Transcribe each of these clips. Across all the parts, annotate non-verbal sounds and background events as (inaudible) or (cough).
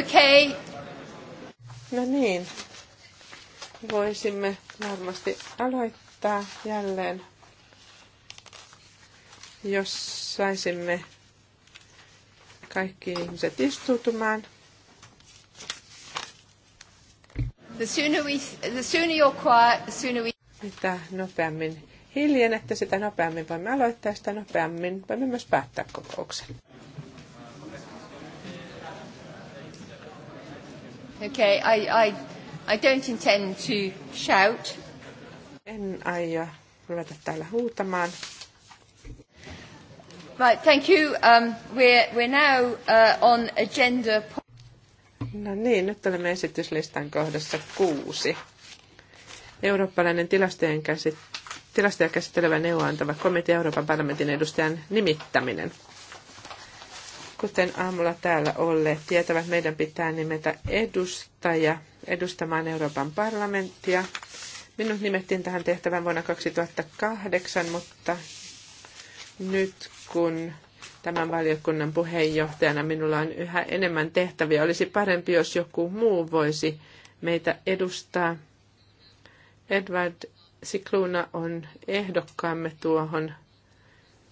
Okay. No niin. Voisimme varmasti aloittaa jälleen, jos saisimme kaikki ihmiset istutumaan. The sooner we, the sooner you're quiet, the sooner we... Mitä nopeammin hiljennette, sitä nopeammin voimme aloittaa, sitä nopeammin voimme myös päättää kokouksen. Okay, I, I, I don't intend to shout. En aio ruveta täällä huutamaan. Right, thank you. Um, we're, we're now uh, on agenda... No niin, nyt olemme esityslistan kohdassa kuusi. Eurooppalainen tilastojen käsittely tilastoja käsittelevä antava komitea Euroopan parlamentin edustajan nimittäminen kuten aamulla täällä olleet tietävät, meidän pitää nimetä edustaja edustamaan Euroopan parlamenttia. Minut nimettiin tähän tehtävään vuonna 2008, mutta nyt kun tämän valiokunnan puheenjohtajana minulla on yhä enemmän tehtäviä, olisi parempi, jos joku muu voisi meitä edustaa. Edward Sikluna on ehdokkaamme tuohon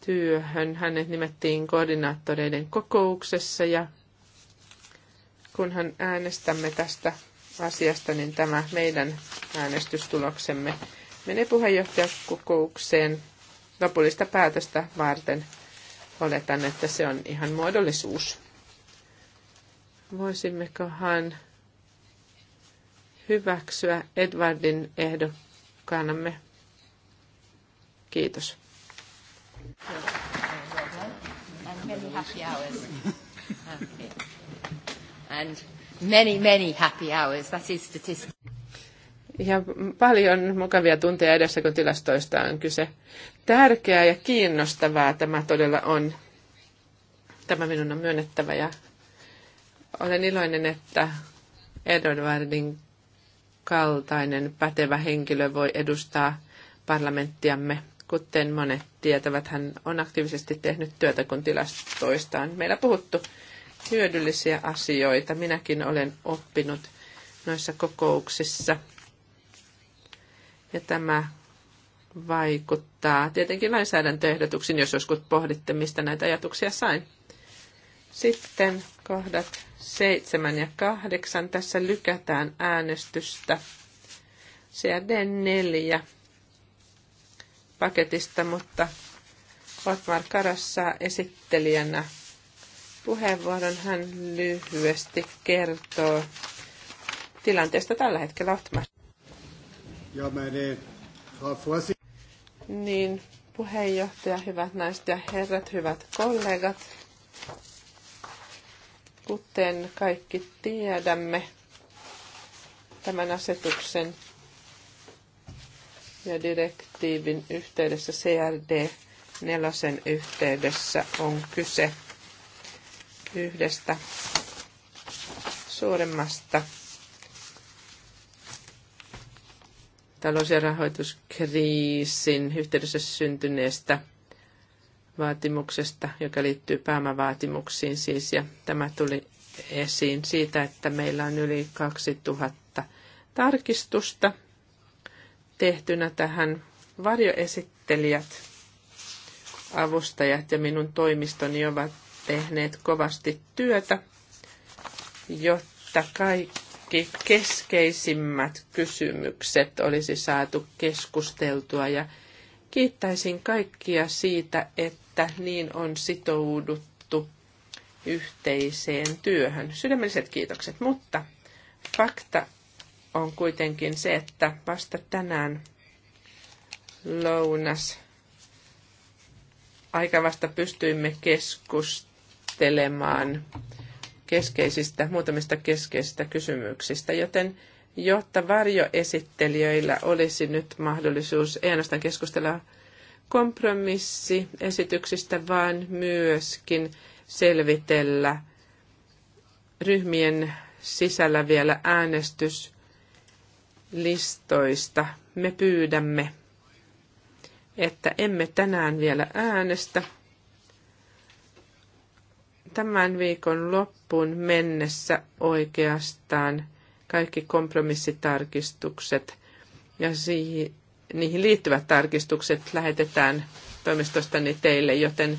työhön. Hänet nimettiin koordinaattoreiden kokouksessa ja kunhan äänestämme tästä asiasta, niin tämä meidän äänestystuloksemme menee puheenjohtajakokoukseen lopullista päätöstä varten. Oletan, että se on ihan muodollisuus. Voisimmekohan hyväksyä Edwardin ehdokkaanamme? Kiitos. And many happy hours. Okay. And many, many happy hours. That is statistic. Ja paljon mukavia tunteja edessä, kun tilastoista on kyse. Tärkeää ja kiinnostavaa tämä todella on. Tämä minun on myönnettävä ja olen iloinen, että Edwardin kaltainen pätevä henkilö voi edustaa parlamenttiamme Kuten monet tietävät, hän on aktiivisesti tehnyt työtä, kun tilastoista on meillä puhuttu hyödyllisiä asioita. Minäkin olen oppinut noissa kokouksissa. Ja tämä vaikuttaa tietenkin lainsäädäntöehdotuksiin, jos joskus pohditte, mistä näitä ajatuksia sain. Sitten kohdat 7 ja 8. Tässä lykätään äänestystä. CRD 4 paketista, mutta Otmar Karas saa esittelijänä puheenvuoron. Hän lyhyesti kertoo tilanteesta tällä hetkellä Otmar. Ja meine Frau Niin, puheenjohtaja, hyvät naiset ja herrat, hyvät kollegat. Kuten kaikki tiedämme, tämän asetuksen ja direktiivin yhteydessä CRD nelosen yhteydessä on kyse yhdestä suuremmasta talous- ja rahoituskriisin yhteydessä syntyneestä vaatimuksesta, joka liittyy pääomavaatimuksiin siis, ja tämä tuli esiin siitä, että meillä on yli 2000 tarkistusta tehtynä tähän varjoesittelijät, avustajat ja minun toimistoni ovat tehneet kovasti työtä, jotta kaikki keskeisimmät kysymykset olisi saatu keskusteltua ja kiittäisin kaikkia siitä, että niin on sitouduttu yhteiseen työhön. Sydämelliset kiitokset, mutta fakta on kuitenkin se, että vasta tänään lounas aika vasta pystyimme keskustelemaan keskeisistä, muutamista keskeisistä kysymyksistä, joten jotta varjoesittelijöillä olisi nyt mahdollisuus ei ainoastaan keskustella kompromissiesityksistä, vaan myöskin selvitellä ryhmien sisällä vielä äänestys listoista me pyydämme, että emme tänään vielä äänestä. Tämän viikon loppuun mennessä oikeastaan kaikki kompromissitarkistukset ja siihen, niihin liittyvät tarkistukset lähetetään toimistostani teille, joten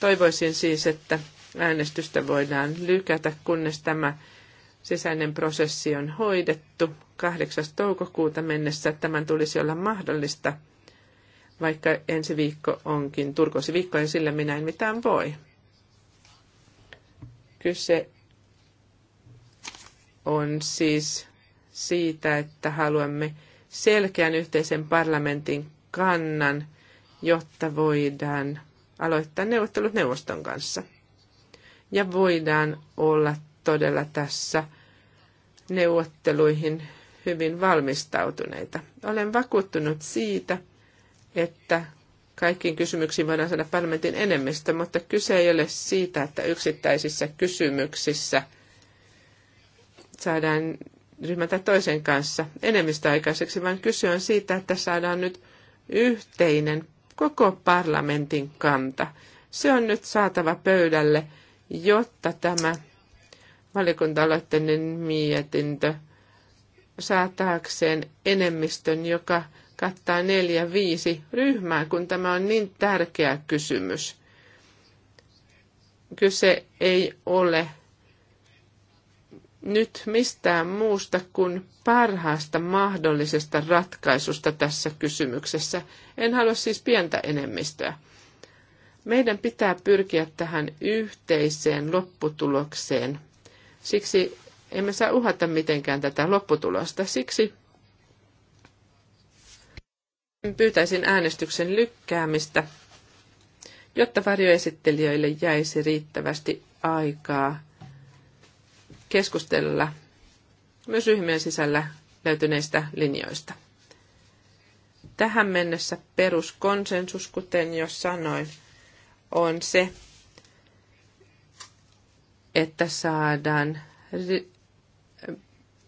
toivoisin siis, että äänestystä voidaan lykätä, kunnes tämä sisäinen prosessi on hoidettu 8. toukokuuta mennessä. Tämän tulisi olla mahdollista, vaikka ensi viikko onkin viikko ja sillä minä en mitään voi. Kyse on siis siitä, että haluamme selkeän yhteisen parlamentin kannan, jotta voidaan aloittaa neuvottelut neuvoston kanssa. Ja voidaan olla todella tässä neuvotteluihin hyvin valmistautuneita. Olen vakuuttunut siitä, että kaikkiin kysymyksiin voidaan saada parlamentin enemmistö, mutta kyse ei ole siitä, että yksittäisissä kysymyksissä saadaan ryhmätä toisen kanssa enemmistöaikaiseksi, vaan kyse on siitä, että saadaan nyt yhteinen koko parlamentin kanta. Se on nyt saatava pöydälle, jotta tämä valiokunta-aloitteinen mietintö saataakseen enemmistön, joka kattaa neljä viisi ryhmää, kun tämä on niin tärkeä kysymys. Kyse ei ole nyt mistään muusta kuin parhaasta mahdollisesta ratkaisusta tässä kysymyksessä. En halua siis pientä enemmistöä. Meidän pitää pyrkiä tähän yhteiseen lopputulokseen – Siksi emme saa uhata mitenkään tätä lopputulosta. Siksi pyytäisin äänestyksen lykkäämistä, jotta varjoesittelijöille jäisi riittävästi aikaa keskustella myös ryhmien sisällä löytyneistä linjoista. Tähän mennessä peruskonsensus, kuten jo sanoin, on se, että saadaan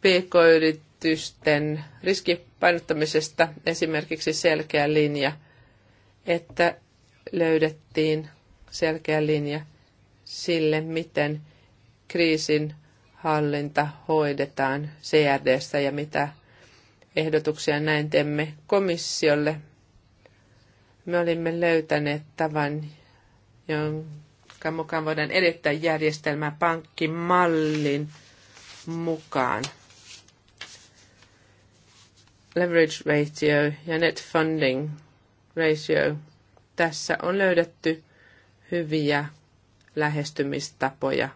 pk-yritysten riskipainottamisesta esimerkiksi selkeä linja, että löydettiin selkeä linja sille, miten kriisin hallinta hoidetaan CRDssä ja mitä ehdotuksia näin teemme komissiolle. Me olimme löytäneet tavan, jonka koska mukaan voidaan edettää järjestelmää pankkimallin mukaan. Leverage ratio ja net funding ratio. Tässä on löydetty hyviä lähestymistapoja.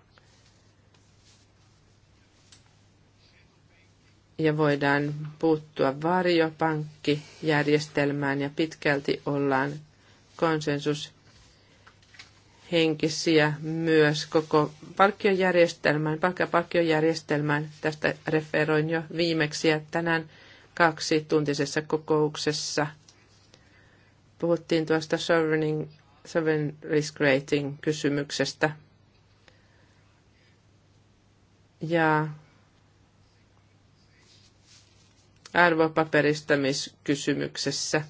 Ja voidaan puuttua varjopankkijärjestelmään ja pitkälti ollaan konsensus henkisiä myös koko palkkiojärjestelmään, palkka- palkkiojärjestelmään. Tästä referoin jo viimeksi ja tänään kaksi tuntisessa kokouksessa puhuttiin tuosta sovereign, sovereign risk rating kysymyksestä. Ja arvopaperistamiskysymyksessä –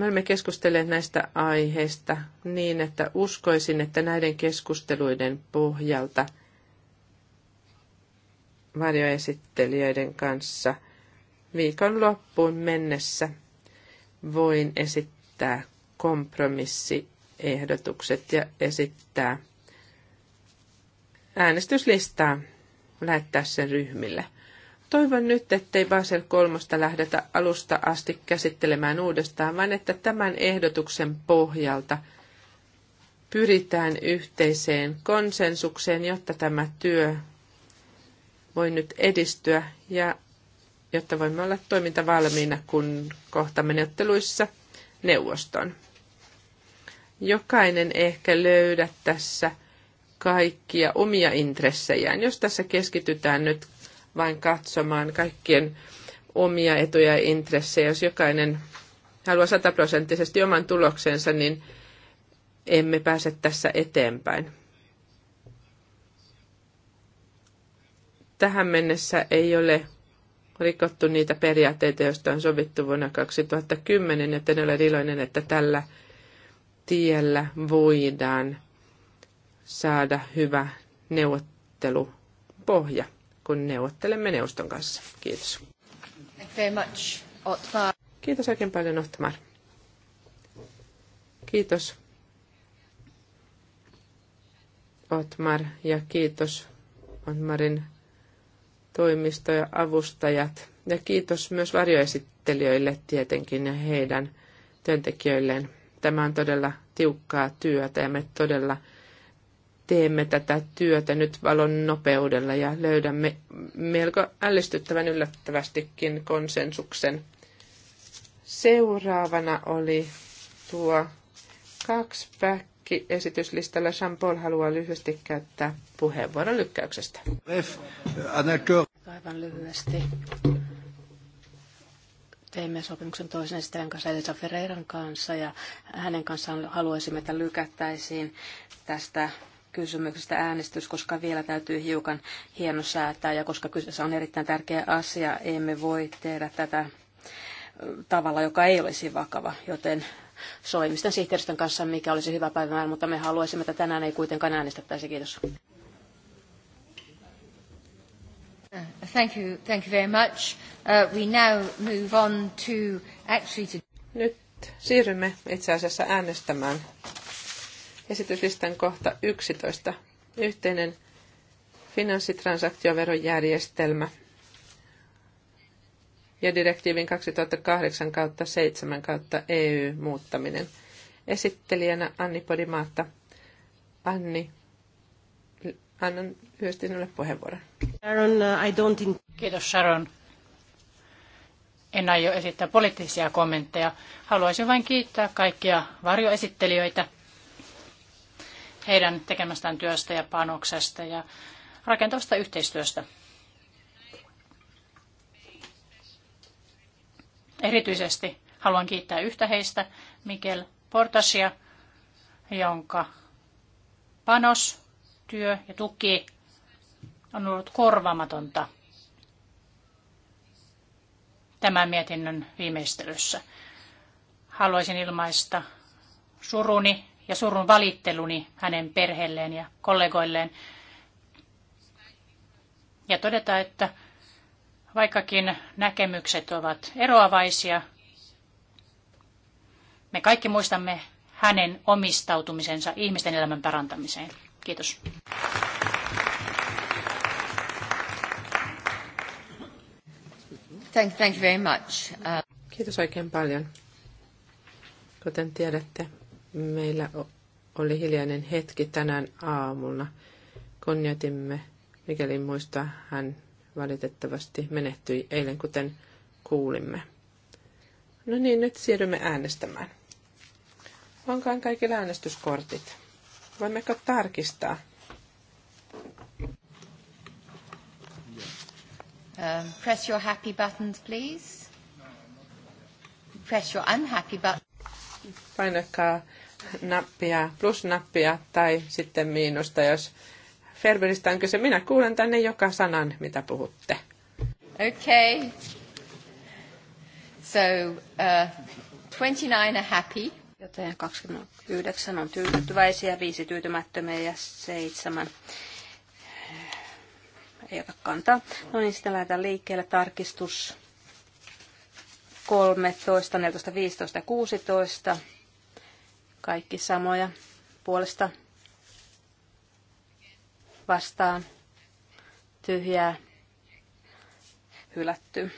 me olemme keskustelleet näistä aiheista niin, että uskoisin, että näiden keskusteluiden pohjalta varjoesittelijöiden kanssa viikon loppuun mennessä voin esittää kompromissiehdotukset ja esittää äänestyslistaa lähettää sen ryhmille – Toivon nyt, ettei Basel kolmosta lähdetä alusta asti käsittelemään uudestaan, vaan että tämän ehdotuksen pohjalta pyritään yhteiseen konsensukseen, jotta tämä työ voi nyt edistyä ja jotta voimme olla toimintavalmiina, kun kohtamme neuvotteluissa neuvoston. Jokainen ehkä löydä tässä kaikkia omia intressejään. Jos tässä keskitytään nyt vain katsomaan kaikkien omia etuja ja intressejä. Jos jokainen haluaa sataprosenttisesti oman tuloksensa, niin emme pääse tässä eteenpäin. Tähän mennessä ei ole rikottu niitä periaatteita, joista on sovittu vuonna 2010, joten olen iloinen, että tällä tiellä voidaan saada hyvä neuvottelupohja kun neuvottelemme neuvoston kanssa. Kiitos. Very much, Kiitos oikein paljon, Otmar. Kiitos, Otmar, ja kiitos Otmarin toimisto ja avustajat. Ja kiitos myös varjoesittelijöille tietenkin ja heidän työntekijöilleen. Tämä on todella tiukkaa työtä ja me todella – teemme tätä työtä nyt valon nopeudella ja löydämme melko ällistyttävän yllättävästikin konsensuksen. Seuraavana oli tuo kaksi päkki esityslistalla. Jean-Paul haluaa lyhyesti käyttää puheenvuoron lykkäyksestä. Aivan lyhyesti. Teimme sopimuksen toisen esittäjän kanssa, Elisa Ferreiran kanssa, ja hänen kanssaan haluaisimme, että lykättäisiin tästä kysymyksestä äänestys, koska vielä täytyy hiukan säätää ja koska kyseessä on erittäin tärkeä asia, emme voi tehdä tätä tavalla, joka ei olisi vakava, joten soimisten sihteeristön kanssa, mikä olisi hyvä päivämäärä, mutta me haluaisimme, että tänään ei kuitenkaan äänestettäisi. Kiitos. Thank you, thank you very much. Uh, we now move on to actually to... Nyt siirrymme itse asiassa äänestämään Esityslistan kohta 11. Yhteinen finanssitransaktioverojärjestelmä ja direktiivin 2008 kautta 7 kautta EU muuttaminen. Esittelijänä Anni Podimaatta. Anni, annan lyhyesti sinulle puheenvuoron. Sharon, uh, I don't Kiitos Sharon. En aio esittää poliittisia kommentteja. Haluaisin vain kiittää kaikkia varjoesittelijöitä – heidän tekemästään työstä ja panoksesta ja rakentavasta yhteistyöstä. Erityisesti haluan kiittää yhtä heistä, Mikel Portasia, jonka panos, työ ja tuki on ollut korvaamatonta tämän mietinnön viimeistelyssä. Haluaisin ilmaista suruni ja surun valitteluni hänen perheelleen ja kollegoilleen. Ja todeta, että vaikkakin näkemykset ovat eroavaisia, me kaikki muistamme hänen omistautumisensa ihmisten elämän parantamiseen. Kiitos. Thank, thank you very much. Uh... Kiitos oikein paljon. Kuten tiedätte, Meillä oli hiljainen hetki tänään aamulla. Kunnioitimme, mikäli muista, hän valitettavasti menehtyi eilen, kuten kuulimme. No niin, nyt siirrymme äänestämään. Onkaan kaikilla äänestyskortit? Voimmeko tarkistaa? Um, press your happy buttons, please. Press your unhappy buttons painakaa nappia, plus-nappia tai sitten miinusta, jos Ferberistä on kyse. Minä kuulen tänne joka sanan, mitä puhutte. Okay. So, uh, 29 are happy. Joten 29 on tyytyväisiä, viisi tyytymättömiä ja seitsemän ei ota kantaa. No niin, sitten lähdetään liikkeelle tarkistus 13, 14, 15 ja 16. Kaikki samoja puolesta vastaan tyhjää hylätty.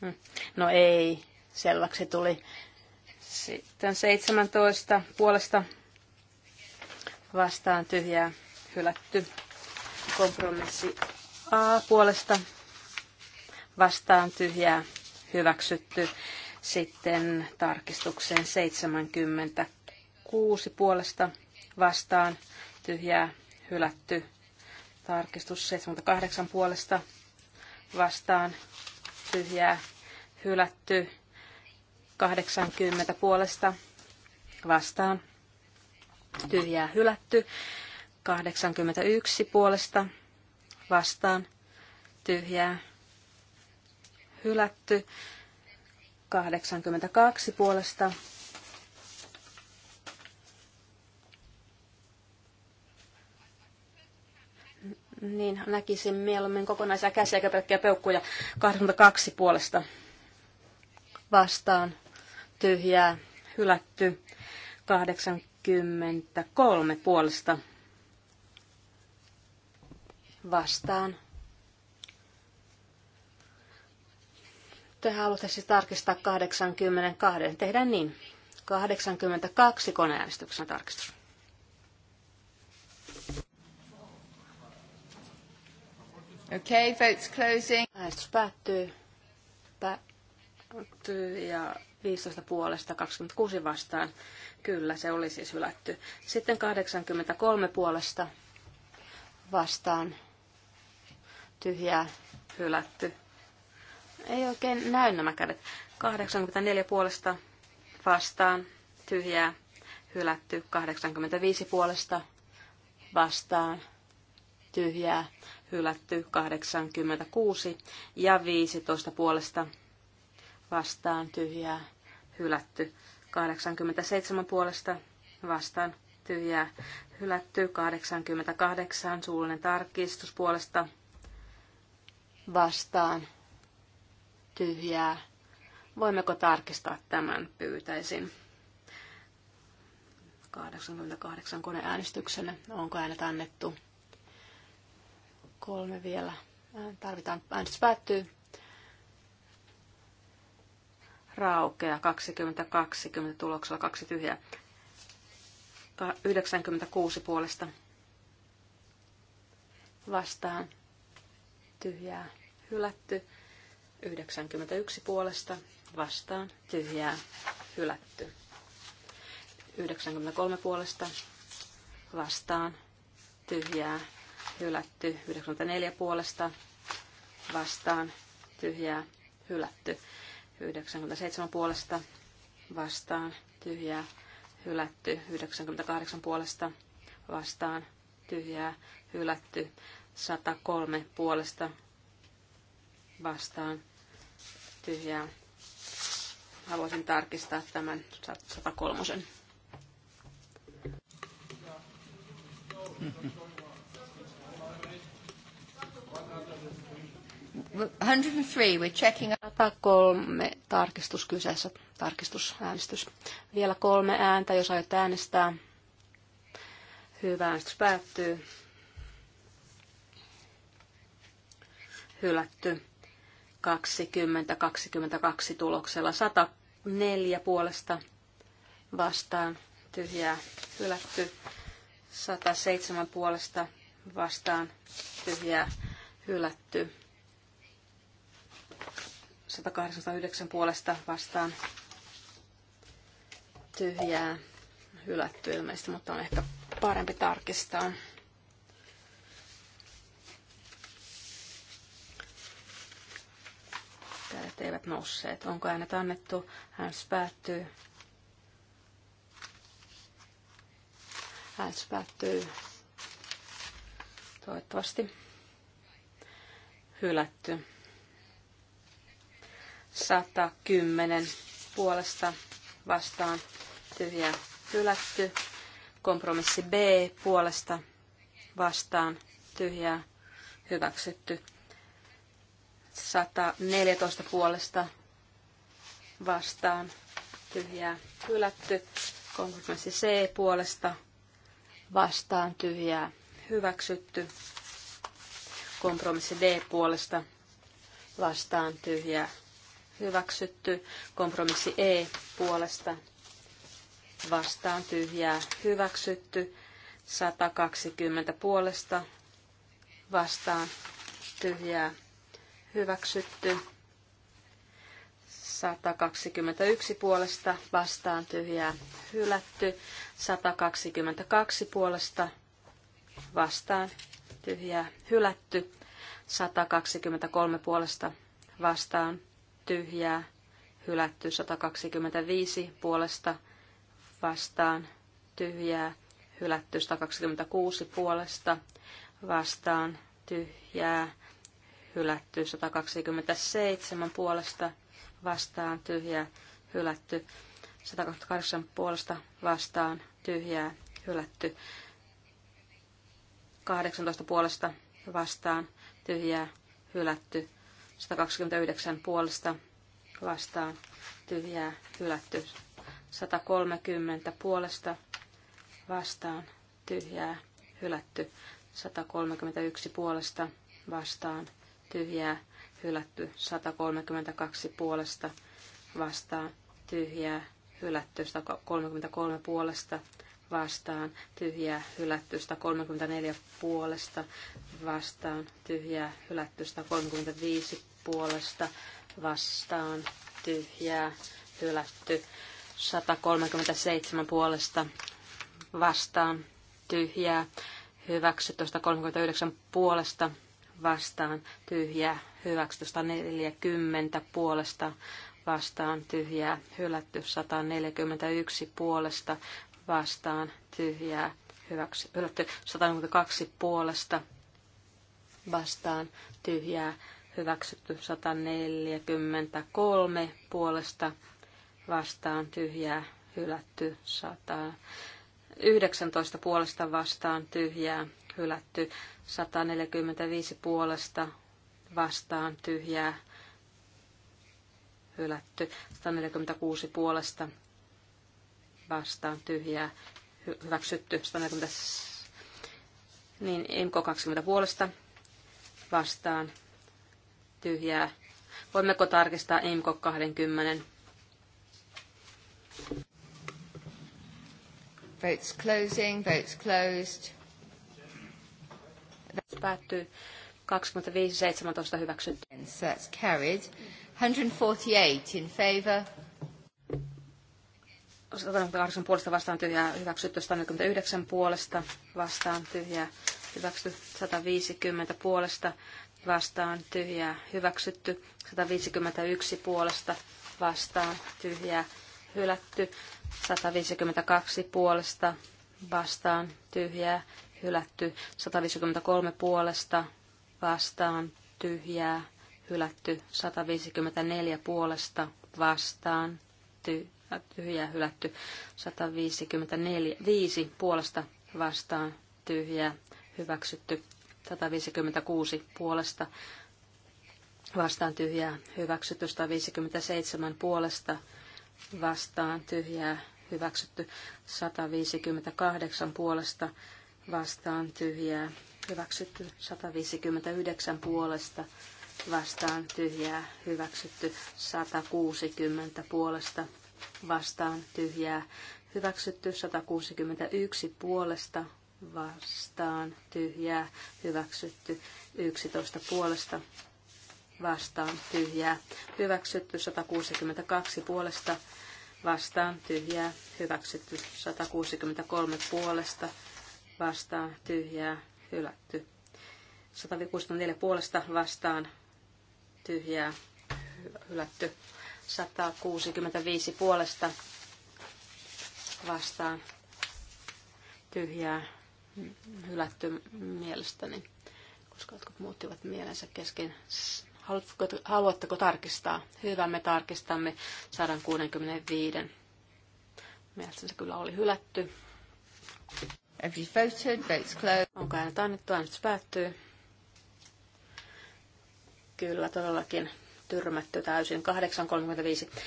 Hm. No ei, selväksi tuli. Sitten 17 puolesta vastaan tyhjää hylätty. Kompromissi A puolesta vastaan tyhjää hyväksytty. Sitten tarkistukseen 76 puolesta vastaan tyhjää hylätty. Tarkistus 78 puolesta vastaan tyhjää hylätty. 80 puolesta vastaan tyhjää hylätty. 81 puolesta vastaan tyhjää hylätty. 82 puolesta Niin, näkisin mieluummin kokonaisia käsiä eikä pelkkiä peukkuja. 82 puolesta vastaan tyhjää, hylätty. 83 puolesta vastaan Te haluatte siis tarkistaa 82. Tehdään niin. 82 koneäänestyksen tarkistus. Okay, votes closing. Äänestys päättyy. Päättyy ja 15 puolesta 26 vastaan. Kyllä, se oli siis hylätty. Sitten 83 puolesta vastaan tyhjää hylätty. Ei oikein näy nämä kädet. 84 puolesta vastaan, tyhjää, hylätty. 85 puolesta vastaan, tyhjää, hylätty. 86 ja 15 puolesta vastaan, tyhjää, hylätty. 87 puolesta vastaan, tyhjää, hylätty. 88 suullinen tarkistus puolesta vastaan, tyhjää. Voimmeko tarkistaa tämän, pyytäisin. 88 koneäänestyksenä. Onko äänet annettu? Kolme vielä. Tarvitaan. Äänestys päättyy. Raukea 20-20 tuloksella kaksi tyhjää. 96 puolesta vastaan tyhjää hylätty. 91 puolesta vastaan tyhjää hylätty. 93 puolesta vastaan tyhjää hylätty. 94 puolesta vastaan tyhjää hylätty. 97 puolesta vastaan tyhjää hylätty. 98 puolesta vastaan tyhjää hylätty. 103 puolesta vastaan tyhjää. Haluaisin tarkistaa tämän 103. 103, we're checking... 103 tarkistus kyseessä, tarkistusäänestys. Vielä kolme ääntä, jos aiot äänestää. Hyvä äänestys päättyy. Hylätty. 20-22 tuloksella. 104 puolesta vastaan tyhjää hylätty. 107 puolesta vastaan tyhjää hylätty. 189 puolesta vastaan tyhjää hylätty ilmeisesti, mutta on ehkä parempi tarkistaa. Vihreät eivät nousseet. Onko äänet annettu? hän päättyy. hän päättyy. Toivottavasti. Hylätty. 110 puolesta vastaan tyhjä hylätty. Kompromissi B puolesta vastaan tyhjää hyväksytty. 114 puolesta vastaan tyhjää hylätty. Kompromissi C puolesta vastaan tyhjää hyväksytty. Kompromissi D puolesta vastaan tyhjää hyväksytty. Kompromissi E puolesta vastaan tyhjää hyväksytty. 120 puolesta vastaan tyhjää hyväksytty. 121 puolesta vastaan tyhjää hylätty. 122 puolesta vastaan tyhjää hylätty. 123 puolesta vastaan tyhjää hylätty. 125 puolesta vastaan tyhjää hylätty. 126 puolesta vastaan tyhjää hylätty, 127 puolesta vastaan tyhjää, hylätty, 128 puolesta vastaan tyhjää, hylätty, 18 puolesta vastaan tyhjää, hylätty, 129 puolesta vastaan tyhjää, hylätty, 130 puolesta vastaan tyhjää, hylätty, 131 puolesta vastaan tyhjää, hylätty 132 puolesta vastaan, tyhjää, hylätty 133 puolesta vastaan, tyhjää, hylätty 134 puolesta vastaan, tyhjää, hylätty 135 puolesta vastaan, tyhjää, hylätty 137 puolesta vastaan, tyhjää, hyväksytty 139 puolesta vastaan tyhjää hyväksytty 140 puolesta vastaan tyhjää hylätty 141 puolesta vastaan tyhjää hyväksy, hylätty 142 puolesta vastaan tyhjää hyväksytty 143 puolesta vastaan tyhjää hylätty 119 puolesta vastaan tyhjää hylätty 145 puolesta vastaan tyhjää hylätty 146 puolesta vastaan tyhjää hyväksytty 140 niin mk 20 puolesta vastaan tyhjää. Voimmeko tarkistaa mk 20? Votes closing, votes closed päättyy 25.17 hyväksytty. So that's carried. 148 in favor. 108 puolesta vastaan tyhjää hyväksytty, 149 puolesta vastaan tyhjää hyväksytty, 150 puolesta vastaan tyhjää hyväksytty, 151 puolesta vastaan tyhjää hylätty, 152 puolesta vastaan tyhjää hylätty 153 puolesta vastaan tyhjää, hylätty 154 puolesta vastaan tyhjää, hylätty 154 5 puolesta vastaan tyhjää, hyväksytty 156 puolesta vastaan tyhjää, hyväksytty 157 puolesta vastaan tyhjää, hyväksytty 158 puolesta vastaan tyhjää. Hyväksytty 159 puolesta vastaan tyhjää. Hyväksytty 160 puolesta vastaan tyhjää. Hyväksytty 161 puolesta vastaan tyhjää. Hyväksytty 11 puolesta vastaan tyhjää. Hyväksytty 162 puolesta vastaan tyhjää. Hyväksytty 163 puolesta vastaan tyhjää hylätty. 164 puolesta vastaan tyhjää hylätty. 165 puolesta vastaan tyhjää hylätty mielestäni, koska jotkut muuttivat mielensä kesken. haluatko haluatteko tarkistaa? Hyvä, me tarkistamme 165. Mielestäni se kyllä oli hylätty. Every voted, votes closed. Onko äänet annettu? Äänet päättyy. Kyllä, todellakin tyrmätty täysin. 8.35.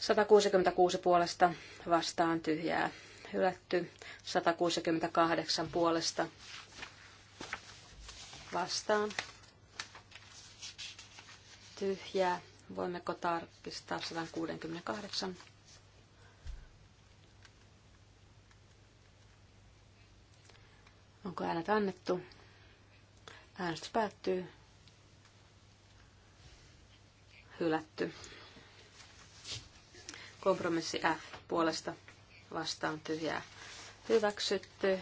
166 puolesta vastaan tyhjää hylätty. 168 puolesta vastaan tyhjää. Voimmeko tarkistaa 168? Onko äänet annettu? Äänestys päättyy. Hylätty. Kompromissi F puolesta vastaan tyhjää hyväksytty.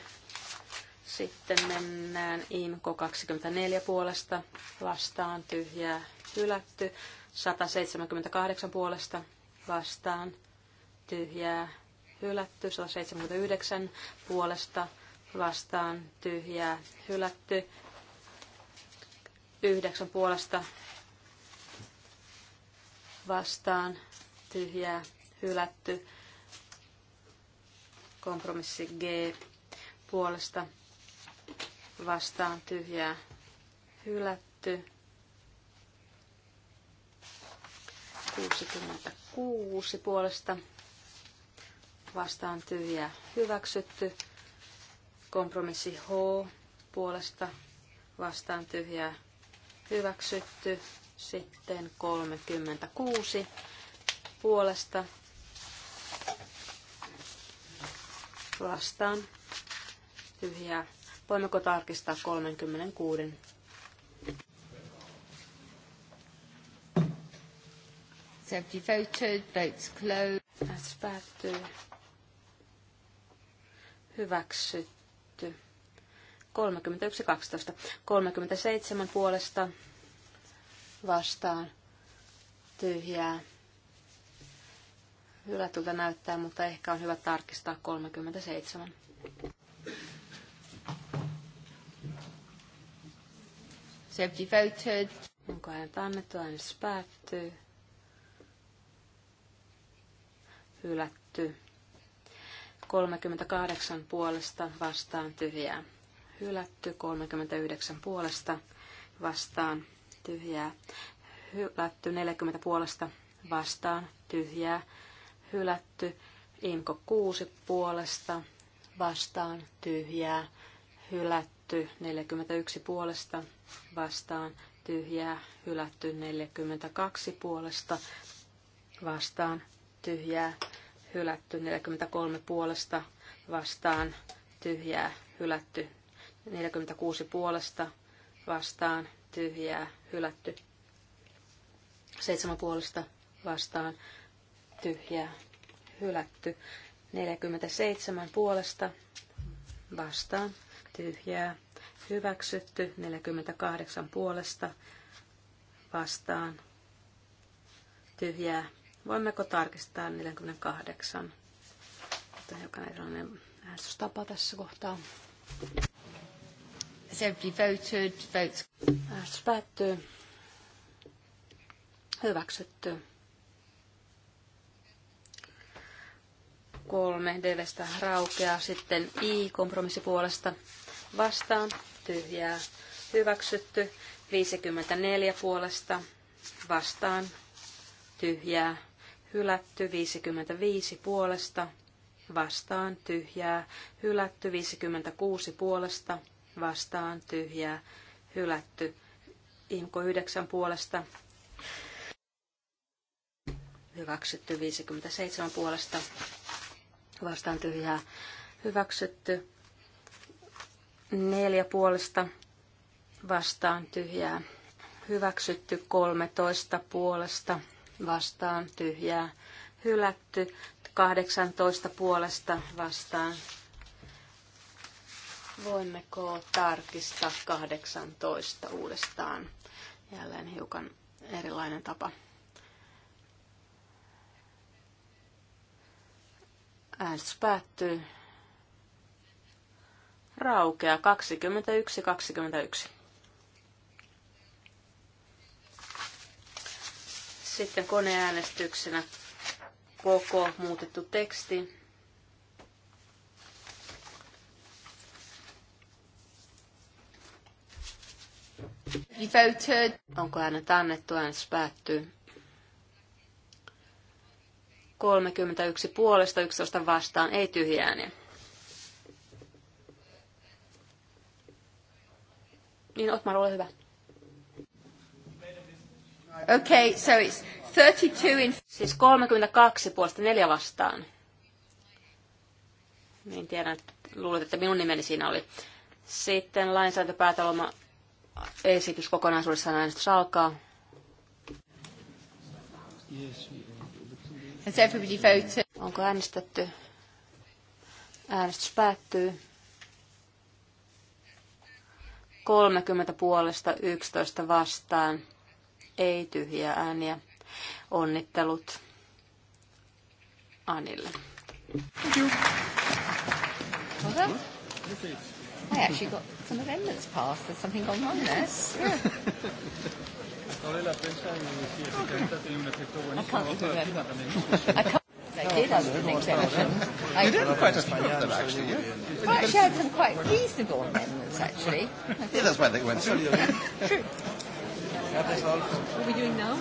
Sitten mennään IMKO 24 puolesta vastaan tyhjää hylätty. 178 puolesta vastaan tyhjää hylätty. 179 puolesta vastaan tyhjää hylätty. Yhdeksän puolesta vastaan tyhjää hylätty. Kompromissi G puolesta vastaan tyhjää hylätty. 66 puolesta vastaan tyhjää hyväksytty. Kompromissi H puolesta vastaan tyhjää hyväksytty. Sitten 36 puolesta vastaan tyhjää. Voimmeko tarkistaa 36? Safety voted, votes closed. Äänestys päättyy. Hyväksyt. 31, 12. 37 puolesta vastaan tyhjää. Hylätyltä näyttää, mutta ehkä on hyvä tarkistaa 37. Safety voted. Onko äänet annettu? Äänestys päättyy. Hylätty. 38 puolesta vastaan tyhjää hylätty, 39 puolesta vastaan tyhjää, hylätty 40 puolesta vastaan tyhjää, hylätty Inko 6 puolesta vastaan tyhjää, hylätty 41 puolesta vastaan tyhjää, hylätty 42 puolesta vastaan tyhjää, hylätty 43 puolesta vastaan tyhjää, hylätty 46 puolesta vastaan tyhjää hylätty. 7 puolesta vastaan tyhjää hylätty. 47 puolesta vastaan tyhjää hyväksytty. 48 puolesta vastaan tyhjää. Voimmeko tarkistaa 48? Tämä on jokainen erilainen äänestystapa tässä kohtaa. Has everybody voted? Votes. Äänestys päättyy. Hyväksytty. Kolme Devestä raukeaa. Sitten I kompromissipuolesta vastaan. Tyhjää. Hyväksytty. 54 puolesta vastaan. Tyhjää. Hylätty. 55 puolesta vastaan. Tyhjää. Hylätty. 56 puolesta vastaan tyhjää hylätty. Imko 9 puolesta hyväksytty 57 puolesta vastaan tyhjää hyväksytty. Neljä puolesta vastaan tyhjää hyväksytty. 13 puolesta vastaan tyhjää hylätty. 18 puolesta vastaan Voimmeko tarkistaa 18 uudestaan? Jälleen hiukan erilainen tapa. Äänestys päättyy. Raukea 21, 21. Sitten koneäänestyksenä koko muutettu teksti. everybody voted? Onko hänet annettu? Äänestys päättyy. 31 puolesta, 11 vastaan, ei tyhjää ääniä. Niin, Otmar, ole hyvä. Okay, so it's 32 in... Siis 32 puolesta neljä vastaan. Niin tiedän, että luulet, että minun nimeni siinä oli. Sitten lainsäädäntöpäätelmä esitys kokonaisuudessaan äänestys alkaa. Has everybody voted? Onko äänestetty? Äänestys päättyy. 30 puolesta 11 vastaan. Ei tyhjiä ääniä. Onnittelut Anille. Thank you. Okay. I actually got It's an amendment's passed. There's something gone wrong there. Yeah. I can't even remember. I can't. They did have an You did quite as few of them, actually. Yeah. Well, actually, I had some quite reasonable amendments, actually. yeah, that's why they went through. True. What are we doing now?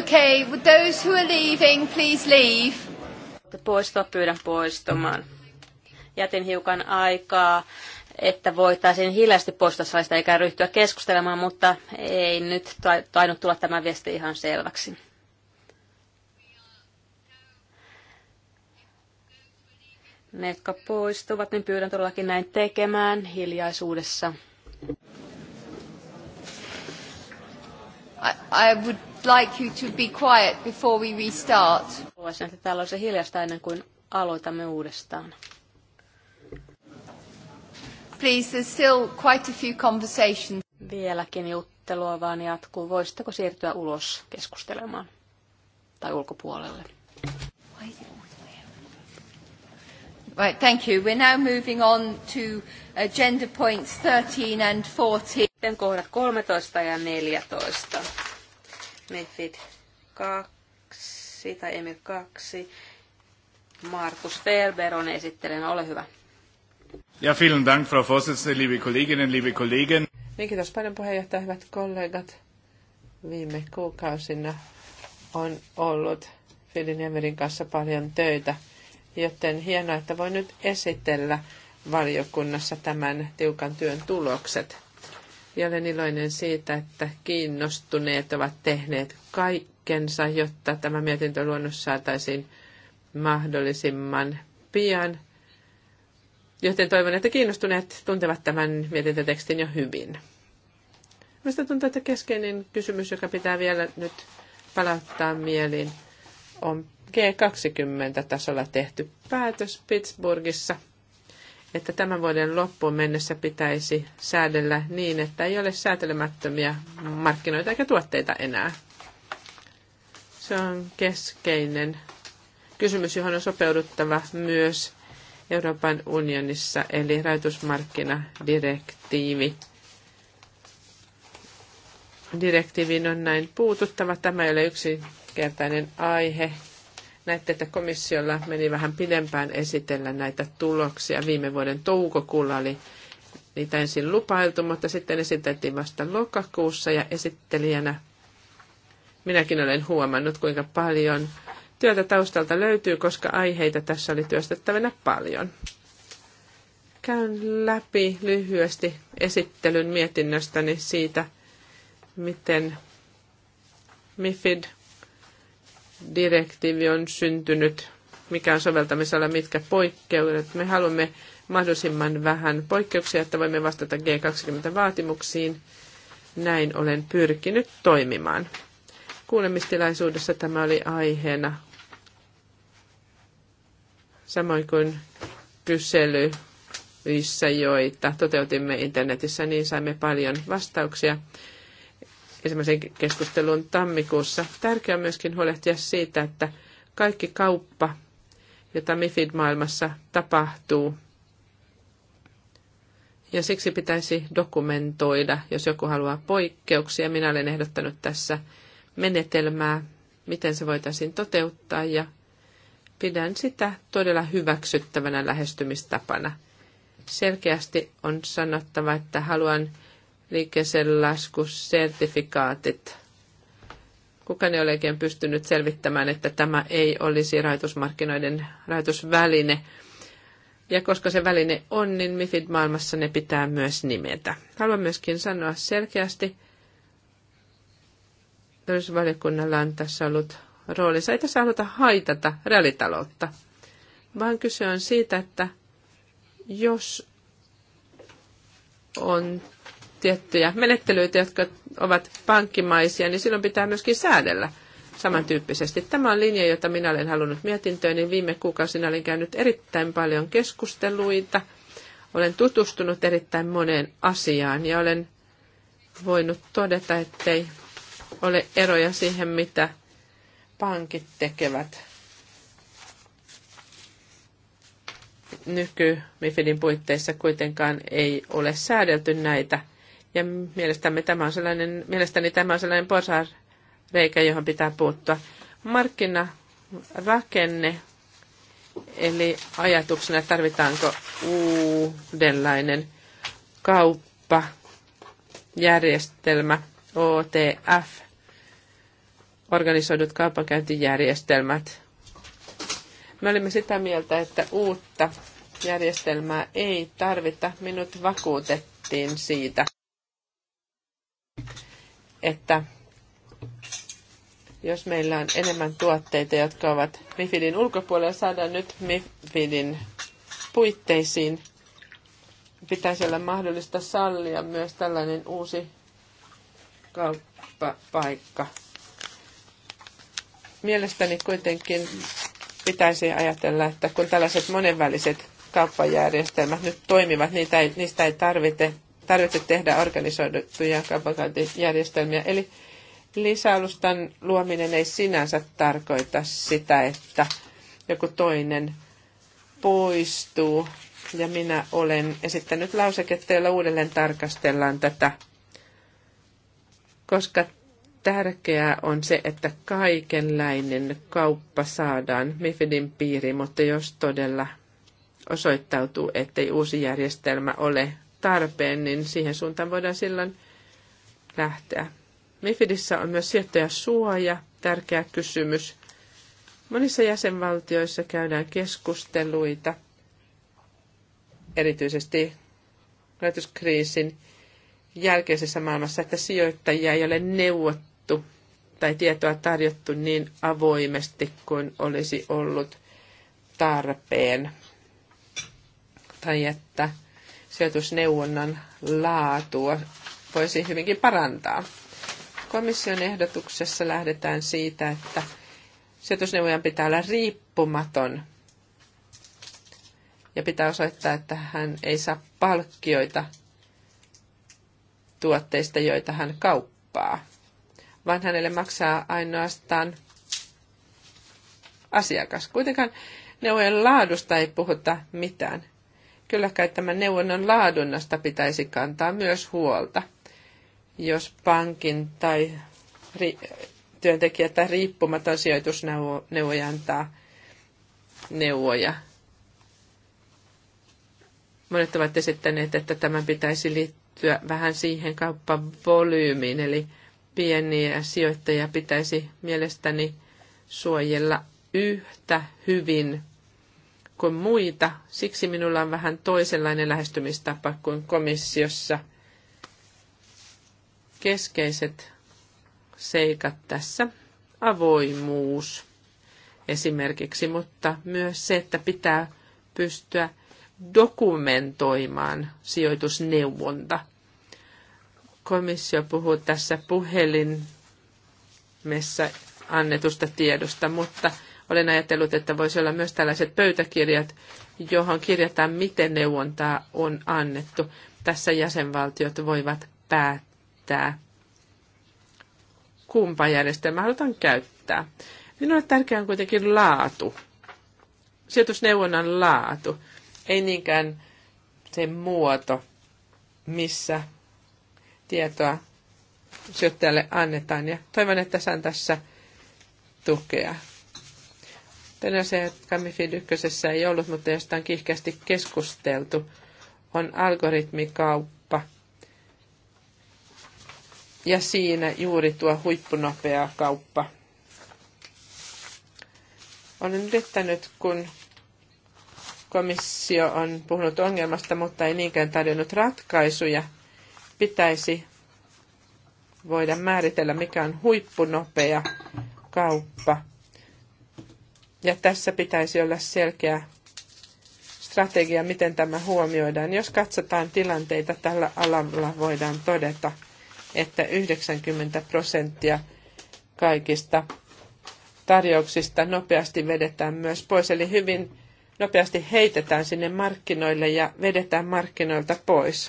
Okay, would those who are leaving please leave? Poistua pyydän poistumaan. Jätin hiukan aikaa, että voitaisiin hiljaisesti poistaa, salista eikä ryhtyä keskustelemaan, mutta ei nyt tainnut tulla tämä viesti ihan selväksi. Ne, jotka poistuvat, niin pyydän todellakin näin tekemään hiljaisuudessa. I, I would like you to be quiet before we restart. Haluaisin, että täällä olisi hiljasta ennen kuin aloitamme uudestaan. Please, there's still quite a few conversations. Vieläkin juttelua vaan jatkuu. Voisitteko siirtyä ulos keskustelemaan tai ulkopuolelle? Right, thank you. We're now moving on to agenda points 13 and 14. Sitten kohdat 13 ja 14. Mefit 2 tai EMI 2. Markus Ferber on esittelen. Ole hyvä. Ja vielen Dank, Frau Vorsitzende, liebe Kolleginnen, liebe Kollegen. Niin, kiitos paljon puheenjohtaja, hyvät kollegat. Viime kuukausina on ollut Filin ja Merin kanssa paljon töitä, joten hienoa, että voin nyt esitellä – valiokunnassa tämän tiukan työn tulokset. Ja olen iloinen siitä, että kiinnostuneet ovat tehneet kaikkensa, jotta tämä mietintöluonnos saataisiin mahdollisimman pian. Joten toivon, että kiinnostuneet tuntevat tämän mietintötekstin jo hyvin. Minusta tuntuu, että keskeinen kysymys, joka pitää vielä nyt palauttaa mieliin, on G20-tasolla tehty päätös Pittsburghissa – että tämän vuoden loppuun mennessä pitäisi säädellä niin, että ei ole säätelemättömiä markkinoita eikä tuotteita enää. Se on keskeinen kysymys, johon on sopeuduttava myös Euroopan unionissa, eli rajoitusmarkkinadirektiivi. Direktiiviin on näin puututtava. Tämä ei ole yksinkertainen aihe. Näette, että komissiolla meni vähän pidempään esitellä näitä tuloksia. Viime vuoden toukokuulla oli niitä ensin lupailtu, mutta sitten esiteltiin vasta lokakuussa ja esittelijänä minäkin olen huomannut, kuinka paljon työtä taustalta löytyy, koska aiheita tässä oli työstettävänä paljon. Käyn läpi lyhyesti esittelyn mietinnöstäni siitä, miten MIFID – direktiivi on syntynyt, mikä on soveltamisella, mitkä poikkeudet. Me haluamme mahdollisimman vähän poikkeuksia, että voimme vastata G20-vaatimuksiin. Näin olen pyrkinyt toimimaan. Kuulemistilaisuudessa tämä oli aiheena, samoin kuin kyselyissä, joita toteutimme internetissä, niin saimme paljon vastauksia ensimmäisen keskustelun tammikuussa. Tärkeää on myöskin huolehtia siitä, että kaikki kauppa, jota MIFID-maailmassa tapahtuu, ja siksi pitäisi dokumentoida, jos joku haluaa poikkeuksia. Minä olen ehdottanut tässä menetelmää, miten se voitaisiin toteuttaa ja pidän sitä todella hyväksyttävänä lähestymistapana. Selkeästi on sanottava, että haluan liikkeeseen laskusertifikaatit. Kukaan ei ole oikein pystynyt selvittämään, että tämä ei olisi rahoitusmarkkinoiden rahoitusväline. Ja koska se väline on, niin MIFID-maailmassa ne pitää myös nimetä. Haluan myöskin sanoa selkeästi, talousvaliokunnalla on tässä ollut roolinsa. Ei tässä haluta haitata reaalitaloutta, vaan kyse on siitä, että jos on tiettyjä menettelyitä, jotka ovat pankkimaisia, niin silloin pitää myöskin säädellä samantyyppisesti. Tämä on linja, jota minä olen halunnut mietintöön, niin viime kuukausina olen käynyt erittäin paljon keskusteluita. Olen tutustunut erittäin moneen asiaan ja olen voinut todeta, ettei ole eroja siihen, mitä pankit tekevät nyky Mifidin puitteissa kuitenkaan ei ole säädelty näitä ja mielestäni tämä on sellainen, mielestäni tämä on sellainen porsaar reikä, johon pitää puuttua. Markkinarakenne, eli ajatuksena, tarvitaanko uudenlainen kauppajärjestelmä, OTF, organisoidut kaupankäyntijärjestelmät. Me olimme sitä mieltä, että uutta järjestelmää ei tarvita. Minut vakuutettiin siitä että jos meillä on enemmän tuotteita, jotka ovat MIFIDin ulkopuolella, saadaan nyt MIFIDin puitteisiin. Pitäisi olla mahdollista sallia myös tällainen uusi kauppapaikka. Mielestäni kuitenkin pitäisi ajatella, että kun tällaiset monenväliset kauppajärjestelmät nyt toimivat, niitä ei, niistä ei tarvitse tarvitse tehdä organisoituja kaupankäyntijärjestelmiä. Eli lisäalustan luominen ei sinänsä tarkoita sitä, että joku toinen poistuu. Ja minä olen esittänyt lauseketta, jolla uudelleen tarkastellaan tätä, koska tärkeää on se, että kaikenlainen kauppa saadaan Mifidin piiriin, mutta jos todella osoittautuu, ettei uusi järjestelmä ole tarpeen, niin siihen suuntaan voidaan silloin lähteä. Mifidissä on myös suoja, tärkeä kysymys. Monissa jäsenvaltioissa käydään keskusteluita, erityisesti rajoituskriisin jälkeisessä maailmassa, että sijoittajia ei ole neuvottu tai tietoa tarjottu niin avoimesti kuin olisi ollut tarpeen. Tai että sijoitusneuvonnan laatua voisi hyvinkin parantaa. Komission ehdotuksessa lähdetään siitä, että sijoitusneuvojan pitää olla riippumaton ja pitää osoittaa, että hän ei saa palkkioita tuotteista, joita hän kauppaa, vaan hänelle maksaa ainoastaan asiakas. Kuitenkaan neuvojen laadusta ei puhuta mitään. Kyllä kai tämän neuvonnan laadunnasta pitäisi kantaa myös huolta, jos pankin tai ri- työntekijä tai riippumaton sijoitusneuvoja antaa neuvoja. Monet ovat esittäneet, että tämän pitäisi liittyä vähän siihen volyymiin, eli pieniä sijoittajia pitäisi mielestäni suojella yhtä hyvin kuin muita. Siksi minulla on vähän toisenlainen lähestymistapa kuin komissiossa. Keskeiset seikat tässä. Avoimuus esimerkiksi, mutta myös se, että pitää pystyä dokumentoimaan sijoitusneuvonta. Komissio puhuu tässä puhelimessa annetusta tiedosta, mutta olen ajatellut, että voisi olla myös tällaiset pöytäkirjat, johon kirjataan, miten neuvontaa on annettu. Tässä jäsenvaltiot voivat päättää, kumpa järjestelmä halutaan käyttää. Minulle tärkeää on kuitenkin laatu, sijoitusneuvonnan laatu, ei niinkään se muoto, missä tietoa sijoittajalle annetaan. Ja toivon, että saan tässä tukea. Tänä asia, jotka MIFID 1 ei ollut, mutta josta on kiihkeästi keskusteltu, on algoritmikauppa. Ja siinä juuri tuo huippunopea kauppa. Olen yrittänyt, kun komissio on puhunut ongelmasta, mutta ei niinkään tarjonnut ratkaisuja, pitäisi voida määritellä, mikä on huippunopea kauppa ja tässä pitäisi olla selkeä strategia, miten tämä huomioidaan. Jos katsotaan tilanteita tällä alalla, voidaan todeta, että 90 prosenttia kaikista tarjouksista nopeasti vedetään myös pois. Eli hyvin nopeasti heitetään sinne markkinoille ja vedetään markkinoilta pois.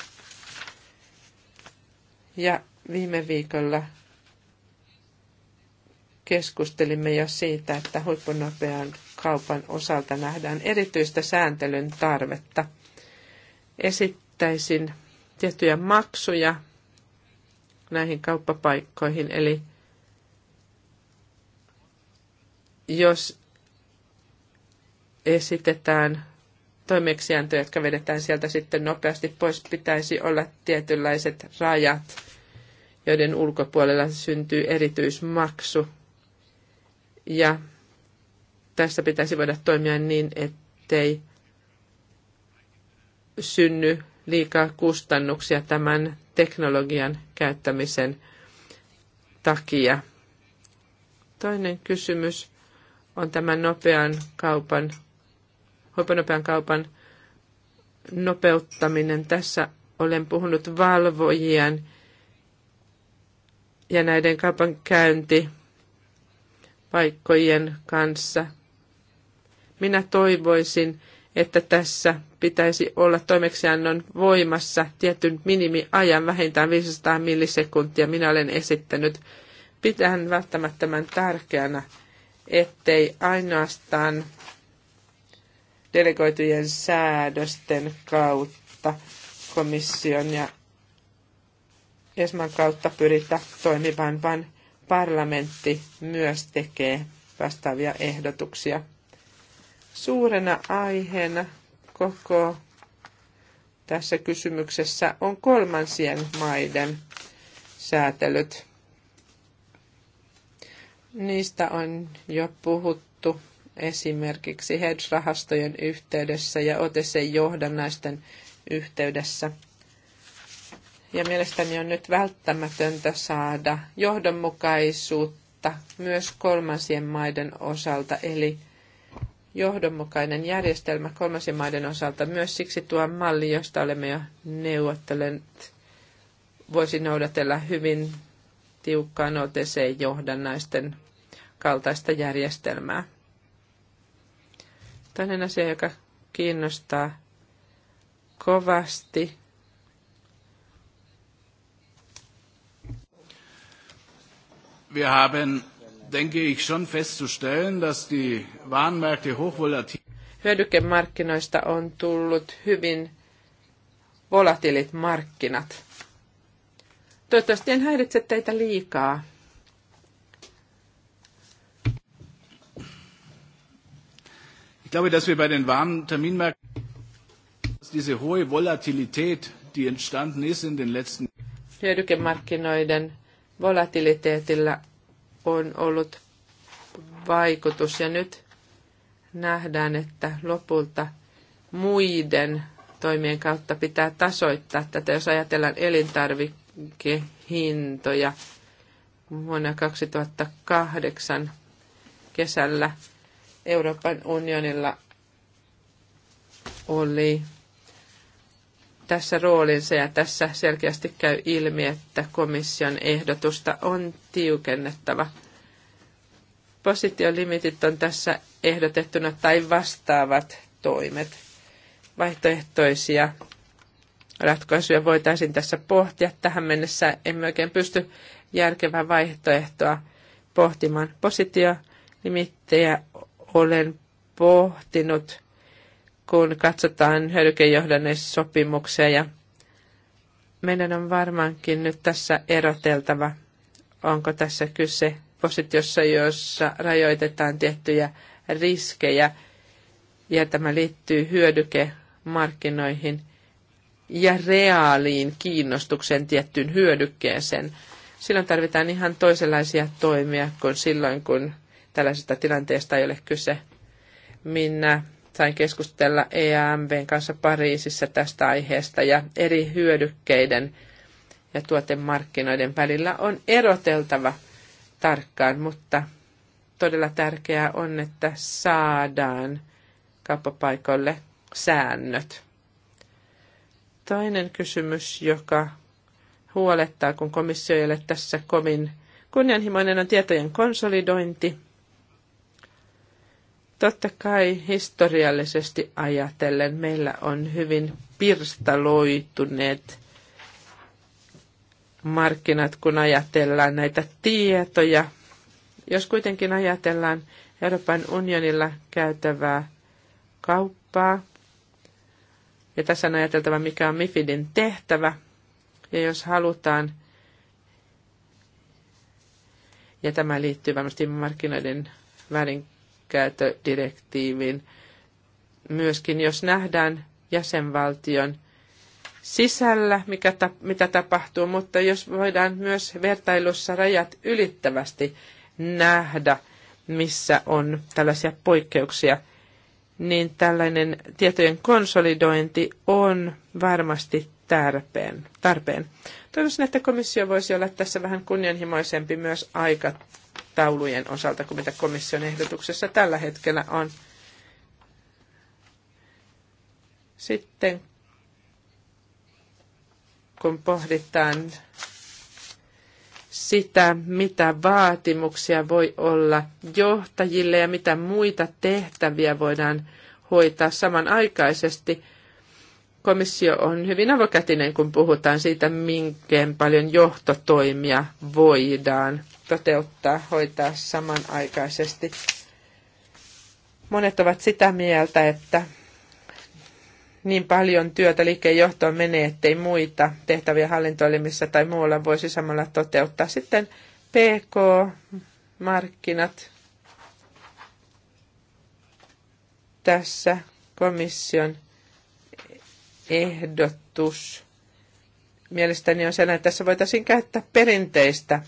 Ja viime viikolla keskustelimme jo siitä, että huippunopean kaupan osalta nähdään erityistä sääntelyn tarvetta. Esittäisin tiettyjä maksuja näihin kauppapaikkoihin, eli jos esitetään toimeksiantoja, jotka vedetään sieltä sitten nopeasti pois, pitäisi olla tietynlaiset rajat, joiden ulkopuolella syntyy erityismaksu ja tässä pitäisi voida toimia niin, ettei synny liikaa kustannuksia tämän teknologian käyttämisen takia. Toinen kysymys on tämän nopean kaupan, nopean kaupan nopeuttaminen. Tässä olen puhunut valvojien ja näiden kaupan käynti paikkojen kanssa. Minä toivoisin, että tässä pitäisi olla toimeksiannon voimassa tietyn minimiajan vähintään 500 millisekuntia. Minä olen esittänyt pitään välttämättömän tärkeänä, ettei ainoastaan delegoitujen säädösten kautta komission ja ESMAn kautta pyritä toimimaan, vaan parlamentti myös tekee vastaavia ehdotuksia. Suurena aiheena koko tässä kysymyksessä on kolmansien maiden säätelyt. Niistä on jo puhuttu esimerkiksi hedge-rahastojen yhteydessä ja otesen johdannaisten yhteydessä. Ja mielestäni on nyt välttämätöntä saada johdonmukaisuutta myös kolmansien maiden osalta, eli johdonmukainen järjestelmä kolmansien maiden osalta. Myös siksi tuo malli, josta olemme jo neuvottelleet, voisi noudatella hyvin tiukkaan OTC-johdannaisten kaltaista järjestelmää. Toinen asia, joka kiinnostaa kovasti, wir haben, denke ich, schon festzustellen, dass die Warenmärkte hochvolatil Hyödykemarkkinoista on tullut hyvin volatiilit markkinat. Toivottavasti en häiritse teitä liikaa. Ich glaube, dass wir bei den warmen Terminmärkten diese hohe Volatilität, die entstanden ist in den letzten Hyödykemarkkinoiden Volatiliteetillä on ollut vaikutus ja nyt nähdään, että lopulta muiden toimien kautta pitää tasoittaa tätä, jos ajatellaan elintarvikehintoja vuonna 2008 kesällä Euroopan unionilla oli tässä roolinsa ja tässä selkeästi käy ilmi, että komission ehdotusta on tiukennettava. Positiolimitit on tässä ehdotettuna tai vastaavat toimet. Vaihtoehtoisia ratkaisuja voitaisiin tässä pohtia. Tähän mennessä emme oikein pysty järkevää vaihtoehtoa pohtimaan. Positiolimittejä olen pohtinut – kun katsotaan hyödykejohdanneissopimuksia ja meidän on varmaankin nyt tässä eroteltava, onko tässä kyse positiossa, jossa rajoitetaan tiettyjä riskejä ja tämä liittyy hyödykemarkkinoihin ja reaaliin kiinnostuksen tiettyyn hyödykkeeseen. Silloin tarvitaan ihan toisenlaisia toimia kuin silloin, kun tällaisesta tilanteesta ei ole kyse. Minä sain keskustella EAMVn kanssa Pariisissa tästä aiheesta ja eri hyödykkeiden ja tuotemarkkinoiden välillä on eroteltava tarkkaan, mutta todella tärkeää on, että saadaan kauppapaikoille säännöt. Toinen kysymys, joka huolettaa, kun komissio ei ole tässä kovin kunnianhimoinen, on tietojen konsolidointi. Totta kai historiallisesti ajatellen meillä on hyvin pirstaloituneet markkinat, kun ajatellaan näitä tietoja. Jos kuitenkin ajatellaan Euroopan unionilla käytävää kauppaa, ja tässä on ajateltava, mikä on MIFIDin tehtävä, ja jos halutaan, ja tämä liittyy varmasti markkinoiden väärin käyttödirektiivin Myöskin jos nähdään jäsenvaltion sisällä, mikä ta, mitä tapahtuu, mutta jos voidaan myös vertailussa rajat ylittävästi nähdä, missä on tällaisia poikkeuksia, niin tällainen tietojen konsolidointi on varmasti tarpeen. tarpeen. Toivoisin, että komissio voisi olla tässä vähän kunnianhimoisempi myös aikataulussa taulujen osalta kuin mitä komission ehdotuksessa tällä hetkellä on. Sitten kun pohditaan sitä, mitä vaatimuksia voi olla johtajille ja mitä muita tehtäviä voidaan hoitaa samanaikaisesti. Komissio on hyvin avokätinen, kun puhutaan siitä, minkä paljon johtotoimia voidaan toteuttaa, hoitaa samanaikaisesti. Monet ovat sitä mieltä, että niin paljon työtä liikkeenjohtoon menee, ettei muita tehtäviä hallintoelimissä tai muualla voisi samalla toteuttaa. Sitten PK-markkinat tässä komission ehdotus mielestäni on sellainen, että tässä voitaisiin käyttää perinteistä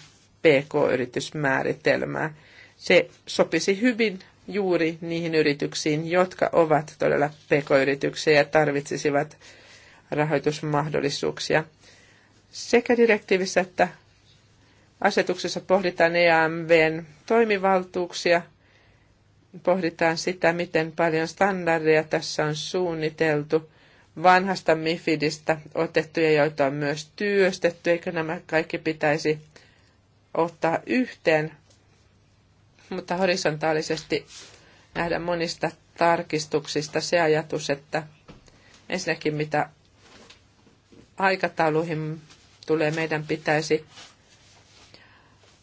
PK-yritysmääritelmää. Se sopisi hyvin juuri niihin yrityksiin, jotka ovat todella PK-yrityksiä ja tarvitsisivat rahoitusmahdollisuuksia. Sekä direktiivissä että asetuksessa pohditaan EAMVn toimivaltuuksia, pohditaan sitä, miten paljon standardeja tässä on suunniteltu, vanhasta MIFIDistä otettuja, joita on myös työstetty, eikö nämä kaikki pitäisi ottaa yhteen, mutta horisontaalisesti nähdä monista tarkistuksista se ajatus, että ensinnäkin mitä aikatauluihin tulee, meidän pitäisi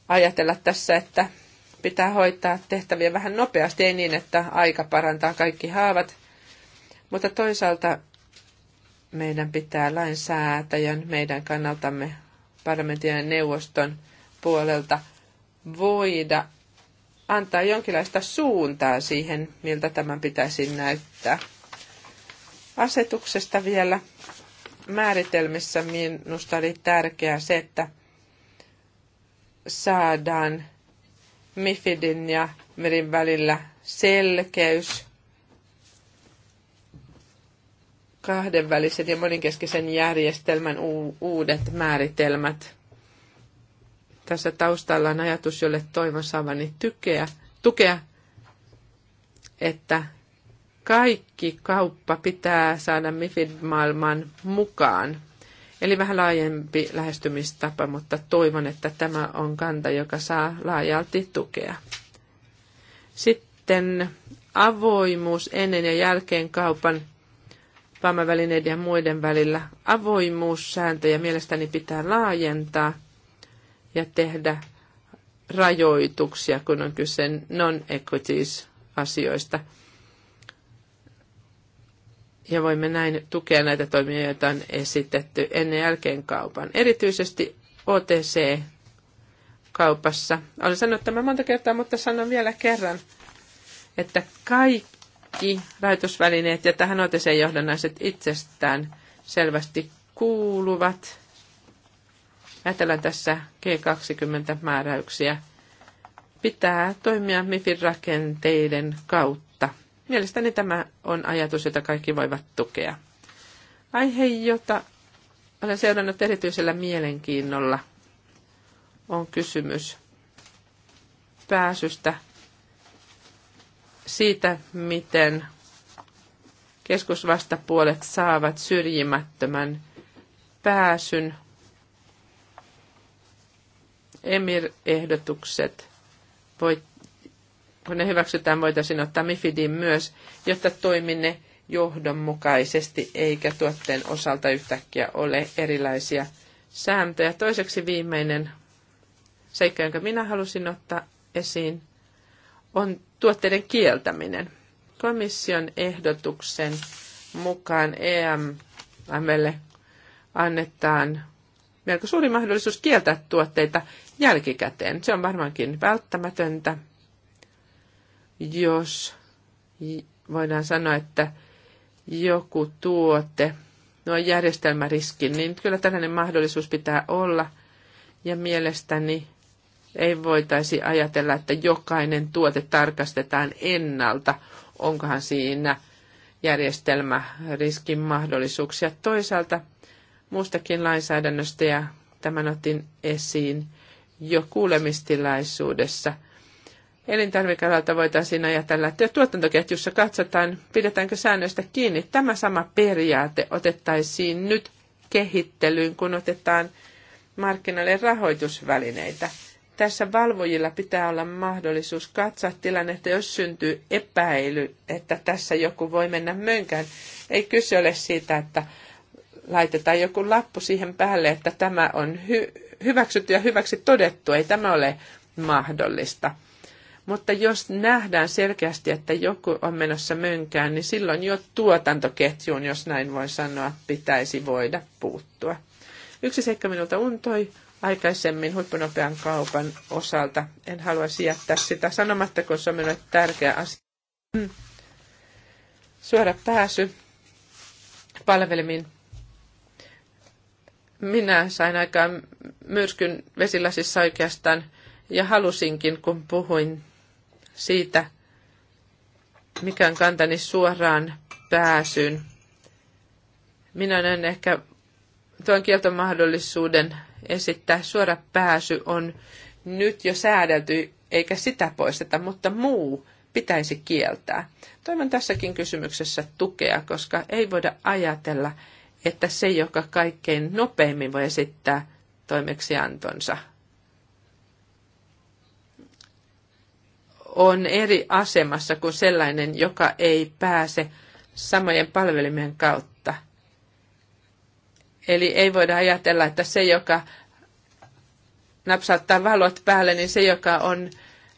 ajatella tässä, että pitää hoitaa tehtäviä vähän nopeasti, ei niin, että aika parantaa kaikki haavat, mutta toisaalta meidän pitää lainsäätäjän, meidän kannaltamme parlamentin ja neuvoston puolelta voida antaa jonkinlaista suuntaa siihen, miltä tämän pitäisi näyttää. Asetuksesta vielä määritelmissä minusta oli tärkeää se, että saadaan Mifidin ja Merin välillä selkeys, kahdenvälisen ja moninkeskisen järjestelmän uudet määritelmät – tässä taustalla on ajatus, jolle toivon saavani tykeä, tukea, että kaikki kauppa pitää saada MIFID-maailman mukaan. Eli vähän laajempi lähestymistapa, mutta toivon, että tämä on kanta, joka saa laajalti tukea. Sitten avoimuus ennen ja jälkeen kaupan vammavälineiden ja muiden välillä. Avoimuussääntöjä mielestäni pitää laajentaa ja tehdä rajoituksia, kun on kyse non-equities-asioista. Ja voimme näin tukea näitä toimia, joita on esitetty ennen jälkeen kaupan. Erityisesti OTC-kaupassa. Olen sanonut tämän monta kertaa, mutta sanon vielä kerran, että kaikki rahoitusvälineet ja tähän OTC-johdannaiset itsestään selvästi kuuluvat Ajatellaan tässä G20-määräyksiä. Pitää toimia MIFin rakenteiden kautta. Mielestäni tämä on ajatus, jota kaikki voivat tukea. Aihe, jota olen seurannut erityisellä mielenkiinnolla, on kysymys pääsystä siitä, miten keskusvastapuolet saavat syrjimättömän pääsyn EMIR-ehdotukset, kun ne hyväksytään, voitaisiin ottaa MIFIDin myös, jotta toiminne johdonmukaisesti eikä tuotteen osalta yhtäkkiä ole erilaisia sääntöjä. Toiseksi viimeinen seikka, jonka minä halusin ottaa esiin, on tuotteiden kieltäminen. Komission ehdotuksen mukaan EMMlle annetaan melko suuri mahdollisuus kieltää tuotteita, jälkikäteen. Se on varmaankin välttämätöntä, jos voidaan sanoa, että joku tuote nuo järjestelmäriskin, niin kyllä tällainen mahdollisuus pitää olla. Ja mielestäni ei voitaisi ajatella, että jokainen tuote tarkastetaan ennalta, onkohan siinä järjestelmäriskin mahdollisuuksia. Toisaalta muustakin lainsäädännöstä, ja tämän otin esiin, jo kuulemistilaisuudessa. Elintarvikealalta voitaisiin ajatella, että tuotantoketjussa katsotaan, pidetäänkö säännöistä kiinni. Tämä sama periaate otettaisiin nyt kehittelyyn, kun otetaan markkinoille rahoitusvälineitä. Tässä valvojilla pitää olla mahdollisuus katsoa tilannetta, jos syntyy epäily, että tässä joku voi mennä mönkään. Ei kyse ole siitä, että laitetaan joku lappu siihen päälle, että tämä on hy- hyväksytty ja hyväksi todettu. Ei tämä ole mahdollista. Mutta jos nähdään selkeästi, että joku on menossa mönkään, niin silloin jo tuotantoketjuun, jos näin voi sanoa, pitäisi voida puuttua. Yksi seikka minulta untoi aikaisemmin huippunopean kaupan osalta. En haluaisi jättää sitä sanomatta, kun se on minulle tärkeä asia. Mm. Suora pääsy palvelimiin minä sain aikaan myrskyn vesilasissa oikeastaan ja halusinkin, kun puhuin siitä, mikä on kantani suoraan pääsyyn. Minä näen ehkä tuon kieltomahdollisuuden esittää. Suora pääsy on nyt jo säädelty, eikä sitä poisteta, mutta muu pitäisi kieltää. Toivon tässäkin kysymyksessä tukea, koska ei voida ajatella, että se, joka kaikkein nopeimmin voi esittää toimeksiantonsa, on eri asemassa kuin sellainen, joka ei pääse samojen palvelimien kautta. Eli ei voida ajatella, että se, joka napsauttaa valot päälle, niin se, joka on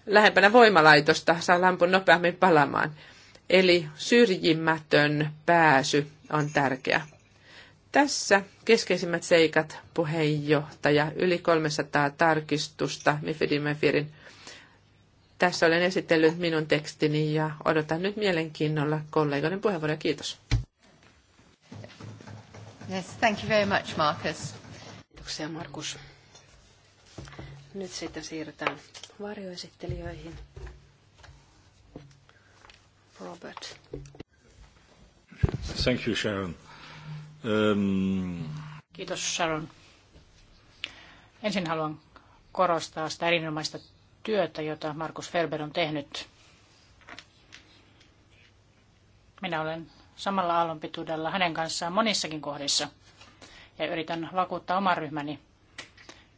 lähempänä voimalaitosta, saa lampun nopeammin palamaan. Eli syrjimätön pääsy on tärkeä. Tässä keskeisimmät seikat, puheenjohtaja, yli 300 tarkistusta Mifidimefirin. Tässä olen esitellyt minun tekstini ja odotan nyt mielenkiinnolla kollegoiden puheenvuoroja. Kiitos. Yes, thank you very much, Marcus. Kiitoksia, Markus. Nyt sitten siirrytään varjoesittelijöihin. Robert. Thank you, Sharon. Ähm, Kiitos Sharon. Ensin haluan korostaa sitä erinomaista työtä, jota Markus Ferber on tehnyt. Minä olen samalla aallonpituudella hänen kanssaan monissakin kohdissa ja yritän vakuuttaa oman ryhmäni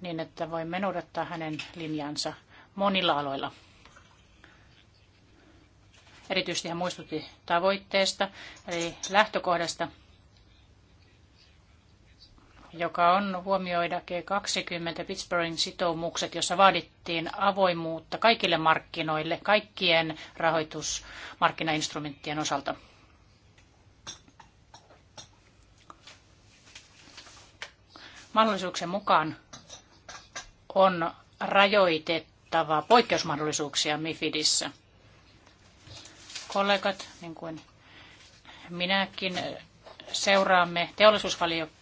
niin, että voimme noudattaa hänen linjansa monilla aloilla. Erityisesti hän muistutti tavoitteesta, eli lähtökohdasta, joka on huomioida G20 Pittsburghin sitoumukset, jossa vaadittiin avoimuutta kaikille markkinoille, kaikkien rahoitusmarkkinainstrumenttien osalta. Mahdollisuuksien mukaan on rajoitettava poikkeusmahdollisuuksia MIFIDissä. Kollegat, niin kuin minäkin, seuraamme teollisuusvaliokuntaa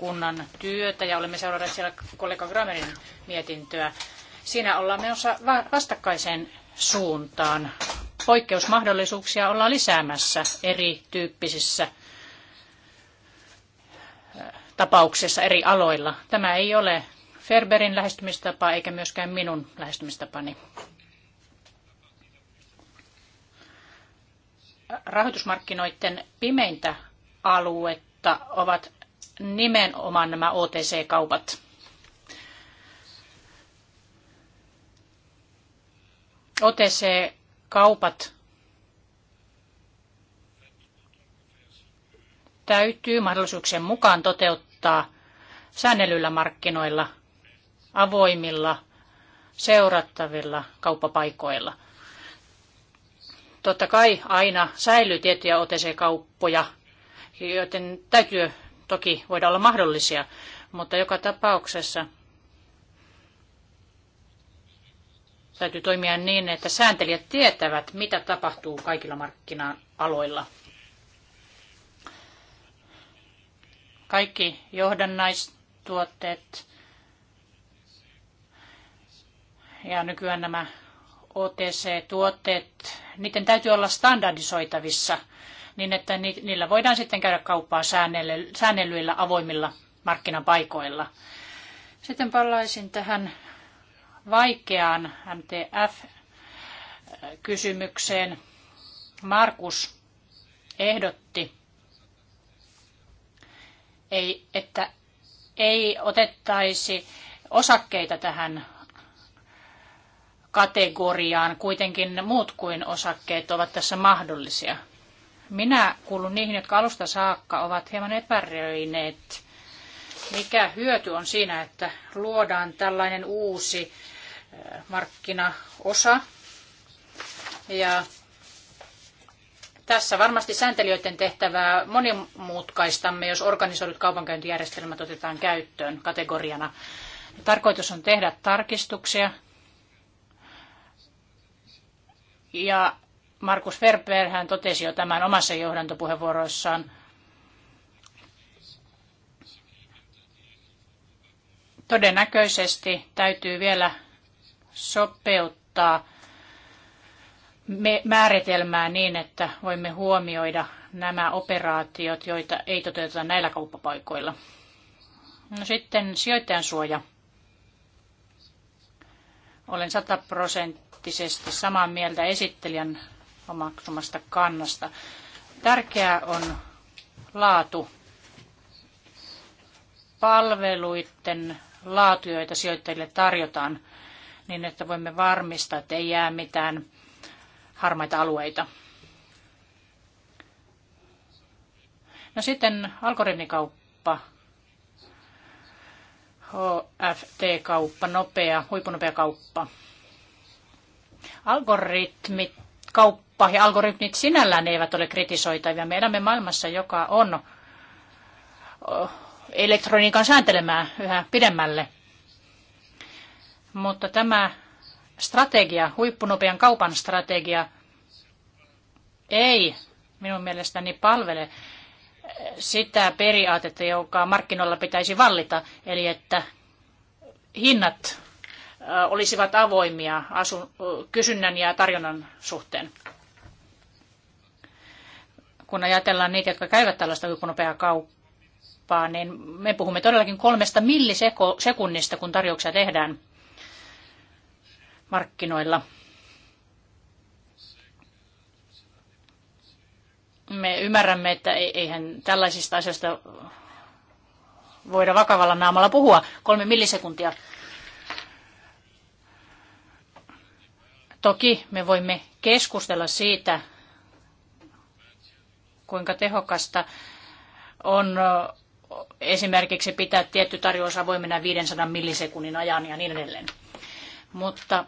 valiokunnan työtä ja olemme seuranneet siellä kollega Gramerin mietintöä. Siinä ollaan menossa vastakkaiseen suuntaan. Poikkeusmahdollisuuksia ollaan lisäämässä erityyppisissä äh, tapauksissa eri aloilla. Tämä ei ole Ferberin lähestymistapa eikä myöskään minun lähestymistapani. Rahoitusmarkkinoiden pimeintä aluetta ovat nimenomaan nämä OTC-kaupat. OTC-kaupat täytyy mahdollisuuksien mukaan toteuttaa säännellyillä markkinoilla, avoimilla, seurattavilla kauppapaikoilla. Totta kai aina säilyy tiettyjä OTC-kauppoja, joten täytyy toki voida olla mahdollisia, mutta joka tapauksessa täytyy toimia niin, että sääntelijät tietävät, mitä tapahtuu kaikilla markkina-aloilla. Kaikki johdannaistuotteet ja nykyään nämä OTC-tuotteet, niiden täytyy olla standardisoitavissa – niin että niillä voidaan sitten käydä kauppaa säännellyillä avoimilla markkinapaikoilla. Sitten palaisin tähän vaikeaan MTF-kysymykseen. Markus ehdotti, ei, että ei otettaisi osakkeita tähän kategoriaan. Kuitenkin muut kuin osakkeet ovat tässä mahdollisia. Minä kuulun niihin, jotka alusta saakka ovat hieman epäröineet. Mikä hyöty on siinä, että luodaan tällainen uusi eh, markkinaosa? Ja tässä varmasti sääntelijöiden tehtävää monimutkaistamme, jos organisoidut kaupankäyntijärjestelmät otetaan käyttöön kategoriana. Tarkoitus on tehdä tarkistuksia ja Markus Verper hän totesi jo tämän omassa johdantopuheenvuorossaan. Todennäköisesti täytyy vielä sopeuttaa määritelmää niin, että voimme huomioida nämä operaatiot, joita ei toteuteta näillä kauppapaikoilla. No sitten sijoittajan suoja. Olen sataprosenttisesti samaa mieltä esittelijän omaksumasta kannasta. Tärkeää on laatu, palveluiden laatu, joita sijoittajille tarjotaan, niin että voimme varmistaa, että ei jää mitään harmaita alueita. No sitten algoritmikauppa, HFT-kauppa, nopea, huipunopea kauppa. Algoritmit kauppa ja algoritmit sinällään eivät ole kritisoitavia. Me elämme maailmassa, joka on elektroniikan sääntelemää yhä pidemmälle. Mutta tämä strategia, huippunopean kaupan strategia, ei minun mielestäni palvele sitä periaatetta, joka markkinoilla pitäisi vallita, eli että hinnat Äh, olisivat avoimia asun, kysynnän ja tarjonnan suhteen. Kun ajatellaan niitä, jotka käyvät tällaista huippunopeaa kauppaa, niin me puhumme todellakin kolmesta millisekunnista, kun tarjouksia tehdään markkinoilla. Me ymmärrämme, että e-, eihän tällaisista asioista voida vakavalla naamalla puhua. Kolme millisekuntia Toki me voimme keskustella siitä, kuinka tehokasta on esimerkiksi pitää tietty tarjous avoimena 500 millisekunnin ajan ja niin edelleen. Mutta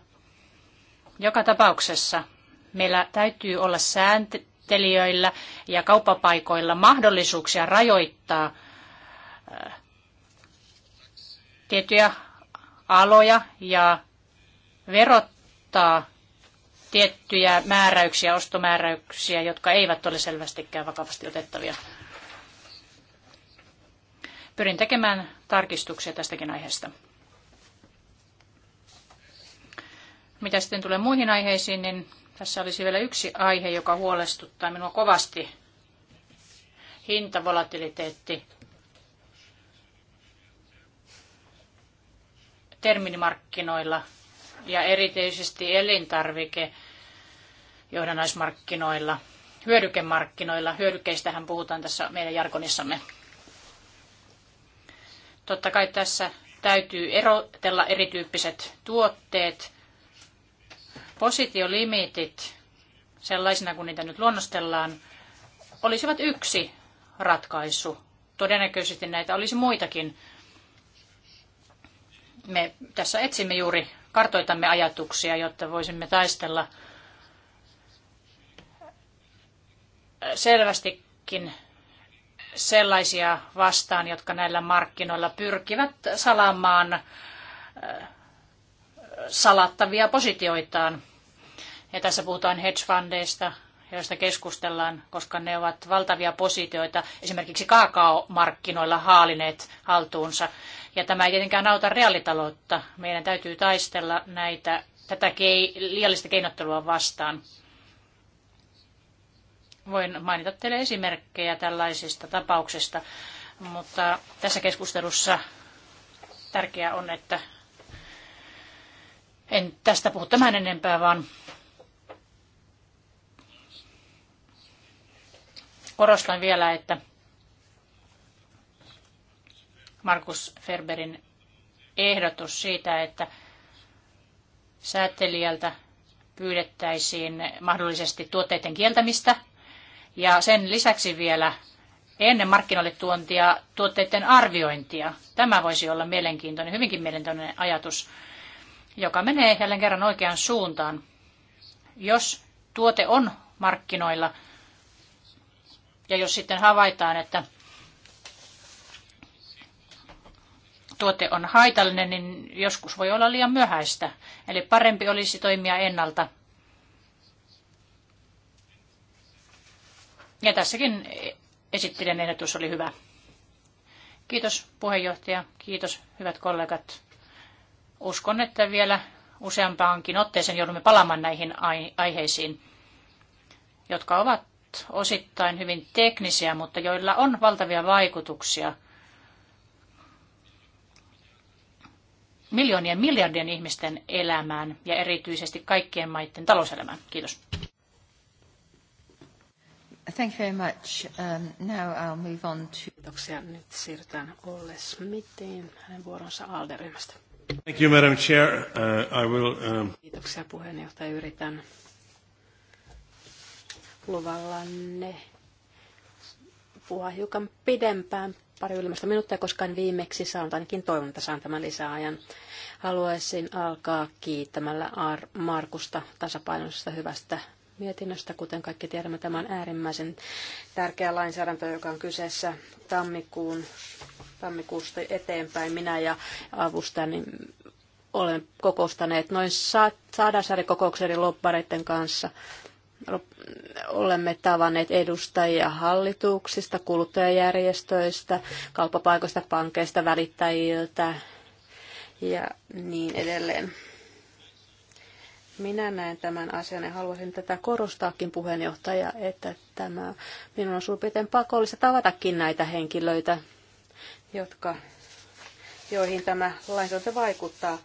joka tapauksessa meillä täytyy olla sääntelijöillä ja kauppapaikoilla mahdollisuuksia rajoittaa tiettyjä aloja ja verottaa tiettyjä määräyksiä, ostomääräyksiä, jotka eivät ole selvästikään vakavasti otettavia. Pyrin tekemään tarkistuksia tästäkin aiheesta. Mitä sitten tulee muihin aiheisiin, niin tässä olisi vielä yksi aihe, joka huolestuttaa minua kovasti. Hintavolatiliteetti. Terminimarkkinoilla ja erityisesti elintarvike johdannaismarkkinoilla, hyödykemarkkinoilla. Hyödykkeistähän puhutaan tässä meidän jargonissamme. Totta kai tässä täytyy erotella erityyppiset tuotteet, positiolimitit, sellaisina kuin niitä nyt luonnostellaan, olisivat yksi ratkaisu. Todennäköisesti näitä olisi muitakin. Me tässä etsimme juuri kartoitamme ajatuksia, jotta voisimme taistella selvästikin sellaisia vastaan, jotka näillä markkinoilla pyrkivät salamaan salattavia positioitaan. Ja tässä puhutaan fundeista, joista keskustellaan, koska ne ovat valtavia positioita esimerkiksi kaakaomarkkinoilla haalineet haltuunsa. Ja tämä ei tietenkään auta reaalitaloutta. Meidän täytyy taistella näitä, tätä kei, liiallista keinottelua vastaan. Voin mainita teille esimerkkejä tällaisista tapauksista, mutta tässä keskustelussa tärkeää on, että en tästä puhu tämän enempää, vaan Korostan vielä, että Markus Ferberin ehdotus siitä, että säätelijältä pyydettäisiin mahdollisesti tuotteiden kieltämistä ja sen lisäksi vielä ennen markkinoille tuontia tuotteiden arviointia. Tämä voisi olla mielenkiintoinen, hyvinkin mielenkiintoinen ajatus, joka menee jälleen kerran oikeaan suuntaan. Jos tuote on markkinoilla, ja jos sitten havaitaan, että tuote on haitallinen, niin joskus voi olla liian myöhäistä. Eli parempi olisi toimia ennalta. Ja tässäkin esittelijän ehdotus oli hyvä. Kiitos puheenjohtaja, kiitos hyvät kollegat. Uskon, että vielä useampaankin otteeseen joudumme palaamaan näihin aiheisiin, jotka ovat osittain hyvin teknisiä, mutta joilla on valtavia vaikutuksia miljoonien miljardien ihmisten elämään ja erityisesti kaikkien maiden talouselämään. Kiitos. Thank you very much. Um, now I'll move on to... Kiitoksia. Nyt siirrytään Olle Smithiin, hänen vuoronsa alde Thank you, Madam Chair. Uh, I will, um... Kiitoksia puheenjohtaja. Yritän luvallanne puhua hiukan pidempään, pari ylimmäistä minuuttia, koska en viimeksi saanut, ainakin toivon, että saan tämän lisäajan. Haluaisin alkaa kiittämällä Ar- Markusta tasapainoisesta hyvästä mietinnöstä. Kuten kaikki tiedämme, tämä on äärimmäisen tärkeä lainsäädäntö, joka on kyseessä tammikuun, tammikuusta eteenpäin. Minä ja avustani olen kokoustaneet noin sadan eri kokouksen eri lobbareiden kanssa – olemme tavanneet edustajia hallituksista, kuluttajajärjestöistä, kauppapaikoista, pankeista, välittäjiltä ja niin edelleen. Minä näen tämän asian ja haluaisin tätä korostaakin puheenjohtaja, että tämä, minun on suurin pakollista tavatakin näitä henkilöitä, jotka, joihin tämä lainsäädäntö vaikuttaa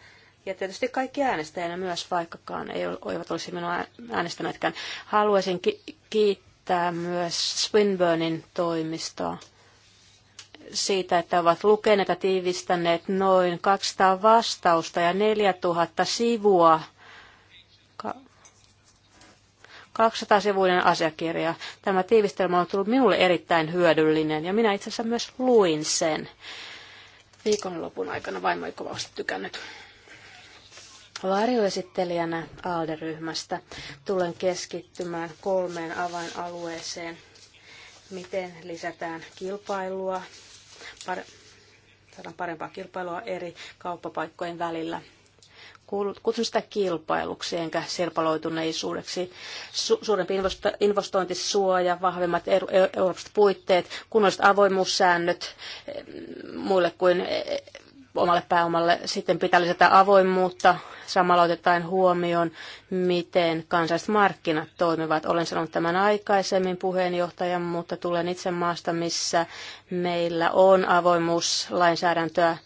ja tietysti kaikki äänestäjänä myös, vaikkakaan ei eivät olisi minua äänestäneetkään. Haluaisin ki- kiittää myös Swinburnin toimistoa siitä, että ovat lukeneet ja tiivistäneet noin 200 vastausta ja 4000 sivua 200-sivuinen asiakirja. Tämä tiivistelmä on tullut minulle erittäin hyödyllinen ja minä itse asiassa myös luin sen viikonlopun aikana. Vaimo ei kovasti tykännyt varjoesittelijänä ALDE-ryhmästä tulen keskittymään kolmeen avainalueeseen. Miten lisätään kilpailua, par- saadaan parempaa kilpailua eri kauppapaikkojen välillä. Kutsun sitä kilpailuksi enkä sirpaloituneisuudeksi. Su- suurempi investointisuoja, vahvemmat eu- e- eurooppalaiset puitteet, kunnolliset avoimuussäännöt eh, muille kuin eh, omalle pääomalle. Sitten pitää lisätä avoimuutta, samalla otetaan huomioon, miten kansalliset markkinat toimivat. Olen sanonut tämän aikaisemmin puheenjohtajan, mutta tulen itse maasta, missä meillä on avoimuuslainsäädäntöä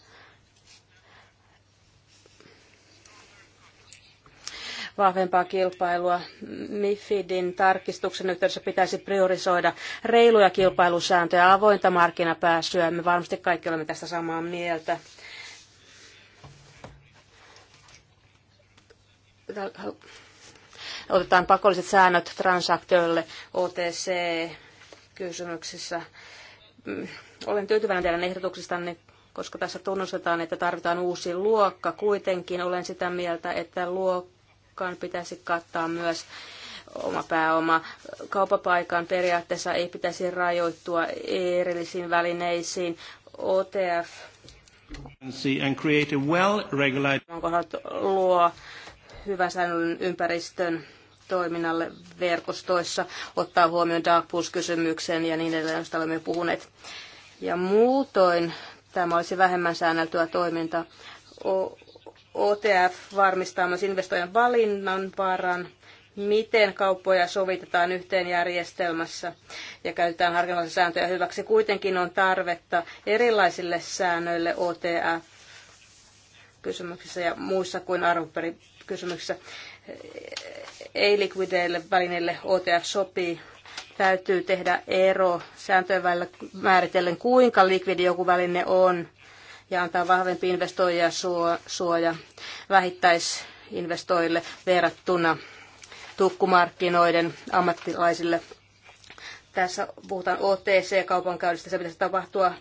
vahvempaa kilpailua. MIFIDin tarkistuksen yhteydessä pitäisi priorisoida reiluja kilpailusääntöjä, avointa markkinapääsyä. Me varmasti kaikki olemme tästä samaa mieltä. otetaan pakolliset säännöt transaktioille OTC-kysymyksissä. Olen tyytyväinen teidän ehdotuksistanne, koska tässä tunnustetaan, että tarvitaan uusi luokka. Kuitenkin olen sitä mieltä, että luokkaan pitäisi kattaa myös oma pääoma. Kaupapaikan periaatteessa ei pitäisi rajoittua erillisiin välineisiin. OTF and create a well-regulated luo Hyvä säännöllinen ympäristön toiminnalle verkostoissa, ottaa huomioon dark kysymyksen ja niin edelleen, josta olemme puhuneet. Ja muutoin tämä olisi vähemmän säänneltyä O- OTF varmistaa myös investoijan valinnan varan, miten kauppoja sovitetaan yhteen järjestelmässä ja käytetään harkinnallisia sääntöjä hyväksi. Kuitenkin on tarvetta erilaisille säännöille OTF kysymyksissä ja muissa kuin arvoperi, kysymyksessä. Ei-likvideille välineille OTF sopii. Täytyy tehdä ero sääntöjen välillä määritellen, kuinka likvidi joku väline on ja antaa vahvempi investoija suoja vähittäisinvestoille verrattuna tukkumarkkinoiden ammattilaisille. Tässä puhutaan OTC-kaupankäynnistä, se pitäisi tapahtua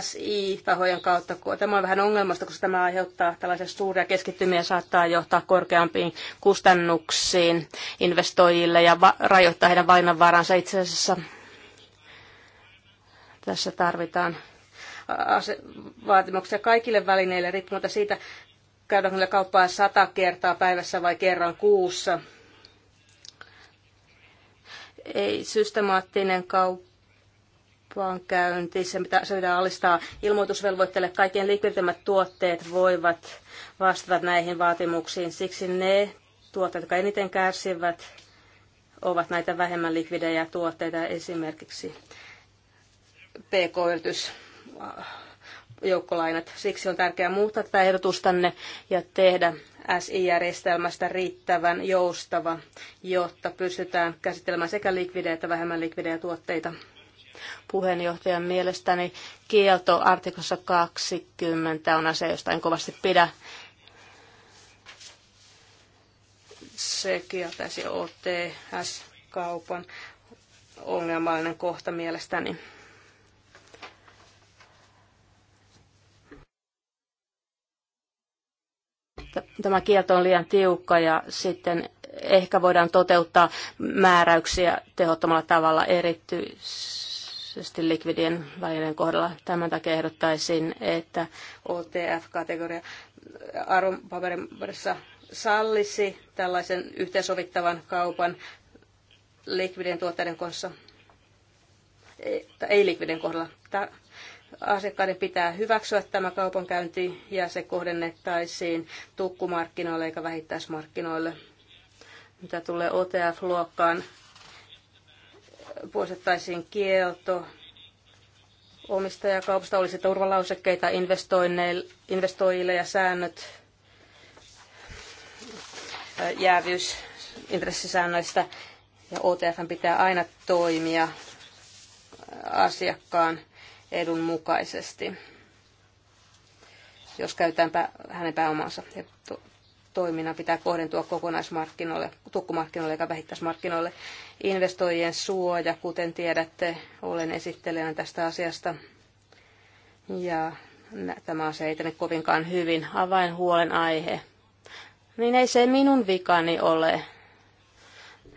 SI-tahojen kautta. Tämä on vähän ongelmasta, koska tämä aiheuttaa tällaisia suuria keskittymiä ja saattaa johtaa korkeampiin kustannuksiin investoijille ja va- rajoittaa heidän valinnanvaransa. Itse asiassa tässä tarvitaan vaatimuksia kaikille välineille, riippumatta siitä, käydäänkö niillä kauppaa sata kertaa päivässä vai kerran kuussa. Ei systemaattinen kauppa kaupankäynti, se mitä se pitää alistaa ilmoitusvelvoitteelle. Kaikkien liikkeettömät tuotteet voivat vastata näihin vaatimuksiin. Siksi ne tuotteet, jotka eniten kärsivät, ovat näitä vähemmän likvidejä tuotteita, esimerkiksi pk joukkolainat. Siksi on tärkeää muuttaa tätä ehdotustanne ja tehdä SI-järjestelmästä riittävän joustava, jotta pystytään käsittelemään sekä likvidejä että vähemmän likvidejä tuotteita puheenjohtajan mielestäni kielto artiklassa 20 on asia, josta en kovasti pidä. Se kieltäisi OTS-kaupan ongelmallinen kohta mielestäni. Tämä kielto on liian tiukka ja sitten ehkä voidaan toteuttaa määräyksiä tehottomalla tavalla erityisesti erityisesti likvidien välineiden kohdalla. Tämän takia ehdottaisin, että OTF-kategoria arvopaperissa sallisi tällaisen yhteensovittavan kaupan likvidien tuotteiden kanssa, tai ei-likvidien kohdalla. Asiakkaiden pitää hyväksyä tämä kaupankäynti ja se kohdennettaisiin tukkumarkkinoille eikä vähittäismarkkinoille. Mitä tulee OTF-luokkaan, vuosittaisiin kielto omistajakaupasta olisi turvalausekkeita investoijille ja säännöt jäävyys intressisäännöistä ja OTF pitää aina toimia asiakkaan edun mukaisesti, jos käytetään hänen pääomansa. Ja toiminnan pitää kohdentua kokonaismarkkinoille, tukkumarkkinoille eikä vähittäismarkkinoille. Investoijien suoja, kuten tiedätte, olen esittelijänä tästä asiasta. Ja tämä asia ei tänne kovinkaan hyvin. Avainhuolen aihe. Niin ei se minun vikani ole.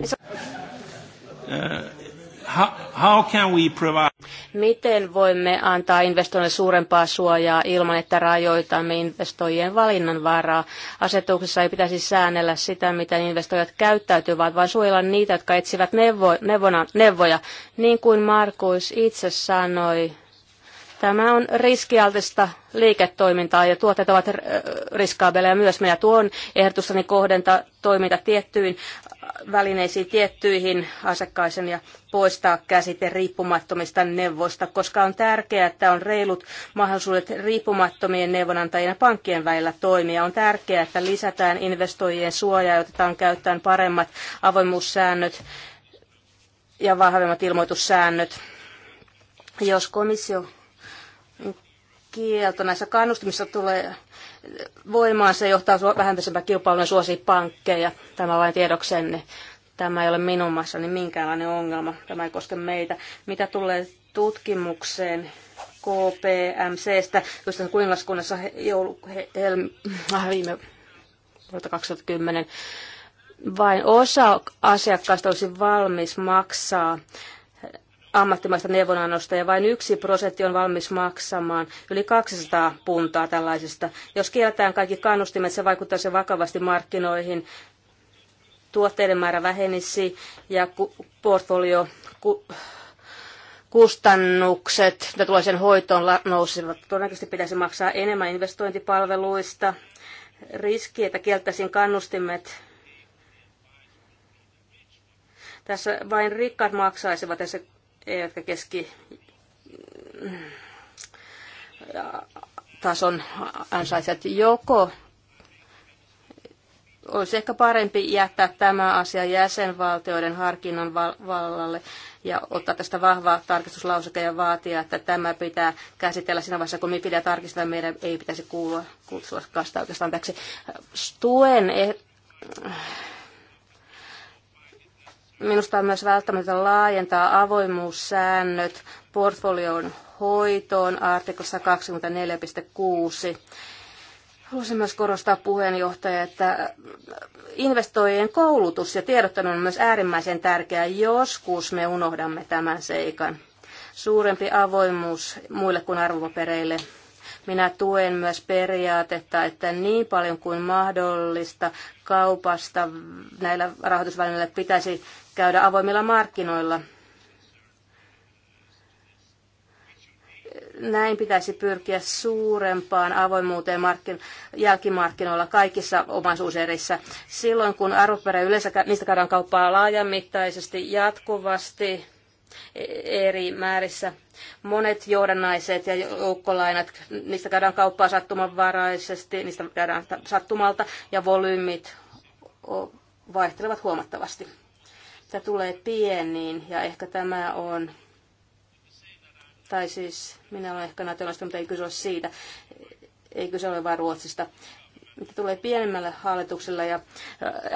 Se... Äh, how can we provide... Miten voimme antaa investoinnille suurempaa suojaa ilman, että rajoitamme investoijien valinnanvaraa? Asetuksessa ei pitäisi säännellä sitä, miten investoijat käyttäytyvät, vaan suojella niitä, jotka etsivät neuvo, neuvona, neuvoja. Niin kuin Markus itse sanoi, Tämä on riskialtista liiketoimintaa ja tuotteet ovat riskaabeleja myös. Meidän tuon ehdotustani kohdenta toiminta tiettyyn välineisiin tiettyihin asiakkaisiin ja poistaa käsite riippumattomista neuvoista, koska on tärkeää, että on reilut mahdollisuudet riippumattomien neuvonantajien ja pankkien välillä toimia. On tärkeää, että lisätään investoijien suojaa ja otetaan käyttöön paremmat avoimuussäännöt ja vahvemmat ilmoitussäännöt. Jos komissio kielto näissä kannustimissa tulee voimaan, se johtaa vähäisempään kilpailuun ja suosii pankkeja. Tämä vain niin Tämä ei ole minun niin minkäänlainen ongelma. Tämä ei koske meitä. Mitä tulee tutkimukseen KPMCstä, josta kuningaskunnassa joulu, he, helmi, ah, viime vuotta 2010, vain osa asiakkaista olisi valmis maksaa ammattimaista neuvonannosta ja vain yksi prosentti on valmis maksamaan yli 200 puntaa tällaisesta. Jos kielletään kaikki kannustimet, se vaikuttaisi vakavasti markkinoihin, tuotteiden määrä vähenisi ja portfolio kustannukset, mitä tulee sen hoitoon, nousivat. Todennäköisesti pitäisi maksaa enemmän investointipalveluista. Riski, että kieltäisiin kannustimet. Tässä vain rikkaat maksaisivat ja se jotka keski tason ansaitsevat joko olisi ehkä parempi jättää tämä asia jäsenvaltioiden harkinnan vallalle ja ottaa tästä vahva tarkistuslauseke ja vaatia, että tämä pitää käsitellä siinä vaiheessa, kun mipideä tarkistetaan, meidän ei pitäisi kuulua kutsua kasta oikeastaan täksi. Tuen e- Minusta on myös välttämätöntä laajentaa avoimuussäännöt portfolion hoitoon artiklassa 24.6. Haluaisin myös korostaa puheenjohtaja, että investoijien koulutus ja tiedottaminen on myös äärimmäisen tärkeää. Joskus me unohdamme tämän seikan. Suurempi avoimuus muille kuin arvopapereille. Minä tuen myös periaatetta, että niin paljon kuin mahdollista kaupasta näillä rahoitusvälineillä pitäisi käydä avoimilla markkinoilla. Näin pitäisi pyrkiä suurempaan avoimuuteen markkin, jälkimarkkinoilla kaikissa omaisuuserissä. Silloin kun arvopere yleensä niistä käydään kauppaa laajamittaisesti, jatkuvasti, e-, eri määrissä. Monet johdannaiset ja joukkolainat, niistä käydään kauppaa sattumanvaraisesti, niistä käydään sattumalta ja volyymit vaihtelevat huomattavasti mitä tulee pieniin, ja ehkä tämä on, tai siis minä olen ehkä nationalista, mutta ei kyse ole siitä, ei kyse ole vain Ruotsista. Mitä tulee pienemmälle hallitukselle ja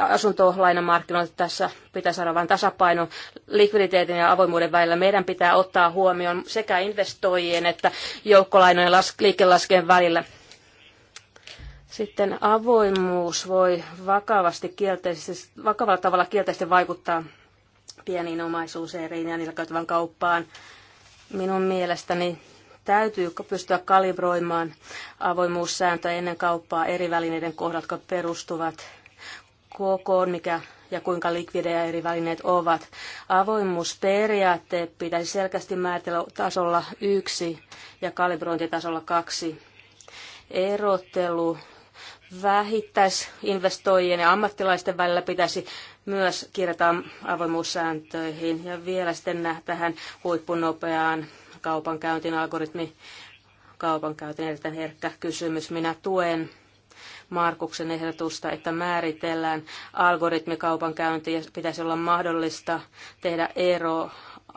asuntolainamarkkinoille, tässä pitää saada vain tasapaino likviditeetin ja avoimuuden välillä. Meidän pitää ottaa huomioon sekä investoijien että joukkolainojen liikelaskeen välillä. Sitten avoimuus voi vakavasti kielteisesti, vakavalla tavalla kielteisesti vaikuttaa pieniin omaisuuseriin ja niillä käytävän kauppaan. Minun mielestäni täytyy pystyä kalibroimaan avoimuussääntöä ennen kauppaa eri välineiden kohdat, jotka perustuvat kokoon, mikä ja kuinka likvidejä eri välineet ovat. Avoimuusperiaatteet pitäisi selkeästi määritellä tasolla yksi ja kalibrointitasolla kaksi. Erottelu vähittäisinvestoijien ja ammattilaisten välillä pitäisi myös kirjataan avoimuussääntöihin ja vielä sitten tähän huippunopeaan kaupankäyntiin algoritmi. Kaupankäynti erittäin herkkä kysymys. Minä tuen Markuksen ehdotusta, että määritellään algoritmikaupankäynti ja pitäisi olla mahdollista tehdä ero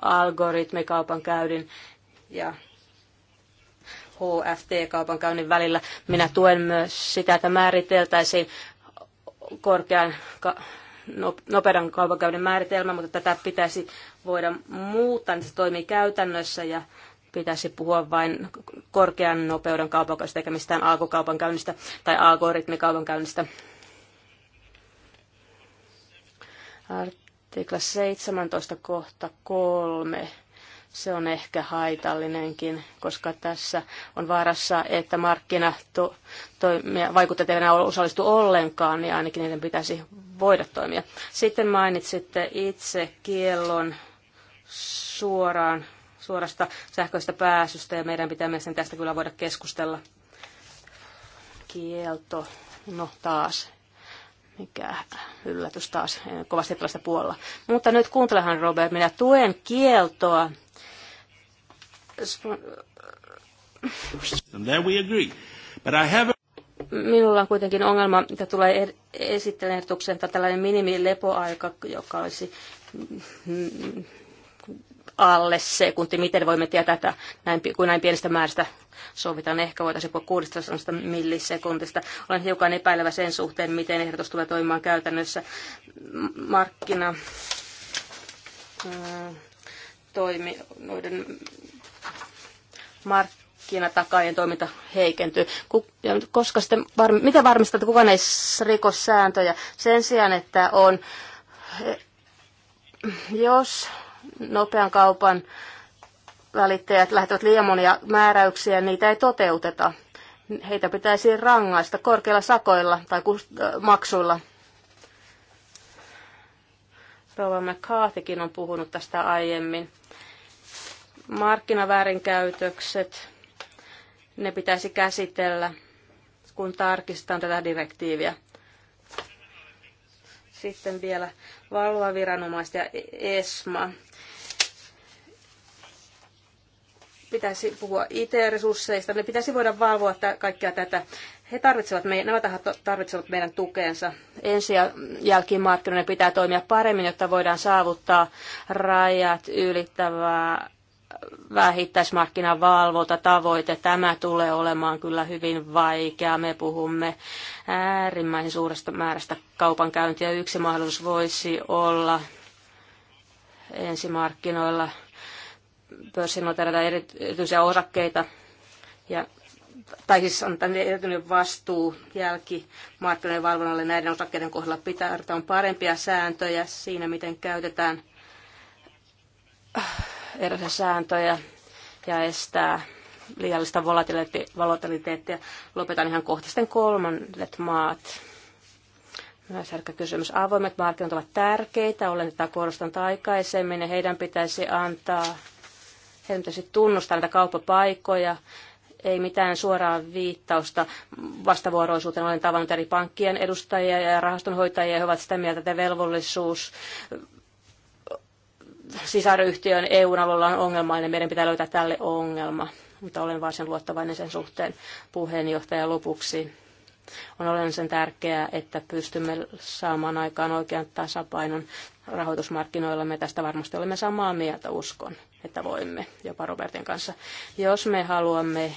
algoritmikaupankäynnin ja HFT-kaupankäynnin välillä. Minä tuen myös sitä, että määriteltäisiin korkean nopean kaupankäynnin määritelmä, mutta tätä pitäisi voida muuttaa, niin se toimii käytännössä ja pitäisi puhua vain korkean nopeuden kaupankäynnistä eikä mistään alkukaupankäynnistä tai algoritmikaupankäynnistä. Artikla 17 kohta 3 se on ehkä haitallinenkin, koska tässä on vaarassa, että markkinatoimia vaikutteet eivät enää osallistu ollenkaan, niin ainakin niiden pitäisi voida toimia. Sitten mainitsitte itse kiellon suoraan, suorasta sähköistä pääsystä, ja meidän pitää mielestäni tästä kyllä voida keskustella. Kielto, no taas, mikä yllätys taas, kovasti tällaista puolella. Mutta nyt kuuntelehan Robert, minä tuen kieltoa There we agree. But I have Minulla on kuitenkin ongelma, mitä tulee er- esittelen että tällainen minimilepoaika, joka olisi mm, alle sekunti. Miten voimme tietää, että näin, kun näin pienestä määrästä sovitaan, ehkä voitaisiin puhua 600 millisekuntista. Olen hiukan epäilevä sen suhteen, miten ehdotus tulee toimimaan käytännössä markkina mm, toimi, noiden markkinatakaajien toiminta heikentyy. Ja koska sitten varmi, miten varmistaa, että kukaan ei riko sääntöjä sen sijaan, että on, eh, jos nopean kaupan välittäjät lähtevät liian monia määräyksiä, niitä ei toteuteta. Heitä pitäisi rangaista korkeilla sakoilla tai eh, maksuilla. Rova McCarthykin on puhunut tästä aiemmin. Markkinaväärinkäytökset, ne pitäisi käsitellä, kun tarkistetaan tätä direktiiviä. Sitten vielä valvoviranomaiset ja ESMA. Pitäisi puhua IT-resursseista. Ne pitäisi voida valvoa kaikkea tätä. He tarvitsevat meidän, nämä tahot tarvitsevat meidän tukeensa. Ensi- ja jälkimarkkinoiden pitää toimia paremmin, jotta voidaan saavuttaa rajat ylittävää valvota tavoite. Tämä tulee olemaan kyllä hyvin vaikea. Me puhumme äärimmäisen suuresta määrästä kaupankäyntiä. Yksi mahdollisuus voisi olla ensimarkkinoilla pörssin erityisiä osakkeita ja tai siis on tänne erityinen vastuu jälkimarkkinoiden valvonnalle näiden osakkeiden kohdalla pitää on parempia sääntöjä siinä, miten käytetään erilaisia sääntöjä ja estää liiallista volatiliteettia. Lopetan ihan kohta sitten kolmannet maat. Myös herkkä kysymys. Avoimet markkinat ovat tärkeitä, olen tätä korostanut aikaisemmin, ja heidän pitäisi antaa, heidän pitäisi tunnustaa näitä kauppapaikkoja, ei mitään suoraa viittausta vastavuoroisuuteen. Olen tavannut eri pankkien edustajia ja rahastonhoitajia, he ovat sitä mieltä, että velvollisuus sisaryhtiön EU:n alueella on ongelmainen, niin meidän pitää löytää tälle ongelma. Mutta olen varsin luottavainen sen suhteen puheenjohtajan lopuksi. On olennaisen tärkeää, että pystymme saamaan aikaan oikean tasapainon rahoitusmarkkinoilla. Me tästä varmasti olemme samaa mieltä, uskon, että voimme, jopa Robertin kanssa. Jos me haluamme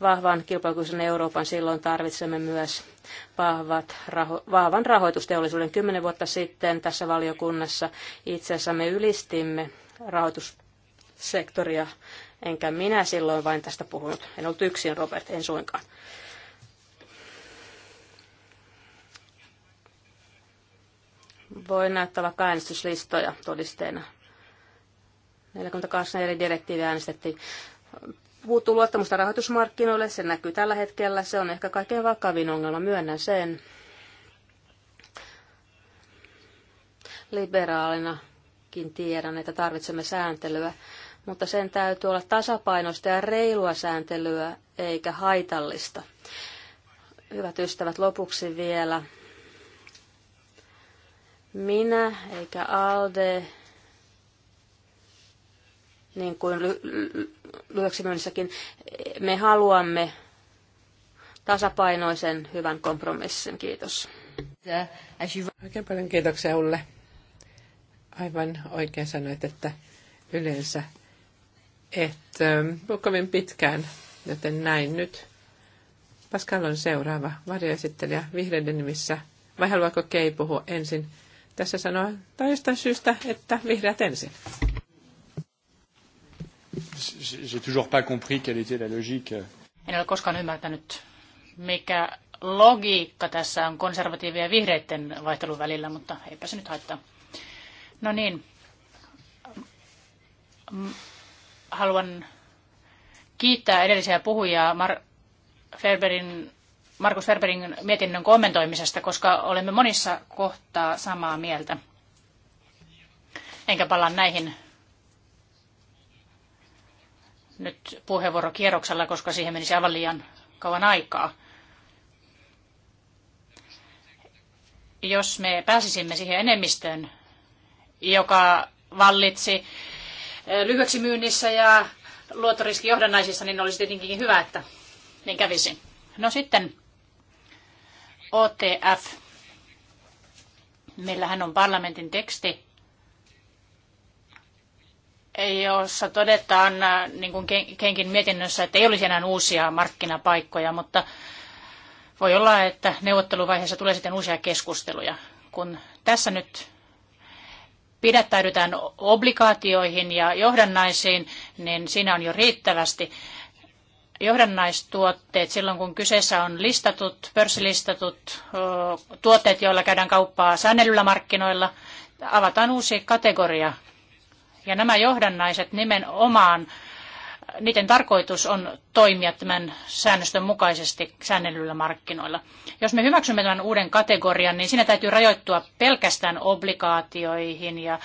vahvan kilpailukykyisen Euroopan silloin tarvitsemme myös vahvat, raho, vahvan rahoitusteollisuuden. Kymmenen vuotta sitten tässä valiokunnassa itse asiassa me ylistimme rahoitussektoria, enkä minä silloin vain tästä puhunut. En ollut yksin, Robert, en suinkaan. Voin näyttää vaikka äänestyslistoja todisteena. 48 eri direktiiviä äänestettiin puuttuu luottamusta rahoitusmarkkinoille, se näkyy tällä hetkellä, se on ehkä kaikkein vakavin ongelma, myönnän sen. Liberaalinakin tiedän, että tarvitsemme sääntelyä, mutta sen täytyy olla tasapainoista ja reilua sääntelyä, eikä haitallista. Hyvät ystävät, lopuksi vielä. Minä eikä Alde niin kuin lyhyeksi myynnissäkin, me haluamme tasapainoisen hyvän kompromissin. Kiitos. Oikein paljon kiitoksia Ulle. Aivan oikein sanoit, että yleensä et ähm, kovin pitkään, joten näin nyt. Pascal on seuraava varjoesittelijä vihreiden nimissä. Vai haluaako Kei puhua ensin? Tässä sanoo tai jostain syystä, että vihreät ensin j'ai toujours pas compris quelle était la logique. En ole koskaan ymmärtänyt, mikä logiikka tässä on konservatiivien ja vihreiden vaihtelun välillä, mutta eipä se nyt haittaa. No niin, haluan kiittää edellisiä puhujia Mar- Ferberin, Markus Ferberin mietinnön kommentoimisesta, koska olemme monissa kohtaa samaa mieltä. Enkä palaa näihin nyt puheenvuorokierroksella, koska siihen menisi aivan liian kauan aikaa. Jos me pääsisimme siihen enemmistöön, joka vallitsi e, lyhyeksi myynnissä ja luottoriski johdannaisissa, niin olisi tietenkin hyvä, että niin kävisi. No sitten OTF. Meillähän on parlamentin teksti jossa todetaan, äh, niin kuin Kenkin mietinnössä, että ei olisi enää uusia markkinapaikkoja, mutta voi olla, että neuvotteluvaiheessa tulee sitten uusia keskusteluja. Kun tässä nyt pidättäydytään obligaatioihin ja johdannaisiin, niin siinä on jo riittävästi johdannaistuotteet silloin, kun kyseessä on listatut, pörssilistatut tuotteet, joilla käydään kauppaa säännellyllä markkinoilla, avataan uusi kategoria ja nämä johdannaiset nimenomaan, niiden tarkoitus on toimia tämän säännöstön mukaisesti säännellyillä markkinoilla. Jos me hyväksymme tämän uuden kategorian, niin siinä täytyy rajoittua pelkästään obligaatioihin ja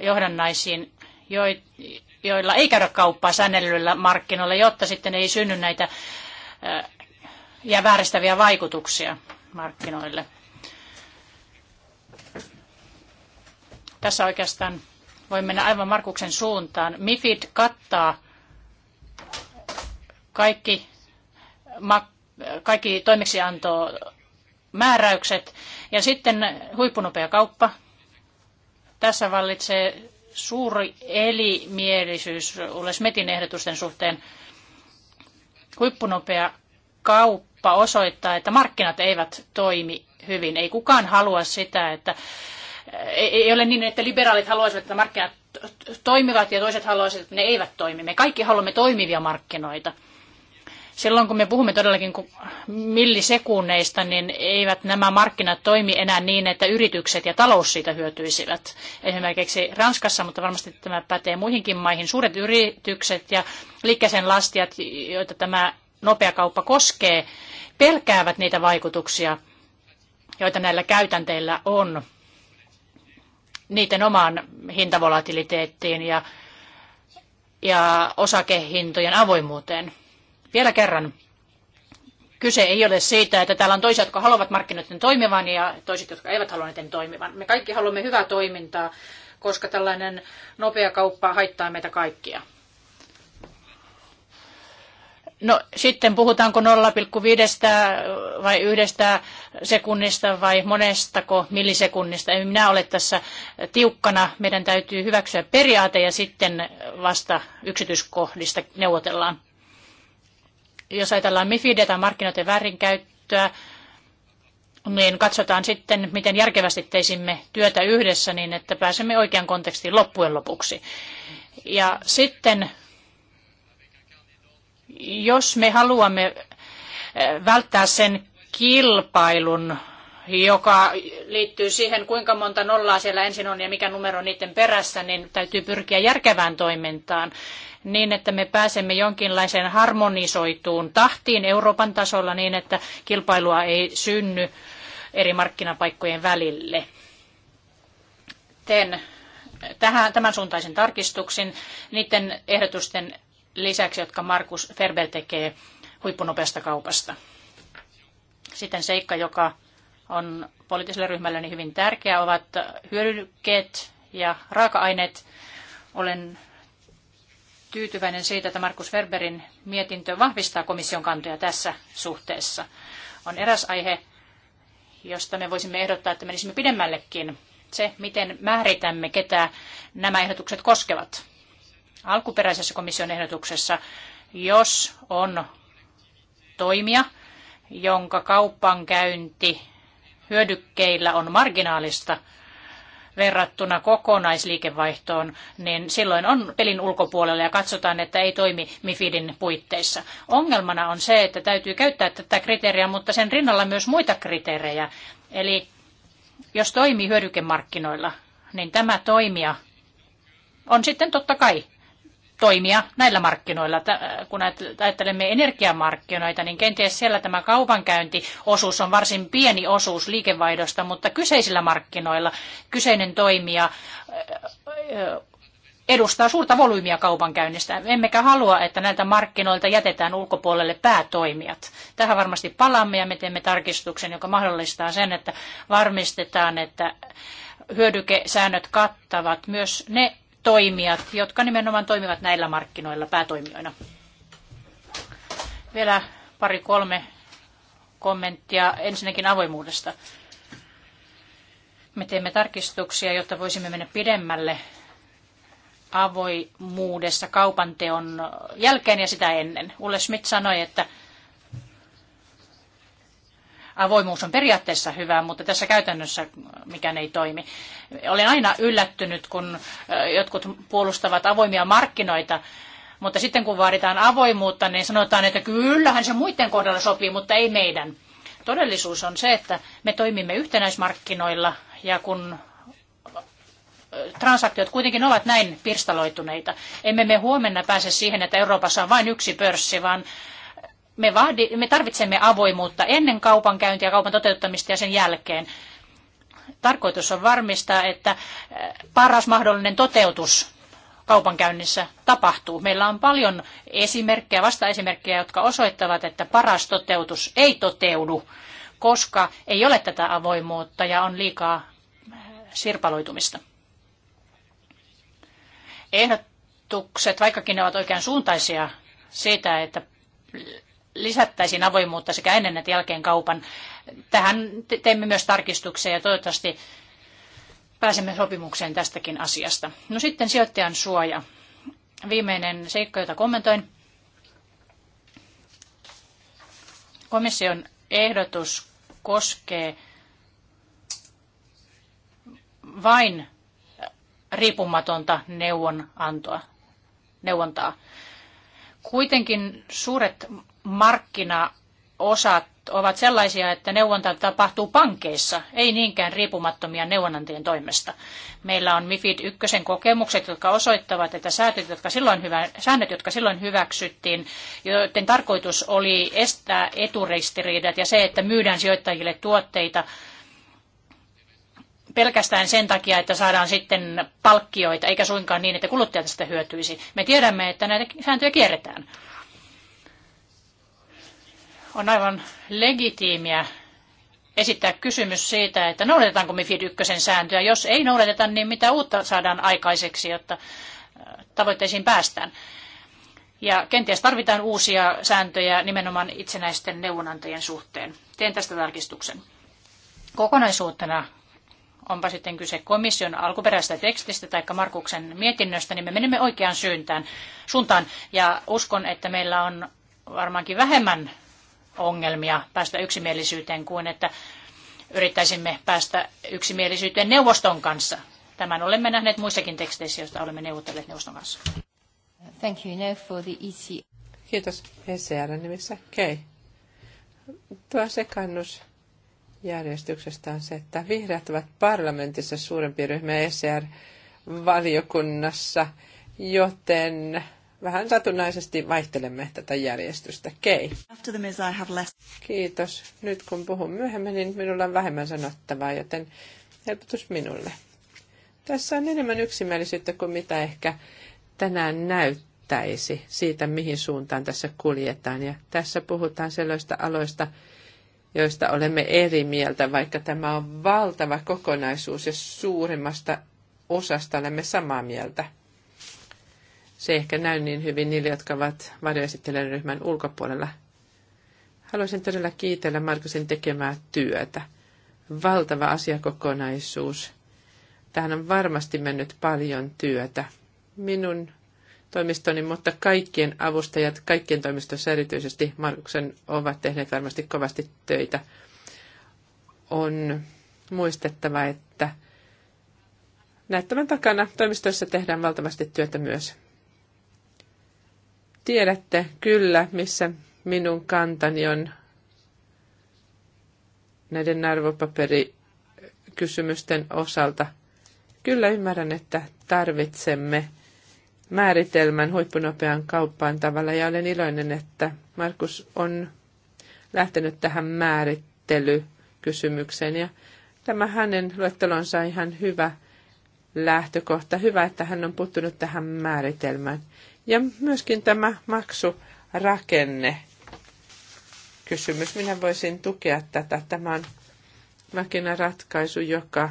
johdannaisiin, joilla ei käydä kauppaa säännellyillä markkinoilla, jotta sitten ei synny näitä äh, ja vääristäviä vaikutuksia markkinoille. Tässä oikeastaan voi mennä aivan Markuksen suuntaan. MIFID kattaa kaikki, kaikki toimeksianto määräykset ja sitten huippunopea kauppa. Tässä vallitsee suuri elimielisyys Ulle Smetin ehdotusten suhteen. Huippunopea kauppa osoittaa, että markkinat eivät toimi hyvin. Ei kukaan halua sitä, että ei ole niin, että liberaalit haluaisivat, että markkinat toimivat ja toiset haluaisivat, että ne eivät toimi. Me kaikki haluamme toimivia markkinoita. Silloin kun me puhumme todellakin millisekunneista, niin eivät nämä markkinat toimi enää niin, että yritykset ja talous siitä hyötyisivät. Esimerkiksi Ranskassa, mutta varmasti tämä pätee muihinkin maihin, suuret yritykset ja liikkeeseen lastiat, joita tämä nopea kauppa koskee, pelkäävät niitä vaikutuksia, joita näillä käytänteillä on niiden omaan hintavolatiliteettiin ja, ja osakehintojen avoimuuteen. Vielä kerran, kyse ei ole siitä, että täällä on toisia, jotka haluavat markkinoiden toimivan ja toiset, jotka eivät halua niiden toimivan. Me kaikki haluamme hyvää toimintaa, koska tällainen nopea kauppa haittaa meitä kaikkia. No sitten puhutaanko 0,5 vai yhdestä sekunnista vai monestako millisekunnista. En minä ole tässä tiukkana. Meidän täytyy hyväksyä periaate ja sitten vasta yksityiskohdista neuvotellaan. Jos ajatellaan MIFID tai markkinoiden väärinkäyttöä, niin katsotaan sitten, miten järkevästi teisimme työtä yhdessä niin, että pääsemme oikean kontekstiin loppujen lopuksi. Ja sitten jos me haluamme eh, välttää sen kilpailun, joka liittyy siihen, kuinka monta nollaa siellä ensin on ja mikä numero niiden perässä, niin täytyy pyrkiä järkevään toimintaan niin, että me pääsemme jonkinlaiseen harmonisoituun tahtiin Euroopan tasolla niin, että kilpailua ei synny eri markkinapaikkojen välille. Teen tähän, tämän suuntaisen tarkistuksen niiden ehdotusten lisäksi, jotka Markus Ferber tekee huippunopeasta kaupasta. Sitten seikka, joka on poliittiselle ryhmälle niin hyvin tärkeä, ovat hyödykkeet ja raaka-aineet. Olen tyytyväinen siitä, että Markus Ferberin mietintö vahvistaa komission kantoja tässä suhteessa. On eräs aihe, josta me voisimme ehdottaa, että menisimme pidemmällekin. Se, miten määritämme, ketä nämä ehdotukset koskevat alkuperäisessä komission ehdotuksessa, jos on toimia, jonka kauppankäynti hyödykkeillä on marginaalista verrattuna kokonaisliikevaihtoon, niin silloin on pelin ulkopuolella ja katsotaan, että ei toimi MIFIDin puitteissa. Ongelmana on se, että täytyy käyttää tätä kriteeriä, mutta sen rinnalla myös muita kriteerejä. Eli jos toimii hyödykemarkkinoilla, niin tämä toimija on sitten totta kai toimia näillä markkinoilla. Kun ajattelemme energiamarkkinoita, niin kenties siellä tämä kaupankäyntiosuus on varsin pieni osuus liikevaihdosta, mutta kyseisillä markkinoilla kyseinen toimija eh, edustaa suurta volyymia kaupankäynnistä. Emmekä halua, että näiltä markkinoilta jätetään ulkopuolelle päätoimijat. Tähän varmasti palaamme ja me teemme tarkistuksen, joka mahdollistaa sen, että varmistetaan, että hyödykesäännöt kattavat myös ne toimijat, jotka nimenomaan toimivat näillä markkinoilla päätoimijoina. Vielä pari kolme kommenttia ensinnäkin avoimuudesta. Me teemme tarkistuksia, jotta voisimme mennä pidemmälle avoimuudessa kaupanteon jälkeen ja sitä ennen. Ulle Schmidt sanoi, että avoimuus on periaatteessa hyvä, mutta tässä käytännössä äh, mikään ei toimi. Olen aina yllättynyt, kun äh, jotkut puolustavat avoimia markkinoita, mutta sitten kun vaaditaan avoimuutta, niin sanotaan, että kyllähän se muiden kohdalla sopii, mutta ei meidän. Todellisuus on se, että me toimimme yhtenäismarkkinoilla ja kun äh, transaktiot kuitenkin ovat näin pirstaloituneita. Emme me huomenna pääse siihen, että Euroopassa on vain yksi pörssi, vaan me, vahdi, me tarvitsemme avoimuutta ennen kaupankäyntiä ja kaupan toteuttamista ja sen jälkeen. Tarkoitus on varmistaa, että eh, paras mahdollinen toteutus kaupankäynnissä tapahtuu. Meillä on paljon esimerkkejä, vastaesimerkkejä, jotka osoittavat, että paras toteutus ei toteudu, koska ei ole tätä avoimuutta ja on liikaa eh, sirpaloitumista. Ehdotukset, vaikkakin ne ovat oikean suuntaisia siitä, että lisättäisiin avoimuutta sekä ennen että jälkeen kaupan. Tähän teemme myös tarkistuksia ja toivottavasti pääsemme sopimukseen tästäkin asiasta. No sitten sijoittajan suoja. Viimeinen seikka, jota kommentoin. Komission ehdotus koskee vain riippumatonta neuvonantoa, neuvontaa. Kuitenkin suuret markkinaosat ovat sellaisia, että neuvonta tapahtuu pankeissa, ei niinkään riippumattomia neuvonantien toimesta. Meillä on MIFID 1 kokemukset, jotka osoittavat, että säännöt, jotka silloin hyvä, säännöt, jotka silloin hyväksyttiin, joiden tarkoitus oli estää eturistiriidat ja se, että myydään sijoittajille tuotteita pelkästään sen takia, että saadaan sitten palkkioita, eikä suinkaan niin, että kuluttajat sitä hyötyisi. Me tiedämme, että näitä sääntöjä kierretään. On aivan legitiimiä esittää kysymys siitä, että noudatetaanko MIFID 1 sääntöä. Jos ei noudateta, niin mitä uutta saadaan aikaiseksi, jotta äh, tavoitteisiin päästään. Ja kenties tarvitaan uusia sääntöjä nimenomaan itsenäisten neuvonantajien suhteen. Teen tästä tarkistuksen. Kokonaisuutena onpa sitten kyse komission alkuperäisestä tekstistä tai Markuksen mietinnöstä, niin me menemme oikeaan syyntään, suuntaan. Ja uskon, että meillä on varmaankin vähemmän ongelmia päästä yksimielisyyteen kuin että yrittäisimme päästä yksimielisyyteen neuvoston kanssa. Tämän olemme nähneet muissakin teksteissä, joista olemme neuvotelleet neuvoston kanssa. Thank you. Now for the EC. Kiitos ECR nimissä. Okay. Tuo sekannus järjestyksestä on se, että vihreät ovat parlamentissa suurempi ryhmä ECR valiokunnassa, joten vähän satunnaisesti vaihtelemme tätä järjestystä. Kei. Kiitos. Nyt kun puhun myöhemmin, niin minulla on vähemmän sanottavaa, joten helpotus minulle. Tässä on enemmän yksimielisyyttä kuin mitä ehkä tänään näyttäisi siitä, mihin suuntaan tässä kuljetaan. Ja tässä puhutaan sellaista aloista, joista olemme eri mieltä, vaikka tämä on valtava kokonaisuus ja suurimmasta osasta olemme samaa mieltä se ei ehkä näy niin hyvin niille, jotka ovat varjoesittelijän ryhmän ulkopuolella. Haluaisin todella kiitellä Markusin tekemää työtä. Valtava asiakokonaisuus. Tähän on varmasti mennyt paljon työtä. Minun toimistoni, mutta kaikkien avustajat, kaikkien toimistossa erityisesti Markuksen ovat tehneet varmasti kovasti töitä. On muistettava, että näyttävän takana toimistoissa tehdään valtavasti työtä myös Tiedätte kyllä, missä minun kantani on näiden arvopaperikysymysten osalta. Kyllä ymmärrän, että tarvitsemme määritelmän huippunopean kauppaan tavalla ja olen iloinen, että Markus on lähtenyt tähän määrittelykysymykseen ja tämä hänen luettelonsa on ihan hyvä lähtökohta. Hyvä, että hän on puuttunut tähän määritelmään. Ja myöskin tämä maksurakenne kysymys. Minä voisin tukea tätä. Tämä on väkinä ratkaisu, joka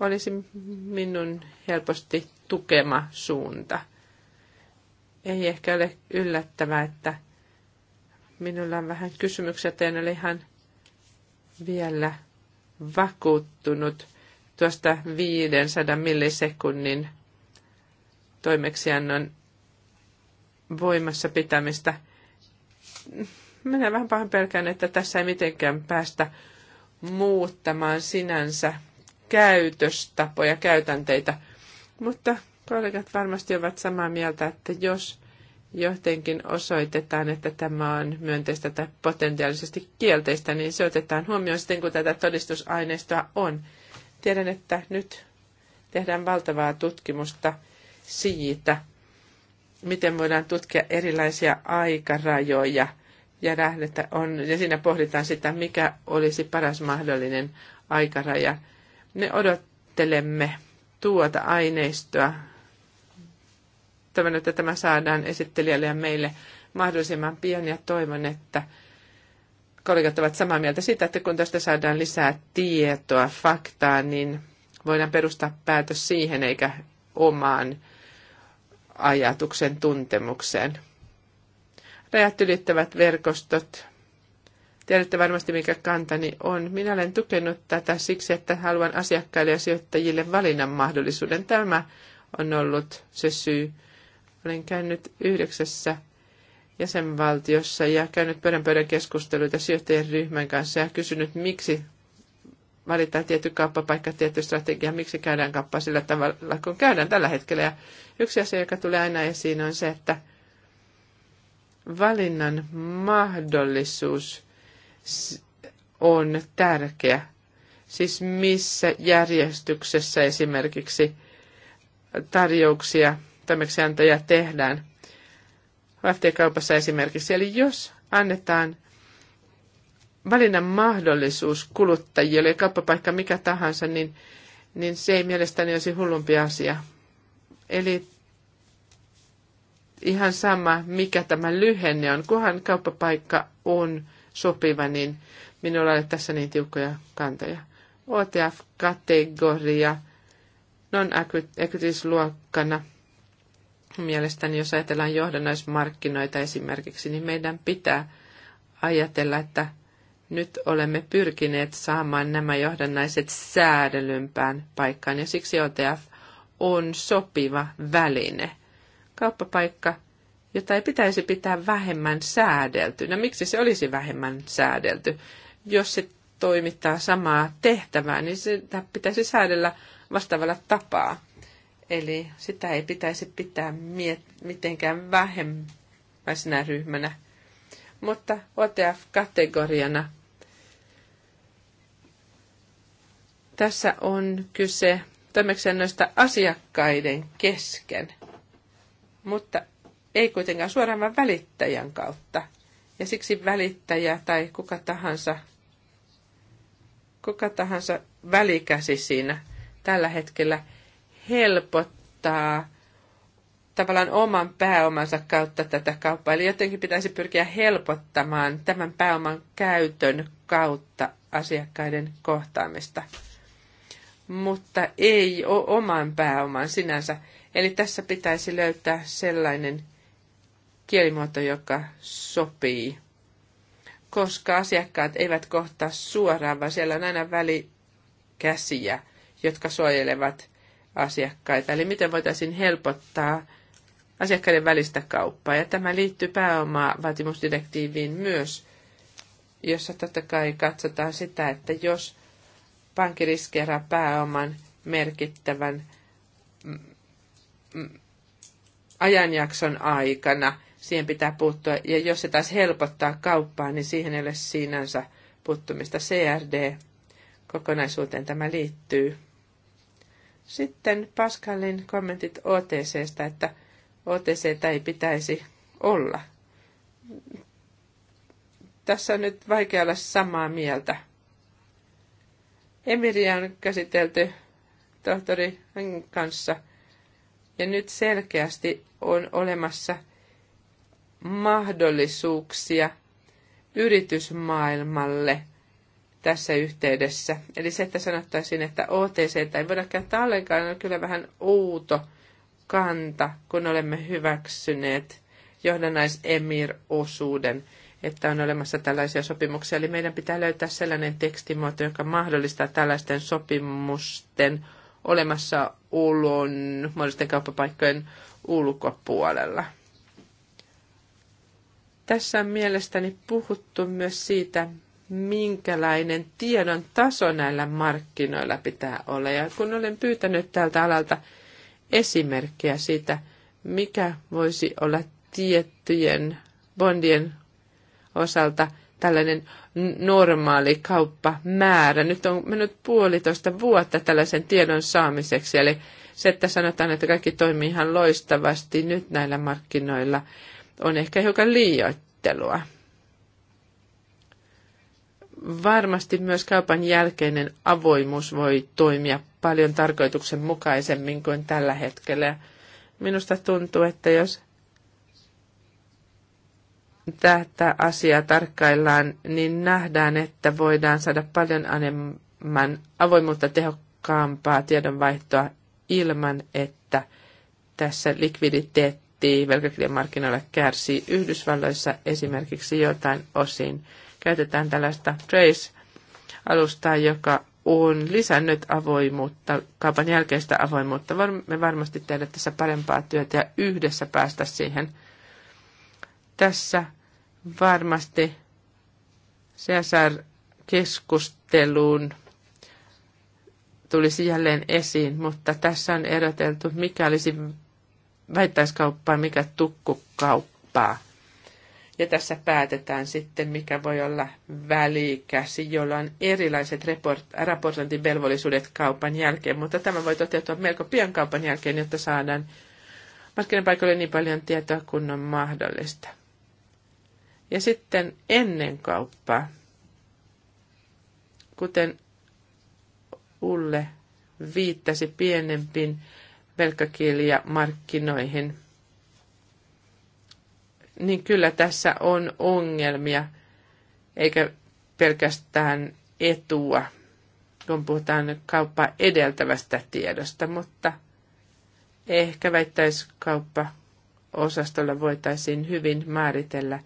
olisi minun helposti tukema suunta. Ei ehkä ole yllättävää, että minulla on vähän kysymyksiä, en ole ihan vielä vakuuttunut tuosta 500 millisekunnin toimeksiannon voimassa pitämistä. Minä vähän pahan pelkään, että tässä ei mitenkään päästä muuttamaan sinänsä käytöstapoja, käytänteitä. Mutta kollegat varmasti ovat samaa mieltä, että jos jotenkin osoitetaan, että tämä on myönteistä tai potentiaalisesti kielteistä, niin se otetaan huomioon sitten, kun tätä todistusaineistoa on. Tiedän, että nyt tehdään valtavaa tutkimusta siitä, miten voidaan tutkia erilaisia aikarajoja ja lähdetä on, ja siinä pohditaan sitä, mikä olisi paras mahdollinen aikaraja. Me odottelemme tuota aineistoa. Toivon, että tämä saadaan esittelijälle ja meille mahdollisimman pian ja toivon, että kollegat ovat samaa mieltä siitä, että kun tästä saadaan lisää tietoa, faktaa, niin voidaan perustaa päätös siihen eikä omaan ajatuksen tuntemukseen. Rajat ylittävät verkostot. Tiedätte varmasti, mikä kantani on. Minä olen tukenut tätä siksi, että haluan asiakkaille ja sijoittajille valinnan mahdollisuuden. Tämä on ollut se syy. Olen käynyt yhdeksässä jäsenvaltiossa ja käynyt pöydän pöydän keskusteluita sijoittajien ryhmän kanssa ja kysynyt, miksi valitaan tietty kauppapaikka, tietty strategia, miksi käydään kauppaa sillä tavalla, kun käydään tällä hetkellä. Ja yksi asia, joka tulee aina esiin, on se, että valinnan mahdollisuus on tärkeä. Siis missä järjestyksessä esimerkiksi tarjouksia, toimeksiantoja tehdään. FT-kaupassa esimerkiksi. Eli jos annetaan valinnan mahdollisuus kuluttajille, kauppapaikka mikä tahansa, niin, niin se ei mielestäni olisi hullumpi asia. Eli ihan sama, mikä tämä lyhenne on, kunhan kauppapaikka on sopiva, niin minulla ei ole tässä niin tiukkoja kantoja. OTF-kategoria, non-equities-luokkana. Mielestäni, jos ajatellaan johdannaismarkkinoita esimerkiksi, niin meidän pitää ajatella, että nyt olemme pyrkineet saamaan nämä johdannaiset säädelympään paikkaan ja siksi OTF on sopiva väline. Kauppapaikka, jota ei pitäisi pitää vähemmän säädeltynä. Miksi se olisi vähemmän säädelty? Jos se toimittaa samaa tehtävää, niin sitä pitäisi säädellä vastaavalla tapaa. Eli sitä ei pitäisi pitää miet- mitenkään vähemmäisenä ryhmänä. Mutta OTF-kategoriana Tässä on kyse toimeksiannoista asiakkaiden kesken, mutta ei kuitenkaan suoraan vaan välittäjän kautta. Ja siksi välittäjä tai kuka tahansa, kuka tahansa välikäsi siinä tällä hetkellä helpottaa tavallaan oman pääomansa kautta tätä kauppaa. Eli jotenkin pitäisi pyrkiä helpottamaan tämän pääoman käytön kautta asiakkaiden kohtaamista mutta ei oman pääoman sinänsä. Eli tässä pitäisi löytää sellainen kielimuoto, joka sopii, koska asiakkaat eivät kohtaa suoraan, vaan siellä on aina välikäsiä, jotka suojelevat asiakkaita. Eli miten voitaisiin helpottaa asiakkaiden välistä kauppaa. Ja tämä liittyy vaatimusdirektiiviin myös, jossa totta kai katsotaan sitä, että jos pankki riskeeraa pääoman merkittävän ajanjakson aikana. Siihen pitää puuttua. Ja jos se taas helpottaa kauppaa, niin siihen ei ole sinänsä puuttumista. CRD kokonaisuuteen tämä liittyy. Sitten Pascalin kommentit OTCstä, että OTC ei pitäisi olla. Tässä on nyt vaikea olla samaa mieltä. Emiria on käsitelty tohtori kanssa. Ja nyt selkeästi on olemassa mahdollisuuksia yritysmaailmalle tässä yhteydessä. Eli se, että sanottaisiin, että OTC ei voida käyttää ollenkaan, on kyllä vähän outo kanta, kun olemme hyväksyneet johdannaisemir emir – että on olemassa tällaisia sopimuksia. Eli meidän pitää löytää sellainen tekstimuoto, joka mahdollistaa tällaisten sopimusten olemassa ulon, muodollisten kauppapaikkojen ulkopuolella. Tässä on mielestäni puhuttu myös siitä, minkälainen tiedon taso näillä markkinoilla pitää olla. Ja kun olen pyytänyt tältä alalta esimerkkejä siitä, mikä voisi olla tiettyjen bondien osalta tällainen normaali kauppamäärä. Nyt on mennyt puolitoista vuotta tällaisen tiedon saamiseksi, eli se, että sanotaan, että kaikki toimii ihan loistavasti nyt näillä markkinoilla, on ehkä hiukan liioittelua. Varmasti myös kaupan jälkeinen avoimuus voi toimia paljon tarkoituksenmukaisemmin kuin tällä hetkellä. Minusta tuntuu, että jos tätä asiaa tarkkaillaan, niin nähdään, että voidaan saada paljon enemmän avoimuutta tehokkaampaa tiedonvaihtoa ilman, että tässä likviditeetti velkakirjamarkkinoilla kärsii. Yhdysvalloissa esimerkiksi jotain osin käytetään tällaista Trace-alustaa, joka on lisännyt avoimuutta, kaupan jälkeistä avoimuutta. Me varmasti tehdä tässä parempaa työtä ja yhdessä päästä siihen – tässä varmasti CSR-keskusteluun tulisi jälleen esiin, mutta tässä on eroteltu, mikä olisi väittäiskauppaa, mikä tukkukauppaa. Ja tässä päätetään sitten, mikä voi olla välikäsi, jolla on erilaiset report, raportointivelvollisuudet kaupan jälkeen, mutta tämä voi toteutua melko pian kaupan jälkeen, jotta saadaan markkinapaikalle niin paljon tietoa kuin on mahdollista. Ja sitten ennen kauppaa, kuten Ulle viittasi pienempiin velkakirjamarkkinoihin, niin kyllä tässä on ongelmia, eikä pelkästään etua, kun puhutaan kauppaa edeltävästä tiedosta, mutta ehkä kauppa osastolla voitaisiin hyvin määritellä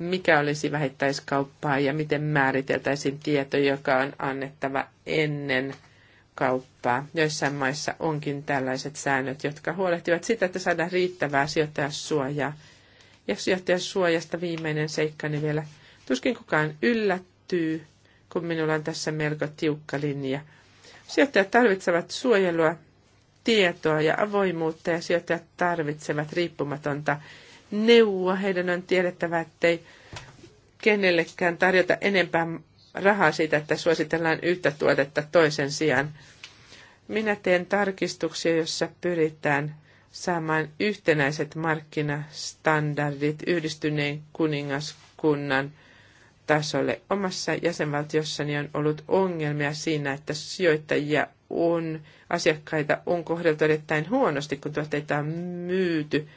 mikä olisi vähittäiskauppaa ja miten määriteltäisiin tieto, joka on annettava ennen kauppaa. Joissain maissa onkin tällaiset säännöt, jotka huolehtivat sitä, että saadaan riittävää sijoittajasuojaa. Ja sijoittajasuojasta viimeinen seikkani vielä. Tuskin kukaan yllättyy, kun minulla on tässä melko tiukka linja. Sijoittajat tarvitsevat suojelua, tietoa ja avoimuutta ja sijoittajat tarvitsevat riippumatonta neuvoa. Heidän on tiedettävä, ettei kenellekään tarjota enempää rahaa siitä, että suositellaan yhtä tuotetta toisen sijaan. Minä teen tarkistuksia, jossa pyritään saamaan yhtenäiset markkinastandardit yhdistyneen kuningaskunnan tasolle. Omassa jäsenvaltiossani on ollut ongelmia siinä, että sijoittajia on, asiakkaita on kohdeltu erittäin huonosti, kun tuotteita on myyty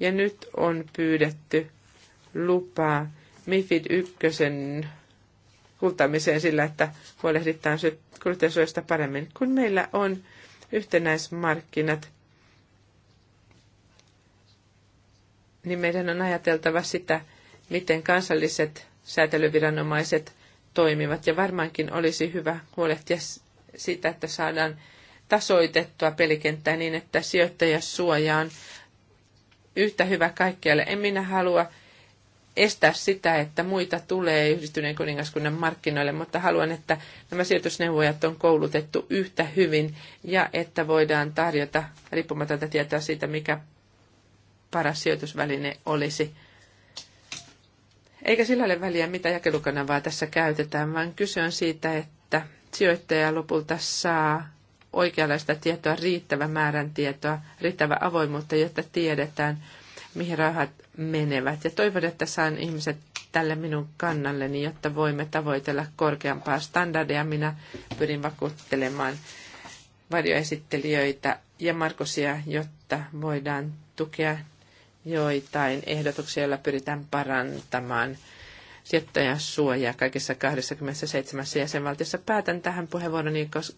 ja nyt on pyydetty lupaa MIFID 1 kultamiseen sillä, että huolehditaan kuluttajasuojasta paremmin. Kun meillä on yhtenäismarkkinat, niin meidän on ajateltava sitä, miten kansalliset säätelyviranomaiset toimivat. Ja varmaankin olisi hyvä huolehtia siitä, että saadaan tasoitettua pelikenttää niin, että sijoittajasuoja on yhtä hyvä kaikkialle. En minä halua estää sitä, että muita tulee yhdistyneen kuningaskunnan markkinoille, mutta haluan, että nämä sijoitusneuvojat on koulutettu yhtä hyvin ja että voidaan tarjota riippumatonta tietoa siitä, mikä paras sijoitusväline olisi. Eikä sillä ole väliä, mitä jakelukanavaa tässä käytetään, vaan kyse on siitä, että sijoittaja lopulta saa oikeanlaista tietoa, riittävä määrän tietoa, riittävä avoimuutta, jotta tiedetään, mihin rahat menevät. Ja toivon, että saan ihmiset tälle minun kannalleni, jotta voimme tavoitella korkeampaa standardia. Minä pyrin vakuuttelemaan varjoesittelijöitä ja Markusia, jotta voidaan tukea joitain ehdotuksia, joilla pyritään parantamaan sijoittajan suojaa kaikissa 27 jäsenvaltiossa. Päätän tähän puheenvuoroni, koska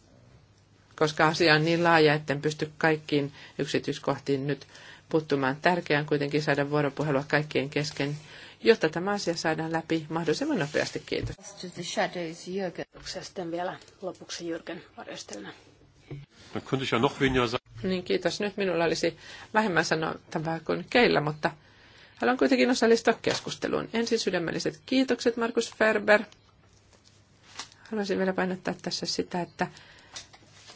koska asia on niin laaja, etten pysty kaikkiin yksityiskohtiin nyt puuttumaan. Tärkeää on kuitenkin saada vuoropuhelua kaikkien kesken, jotta tämä asia saadaan läpi mahdollisimman nopeasti. Kiitos. Sitten vielä lopuksi Jürgen varjostelma. No, niin kiitos. Nyt minulla olisi vähemmän sanottavaa kuin keillä, mutta haluan kuitenkin osallistua keskusteluun. Ensin sydämelliset kiitokset, Markus Ferber. Haluaisin vielä painottaa tässä sitä, että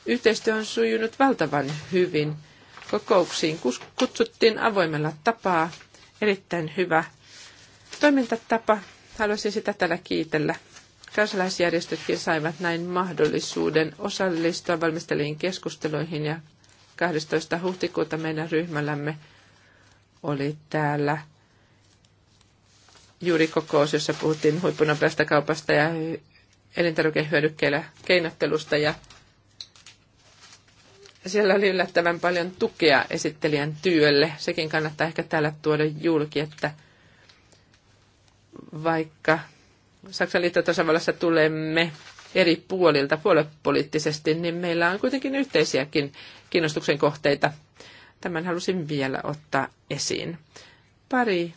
Yhteistyö on sujunut valtavan hyvin. Kokouksiin kutsuttiin avoimella tapaa. Erittäin hyvä toimintatapa. Haluaisin sitä tällä kiitellä. Kansalaisjärjestötkin saivat näin mahdollisuuden osallistua valmisteliin keskusteluihin ja 12. huhtikuuta meidän ryhmällämme oli täällä juuri kokous, jossa puhuttiin huippunopeasta kaupasta ja elintarvikehyödykkeillä keinottelusta ja siellä oli yllättävän paljon tukea esittelijän työlle. Sekin kannattaa ehkä täällä tuoda julki, että vaikka Saksan liittotasavallassa tulemme eri puolilta puoluepoliittisesti, niin meillä on kuitenkin yhteisiäkin kiinnostuksen kohteita. Tämän halusin vielä ottaa esiin. Pari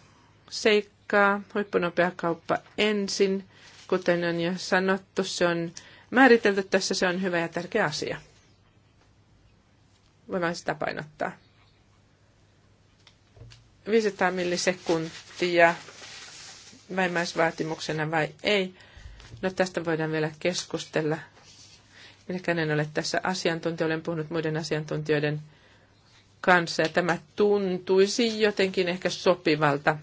seikkaa. Huippunopea kauppa ensin. Kuten on jo sanottu, se on määritelty tässä, se on hyvä ja tärkeä asia voidaan sitä painottaa. 500 millisekuntia vähimmäisvaatimuksena vai ei. No tästä voidaan vielä keskustella. Minä en ole tässä asiantuntija, olen puhunut muiden asiantuntijoiden kanssa ja tämä tuntuisi jotenkin ehkä sopivalta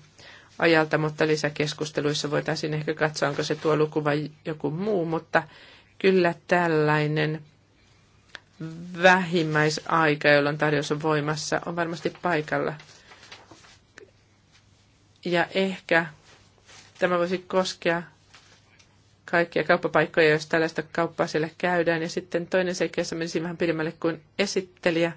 ajalta, mutta lisäkeskusteluissa voitaisiin ehkä katsoa, onko se tuo luku vai joku muu, mutta kyllä tällainen vähimmäisaika, jolloin tarjous on voimassa, on varmasti paikalla. Ja ehkä tämä voisi koskea kaikkia kauppapaikkoja, jos tällaista kauppaa siellä käydään. Ja sitten toinen seikka, jossa menisin vähän pidemmälle kuin esittelijä,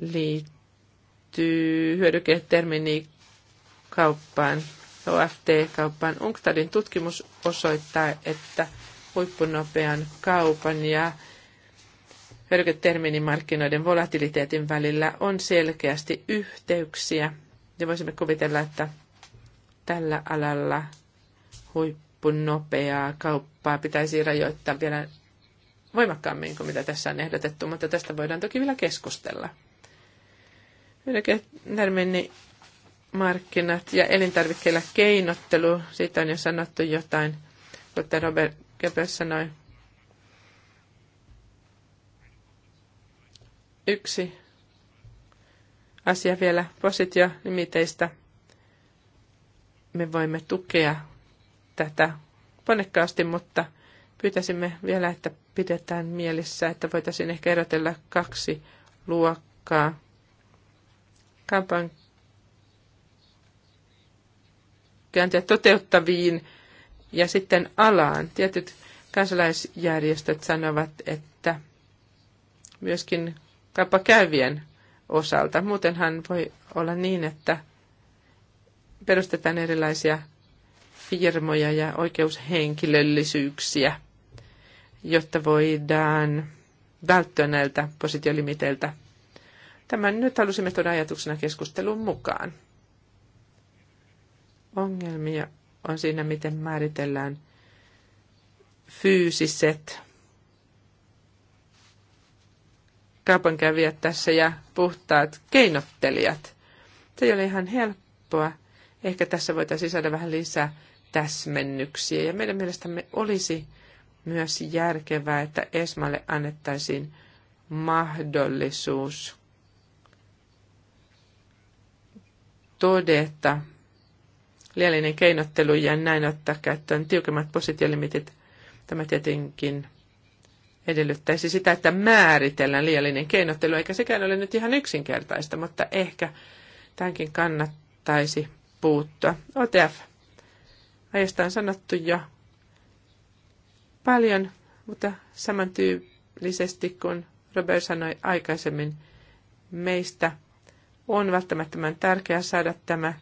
liittyy hyödyketerminikauppaan, OFT-kauppaan. UNCTADin tutkimus osoittaa, että huippunopean kaupan ja hyödyketerminimarkkinoiden volatiliteetin välillä on selkeästi yhteyksiä. Ja voisimme kuvitella, että tällä alalla huippunopeaa kauppaa pitäisi rajoittaa vielä voimakkaammin kuin mitä tässä on ehdotettu, mutta tästä voidaan toki vielä keskustella. markkinat ja elintarvikkeilla keinottelu, siitä on jo sanottu jotain, kuten Robert Goebbels sanoi, Yksi asia vielä positio-nimiteistä. Me voimme tukea tätä ponnekkaasti, mutta pyytäisimme vielä, että pidetään mielessä, että voitaisiin ehkä erotella kaksi luokkaa. Kampan kääntyä toteuttaviin ja sitten alaan. Tietyt kansalaisjärjestöt sanovat, että myöskin kävien osalta. Muutenhan voi olla niin, että perustetaan erilaisia firmoja ja oikeushenkilöllisyyksiä, jotta voidaan välttyä näiltä positiolimiteiltä. Tämän nyt halusimme tuoda ajatuksena keskustelun mukaan. Ongelmia on siinä, miten määritellään fyysiset kaupankävijät tässä ja puhtaat keinottelijat. Se ei ole ihan helppoa. Ehkä tässä voitaisiin saada vähän lisää täsmennyksiä. Ja meidän mielestämme olisi myös järkevää, että Esmalle annettaisiin mahdollisuus todeta liallinen keinottelu ja näin ottaa käyttöön tiukemmat positiolimitit. Tämä tietenkin edellyttäisi sitä, että määritellään liiallinen keinottelu, eikä sekään ole nyt ihan yksinkertaista, mutta ehkä tämänkin kannattaisi puuttua. OTF, aiesta on sanottu jo paljon, mutta samantyyllisesti kuin Robert sanoi aikaisemmin, meistä on välttämättömän tärkeää saada tämä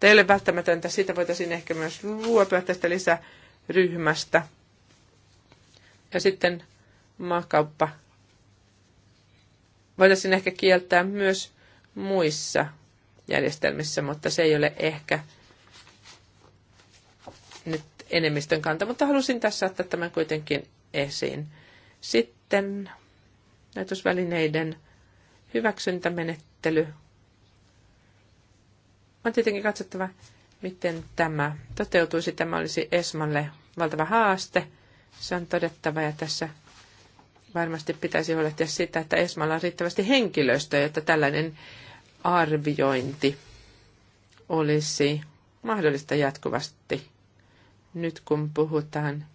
teille välttämätöntä. Siitä voitaisiin ehkä myös luopua tästä lisäryhmästä – ja sitten maakauppa voitaisiin ehkä kieltää myös muissa järjestelmissä, mutta se ei ole ehkä nyt enemmistön kanta, mutta halusin tässä ottaa tämän kuitenkin esiin. Sitten näytösvälineiden hyväksyntämenettely. On tietenkin katsottava, miten tämä toteutuisi. Tämä olisi Esmalle valtava haaste – se on todettava ja tässä varmasti pitäisi huolehtia sitä, että Esmalla on riittävästi henkilöstöä, jotta tällainen arviointi olisi mahdollista jatkuvasti. Nyt kun puhutaan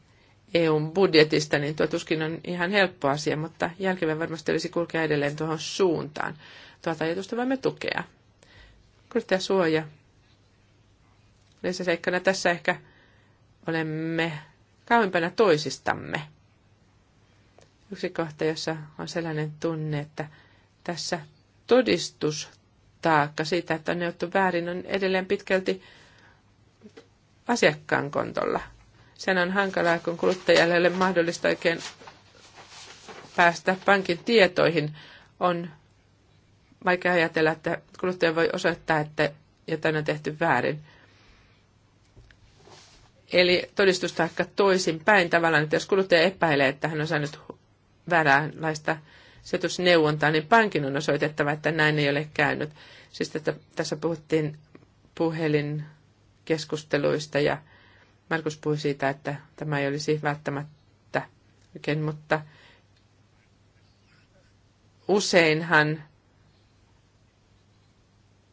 EUn budjetista, niin tuo tuskin on ihan helppo asia, mutta jälkeen varmasti olisi kulkea edelleen tuohon suuntaan. Tuota ajatusta voimme tukea. suoja. Lisäseikkana tässä ehkä olemme kauempana toisistamme. Yksi kohta, jossa on sellainen tunne, että tässä todistustaakka siitä, että on neuvottu väärin, on edelleen pitkälti asiakkaan kontolla. Sen on hankalaa, kun kuluttajalle ei ole mahdollista oikein päästä pankin tietoihin. On vaikea ajatella, että kuluttaja voi osoittaa, että jotain on tehty väärin. Eli todistustaakka toisinpäin tavallaan, että jos kuluttaja epäilee, että hän on saanut vääränlaista setusneuvontaa, niin pankin on osoitettava, että näin ei ole käynyt. Siis että tässä puhuttiin puhelinkeskusteluista ja Markus puhui siitä, että tämä ei olisi välttämättä oikein, mutta useinhan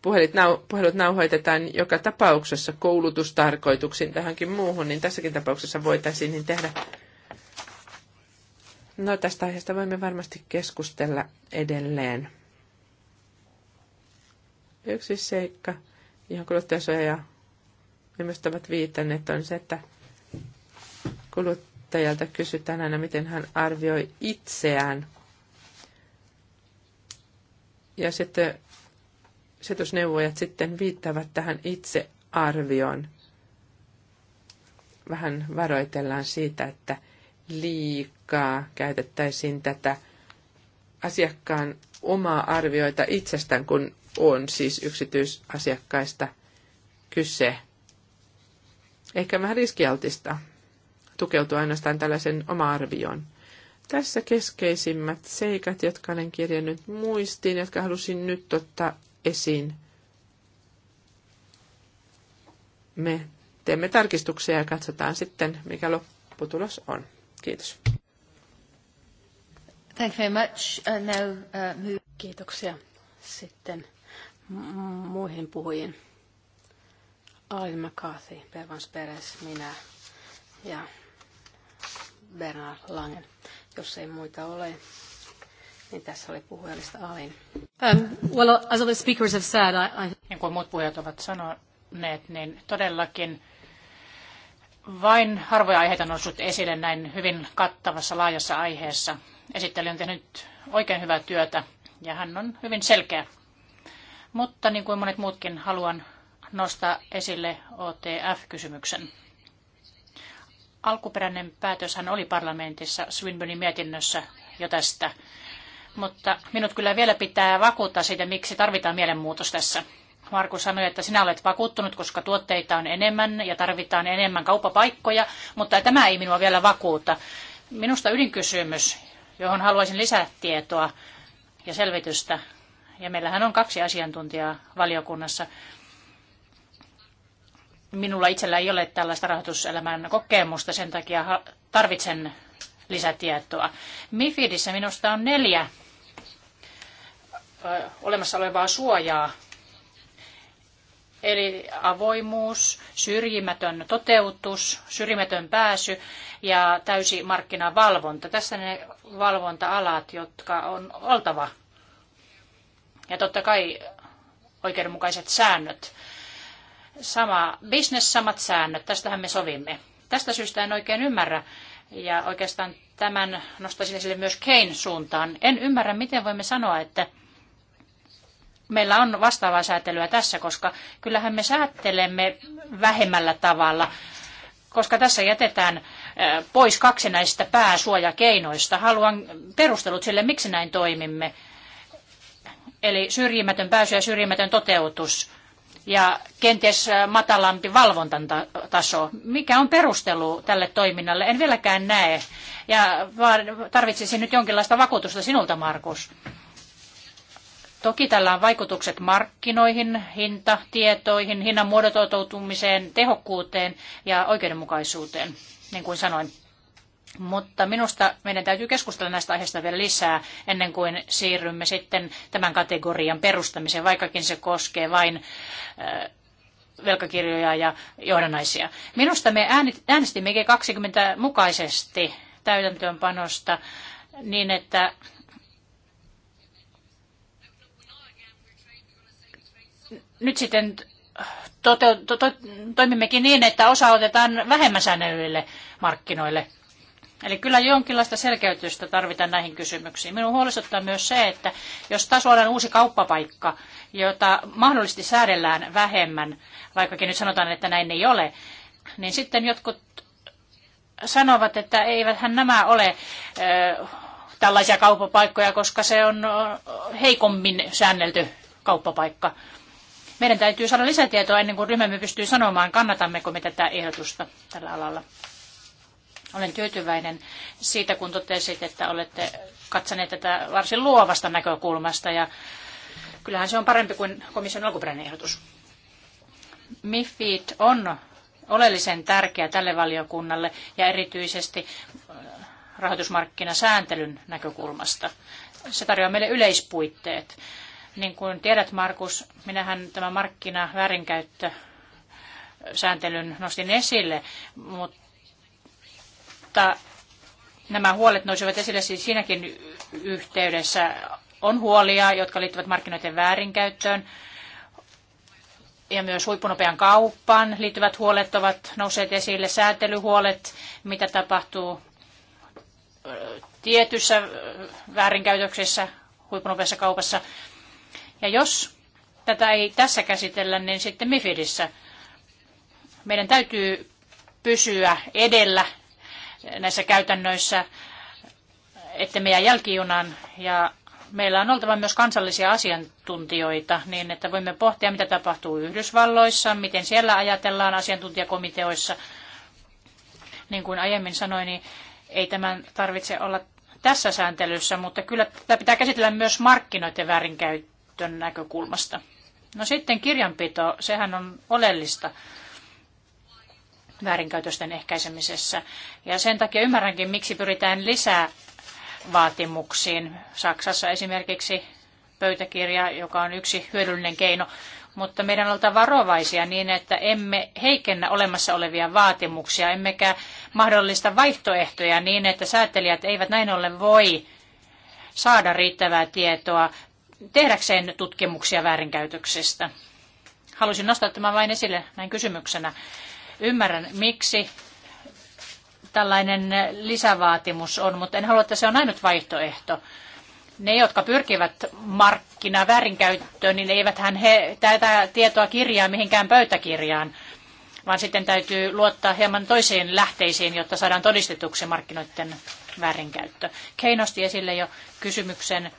puhelut, nau, puhelut nauhoitetaan joka tapauksessa koulutustarkoituksiin tähänkin muuhun, niin tässäkin tapauksessa voitaisiin niin tehdä. No tästä aiheesta voimme varmasti keskustella edelleen. Yksi seikka, johon kuluttajasuoja ja ihmiset ovat viitanneet, on se, että kuluttajalta kysytään aina, miten hän arvioi itseään. Ja sitten asetusneuvojat sitten viittaavat tähän itse arvioon. Vähän varoitellaan siitä, että liikaa käytettäisiin tätä asiakkaan omaa arvioita itsestään, kun on siis yksityisasiakkaista kyse. Ehkä vähän riskialtista tukeutua ainoastaan tällaisen oma-arvioon. Tässä keskeisimmät seikat, jotka olen kirjannut muistiin, jotka halusin nyt ottaa esiin. Me teemme tarkistuksia ja katsotaan sitten, mikä lopputulos on. Kiitos. Thank you very much. Uh, now, uh, Kiitoksia sitten muihin puhujiin. Alan McCarthy, Pervans Peres, minä ja Bernard Langen. Jos ei muita ole, niin tässä oli puhujalista Alin. Um, well, as other speakers have said, I, I... Niin kuin muut puhujat ovat sanoneet, niin todellakin vain harvoja aiheita on noussut esille näin hyvin kattavassa laajassa aiheessa. Esittelijä on tehnyt oikein hyvää työtä ja hän on hyvin selkeä. Mutta niin kuin monet muutkin haluan nostaa esille OTF-kysymyksen. Alkuperäinen päätöshän oli parlamentissa Swinburnin mietinnössä jo tästä mutta minut kyllä vielä pitää vakuuttaa siitä, miksi tarvitaan mielenmuutos tässä. Marku sanoi, että sinä olet vakuuttunut, koska tuotteita on enemmän ja tarvitaan enemmän kauppapaikkoja, mutta tämä ei minua vielä vakuuta. Minusta ydinkysymys, johon haluaisin lisätietoa ja selvitystä, ja meillähän on kaksi asiantuntijaa valiokunnassa. Minulla itsellä ei ole tällaista rahoituselämän kokemusta, sen takia tarvitsen lisätietoa. Mifidissä minusta on neljä olemassa olevaa suojaa. Eli avoimuus, syrjimätön toteutus, syrjimätön pääsy ja täysi markkinavalvonta. Tässä ne valvonta-alat, jotka on oltava. Ja totta kai oikeudenmukaiset säännöt. Sama business, samat säännöt. Tästähän me sovimme. Tästä syystä en oikein ymmärrä, ja oikeastaan tämän nostaisin esille myös Kein suuntaan. En ymmärrä, miten voimme sanoa, että meillä on vastaavaa säätelyä tässä, koska kyllähän me säättelemme vähemmällä tavalla, koska tässä jätetään pois kaksi näistä pääsuojakeinoista. Haluan perustelut sille, miksi näin toimimme. Eli syrjimätön pääsy ja syrjimätön toteutus ja kenties matalampi valvontataso. Mikä on perustelu tälle toiminnalle? En vieläkään näe. Ja tarvitsisin nyt jonkinlaista vakuutusta sinulta, Markus. Toki tällä on vaikutukset markkinoihin, hinta, tietoihin, hinnan muodotoutumiseen, tehokkuuteen ja oikeudenmukaisuuteen, niin kuin sanoin. Mutta minusta meidän täytyy keskustella näistä aiheista vielä lisää ennen kuin siirrymme sitten tämän kategorian perustamiseen, vaikkakin se koskee vain äh, velkakirjoja ja johdannaisia. Minusta me äänestimme G20 mukaisesti täytäntöönpanosta niin, että nyt sitten äh, tote, to, to, toimimmekin niin, että osa otetaan vähemmän säännöllille markkinoille. Eli kyllä jonkinlaista selkeytystä tarvitaan näihin kysymyksiin. Minun huolestuttaa myös se, että jos taas on uusi kauppapaikka, jota mahdollisesti säädellään vähemmän, vaikkakin nyt sanotaan, että näin ei ole, niin sitten jotkut sanovat, että eiväthän nämä ole ö, tällaisia kauppapaikkoja, koska se on heikommin säännelty kauppapaikka. Meidän täytyy saada lisätietoa ennen kuin ryhmämme pystyy sanomaan, kannatammeko me tätä ehdotusta tällä alalla. Olen tyytyväinen siitä, kun totesit, että olette katsoneet tätä varsin luovasta näkökulmasta ja kyllähän se on parempi kuin komission alkuperäinen ehdotus. MIFID on oleellisen tärkeä tälle valiokunnalle ja erityisesti rahoitusmarkkinasääntelyn näkökulmasta. Se tarjoaa meille yleispuitteet. Niin kuin tiedät, Markus, minähän tämä markkina väärinkäyttö sääntelyn nostin esille, mutta nämä huolet nousivat esille siis siinäkin yhteydessä. On huolia, jotka liittyvät markkinoiden väärinkäyttöön ja myös huippunopean kauppaan liittyvät huolet ovat nousseet esille, säätelyhuolet, mitä tapahtuu tietyssä väärinkäytöksessä huippunopeassa kaupassa. Ja jos tätä ei tässä käsitellä, niin sitten MIFIDissä meidän täytyy pysyä edellä näissä käytännöissä, että meidän jälkijunan ja meillä on oltava myös kansallisia asiantuntijoita niin, että voimme pohtia, mitä tapahtuu Yhdysvalloissa, miten siellä ajatellaan asiantuntijakomiteoissa. Niin kuin aiemmin sanoin, niin ei tämän tarvitse olla tässä sääntelyssä, mutta kyllä tätä pitää käsitellä myös markkinoiden väärinkäyttöä käytön näkökulmasta. No sitten kirjanpito, sehän on oleellista väärinkäytösten ehkäisemisessä. Ja sen takia ymmärränkin, miksi pyritään lisää vaatimuksiin. Saksassa esimerkiksi pöytäkirja, joka on yksi hyödyllinen keino, mutta meidän on oltava varovaisia niin, että emme heikennä olemassa olevia vaatimuksia, emmekä mahdollista vaihtoehtoja niin, että säätelijät eivät näin ollen voi saada riittävää tietoa tehdäkseen tutkimuksia väärinkäytöksistä? Halusin nostaa tämän vain esille näin kysymyksenä. Ymmärrän, miksi tällainen lisävaatimus on, mutta en halua, että se on ainut vaihtoehto. Ne, jotka pyrkivät väärinkäyttöön, niin eivät he tätä tietoa kirjaa mihinkään pöytäkirjaan, vaan sitten täytyy luottaa hieman toisiin lähteisiin, jotta saadaan todistetuksi markkinoiden väärinkäyttö. Kei nosti esille jo kysymyksen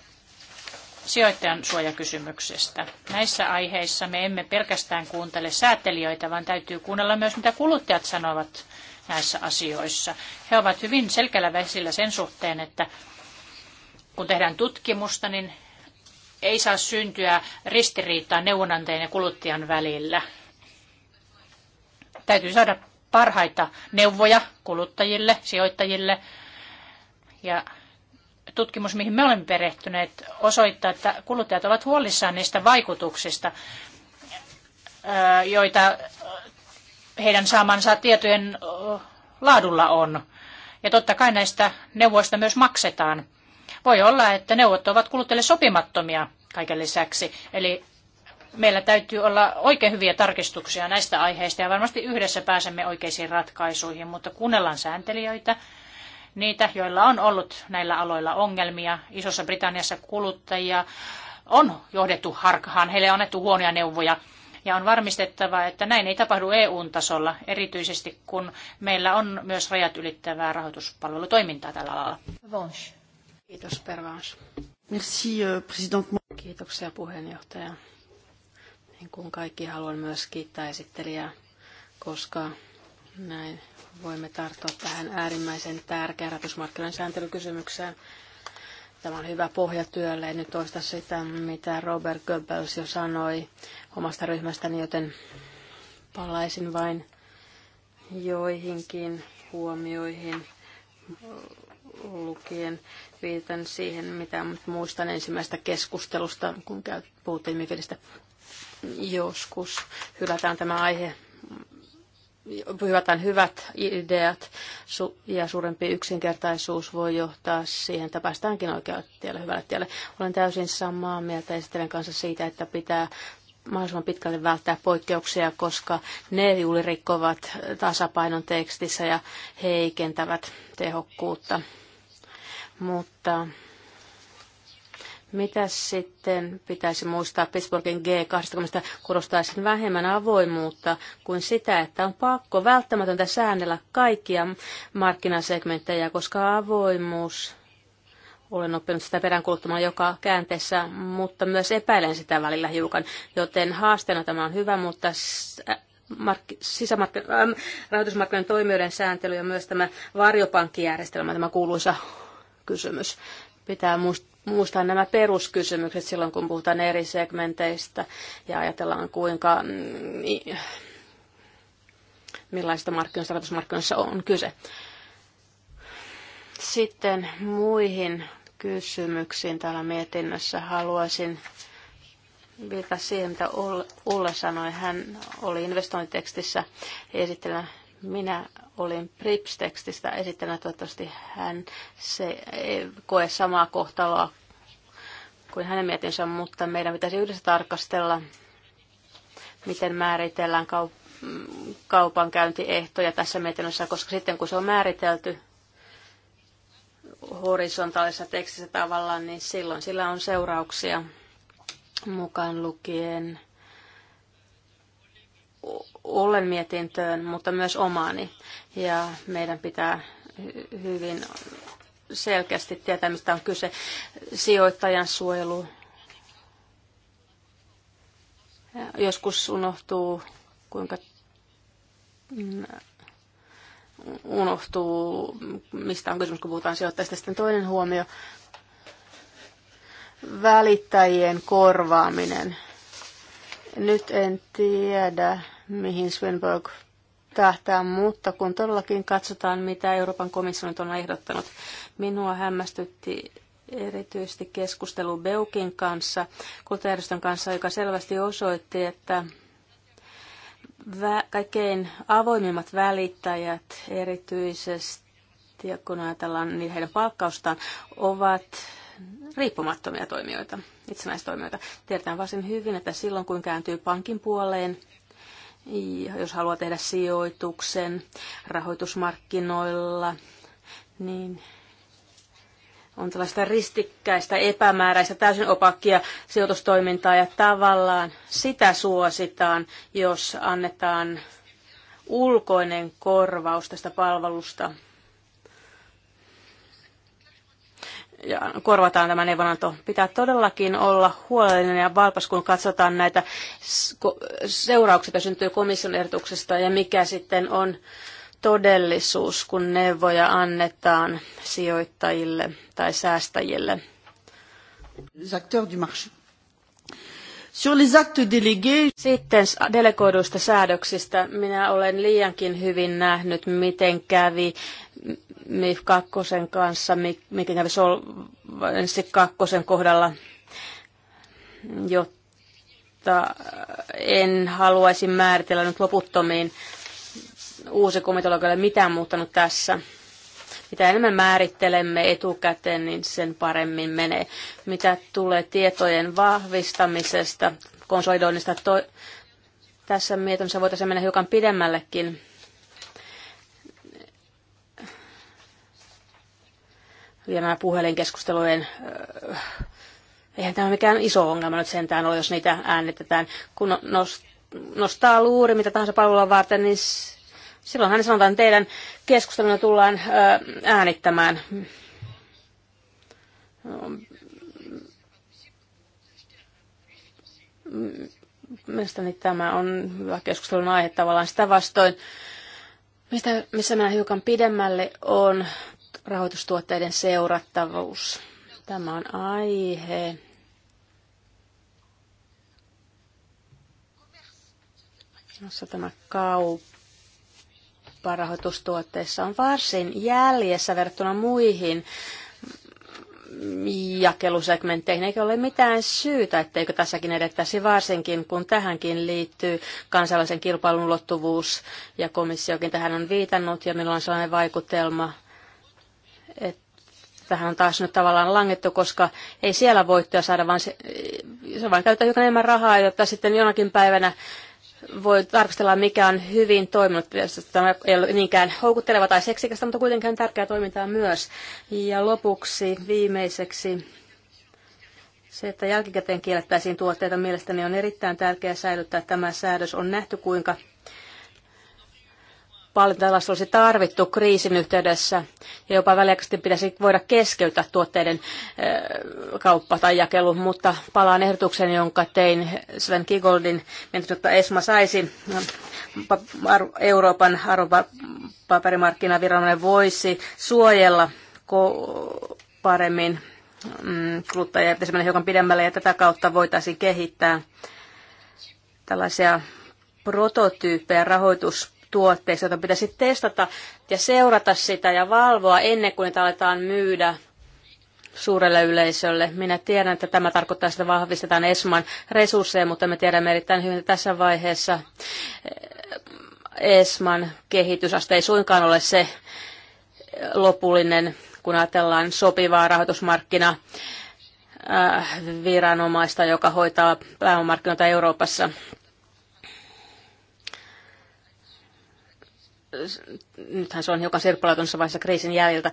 sijoittajan suojakysymyksestä. Näissä aiheissa me emme pelkästään kuuntele säätelijöitä, vaan täytyy kuunnella myös, mitä kuluttajat sanovat näissä asioissa. He ovat hyvin selkeällä vesillä sen suhteen, että kun tehdään tutkimusta, niin ei saa syntyä ristiriitaa neuvonantajien ja kuluttajan välillä. Täytyy saada parhaita neuvoja kuluttajille, sijoittajille ja tutkimus, mihin me olemme perehtyneet, osoittaa, että kuluttajat ovat huolissaan niistä vaikutuksista, joita heidän saamansa tietojen laadulla on. Ja totta kai näistä neuvoista myös maksetaan. Voi olla, että neuvot ovat kuluttajille sopimattomia kaiken lisäksi. Eli meillä täytyy olla oikein hyviä tarkistuksia näistä aiheista ja varmasti yhdessä pääsemme oikeisiin ratkaisuihin, mutta kuunnellaan sääntelijöitä, niitä, joilla on ollut näillä aloilla ongelmia. Isossa Britanniassa kuluttajia on johdettu harkahan, heille on annettu huonoja neuvoja. Ja on varmistettava, että näin ei tapahdu EU-tasolla, erityisesti kun meillä on myös rajat ylittävää rahoituspalvelutoimintaa tällä alalla. Kiitos, Merci, euh, president. Kiitoksia, puheenjohtaja. Niin kuin kaikki, haluan myös kiittää esittelijää, koska näin voimme tarttua tähän äärimmäisen tärkeään rahoitusmarkkinoiden sääntelykysymykseen. Tämä on hyvä pohja työlle. En nyt toista sitä, mitä Robert Goebbels jo sanoi omasta ryhmästäni, joten palaisin vain joihinkin huomioihin lukien viitan siihen, mitä muistan ensimmäistä keskustelusta, kun puhuttiin Mifidistä. Joskus hylätään tämä aihe hyvätään hyvät ideat ja suurempi yksinkertaisuus voi johtaa siihen, että päästäänkin oikealle tielle, hyvälle tielle. Olen täysin samaa mieltä esittelen kanssa siitä, että pitää mahdollisimman pitkälle välttää poikkeuksia, koska ne juuri rikkovat tasapainon tekstissä ja heikentävät tehokkuutta. Mutta mitä sitten pitäisi muistaa Pittsburghin G20 korostaisin vähemmän avoimuutta kuin sitä, että on pakko välttämätöntä säännellä kaikkia markkinasegmenttejä, koska avoimuus olen oppinut sitä peräänkuluttamaan joka käänteessä, mutta myös epäilen sitä välillä hiukan. Joten haasteena tämä on hyvä, mutta mark- rahoitusmarkkinoiden toimijoiden sääntely ja myös tämä varjopankkijärjestelmä, tämä kuuluisa kysymys. Pitää muistaa muistaa nämä peruskysymykset silloin, kun puhutaan eri segmenteistä ja ajatellaan, kuinka mm, millaista markkinoista rahoitusmarkkinoissa on kyse. Sitten muihin kysymyksiin täällä mietinnössä haluaisin viitata siihen, mitä Ulla sanoi. Hän oli investointitekstissä esittelemässä minä olin Prips-tekstistä esittänyt, toivottavasti hän se ei koe samaa kohtaloa kuin hänen mietinsä, mutta meidän pitäisi yhdessä tarkastella, miten määritellään kaup- kaupankäyntiehtoja tässä mietinnössä, koska sitten kun se on määritelty horisontaalisessa tekstissä tavallaan, niin silloin sillä on seurauksia mukaan lukien Ollen mietintöön, mutta myös omaani. Ja meidän pitää hyvin selkeästi tietää, mistä on kyse. Sijoittajan suojelu. Ja joskus unohtuu, kuinka mm, unohtuu, mistä on kysymys, kun puhutaan sijoittajista. Sitten toinen huomio, välittäjien korvaaminen. Nyt en tiedä, mihin Svenborg tähtää, mutta kun todellakin katsotaan, mitä Euroopan komissio nyt on ehdottanut, minua hämmästytti erityisesti keskustelu Beukin kanssa, kuluttajärjestön kanssa, joka selvästi osoitti, että kaikkein avoimimmat välittäjät erityisesti, ja kun ajatellaan niin heidän palkkaustaan, ovat riippumattomia toimijoita, itsenäistoimijoita. Tiedetään varsin hyvin, että silloin kun kääntyy pankin puoleen, jos haluaa tehdä sijoituksen rahoitusmarkkinoilla, niin on tällaista ristikkäistä, epämääräistä, täysin opakkia sijoitustoimintaa ja tavallaan sitä suositaan, jos annetaan ulkoinen korvaus tästä palvelusta. ja korvataan tämä neuvonanto. Pitää todellakin olla huolellinen ja valpas, kun katsotaan näitä seurauksia, syntyy komission ehdotuksesta ja mikä sitten on todellisuus, kun neuvoja annetaan sijoittajille tai säästäjille. Sitten delegoiduista säädöksistä minä olen liiankin hyvin nähnyt, miten kävi MIF 2 kanssa, mikä kävi ensi kakkosen kohdalla, jotta en haluaisi määritellä nyt loputtomiin uusi komitologialle mitään muuttanut tässä. Mitä enemmän määrittelemme etukäteen, niin sen paremmin menee. Mitä tulee tietojen vahvistamisesta, konsolidoinnista, to- tässä mietinnössä voitaisiin mennä hiukan pidemmällekin Ja nämä puhelinkeskustelujen, äh, eihän tämä mikään iso ongelma nyt sentään ole, jos niitä äänetetään. Kun no- nostaa luuri mitä tahansa palvelua varten, niin silloin hän sanotaan, että teidän keskusteluna tullaan äh, äänittämään. Mielestäni tämä on hyvä keskustelun aihe tavallaan sitä vastoin. Mistä, missä mennään hiukan pidemmälle on rahoitustuotteiden seurattavuus. Tämä on aihe, jossa tämä kauppa rahoitustuotteissa on varsin jäljessä verrattuna muihin jakelusegmentteihin, eikä ole mitään syytä, etteikö tässäkin edettäisi varsinkin, kun tähänkin liittyy kansalaisen kilpailun ulottuvuus, ja komissiokin tähän on viitannut, ja minulla on sellainen vaikutelma, että tähän on taas nyt tavallaan langettu, koska ei siellä voittoja saada, vaan se, se vaan käyttää hiukan enemmän rahaa, jotta sitten jonakin päivänä voi tarkastella, mikä on hyvin toiminut. Tämä ei ole niinkään houkutteleva tai seksikästä, mutta kuitenkin tärkeää toimintaa myös. Ja lopuksi viimeiseksi se, että jälkikäteen kiellettäisiin tuotteita, mielestäni on erittäin tärkeää säilyttää tämä säädös. On nähty, kuinka Paljon tällaista olisi tarvittu kriisin yhteydessä ja jopa väliaikaisesti pitäisi voida keskeyttää tuotteiden kauppa tai jakelu, mutta palaan ehdotukseen, jonka tein Sven Kigoldin, että ESMA saisi Euroopan arvopaperimarkkinaviranomainen voisi suojella paremmin mm, kuluttajia, että mennä hiukan pidemmälle ja tätä kautta voitaisiin kehittää tällaisia prototyyppejä rahoitus tuotteista, joita pitäisi testata ja seurata sitä ja valvoa ennen kuin niitä aletaan myydä suurelle yleisölle. Minä tiedän, että tämä tarkoittaa, että vahvistetaan ESMAn resursseja, mutta me tiedämme erittäin hyvin, että tässä vaiheessa eh, ESMAn kehitysaste ei suinkaan ole se lopullinen, kun ajatellaan sopivaa rahoitusmarkkina eh, viranomaista, joka hoitaa pääomamarkkinoita Euroopassa. nythän se on hiukan sirpaloitunut vaiheessa kriisin jäljiltä,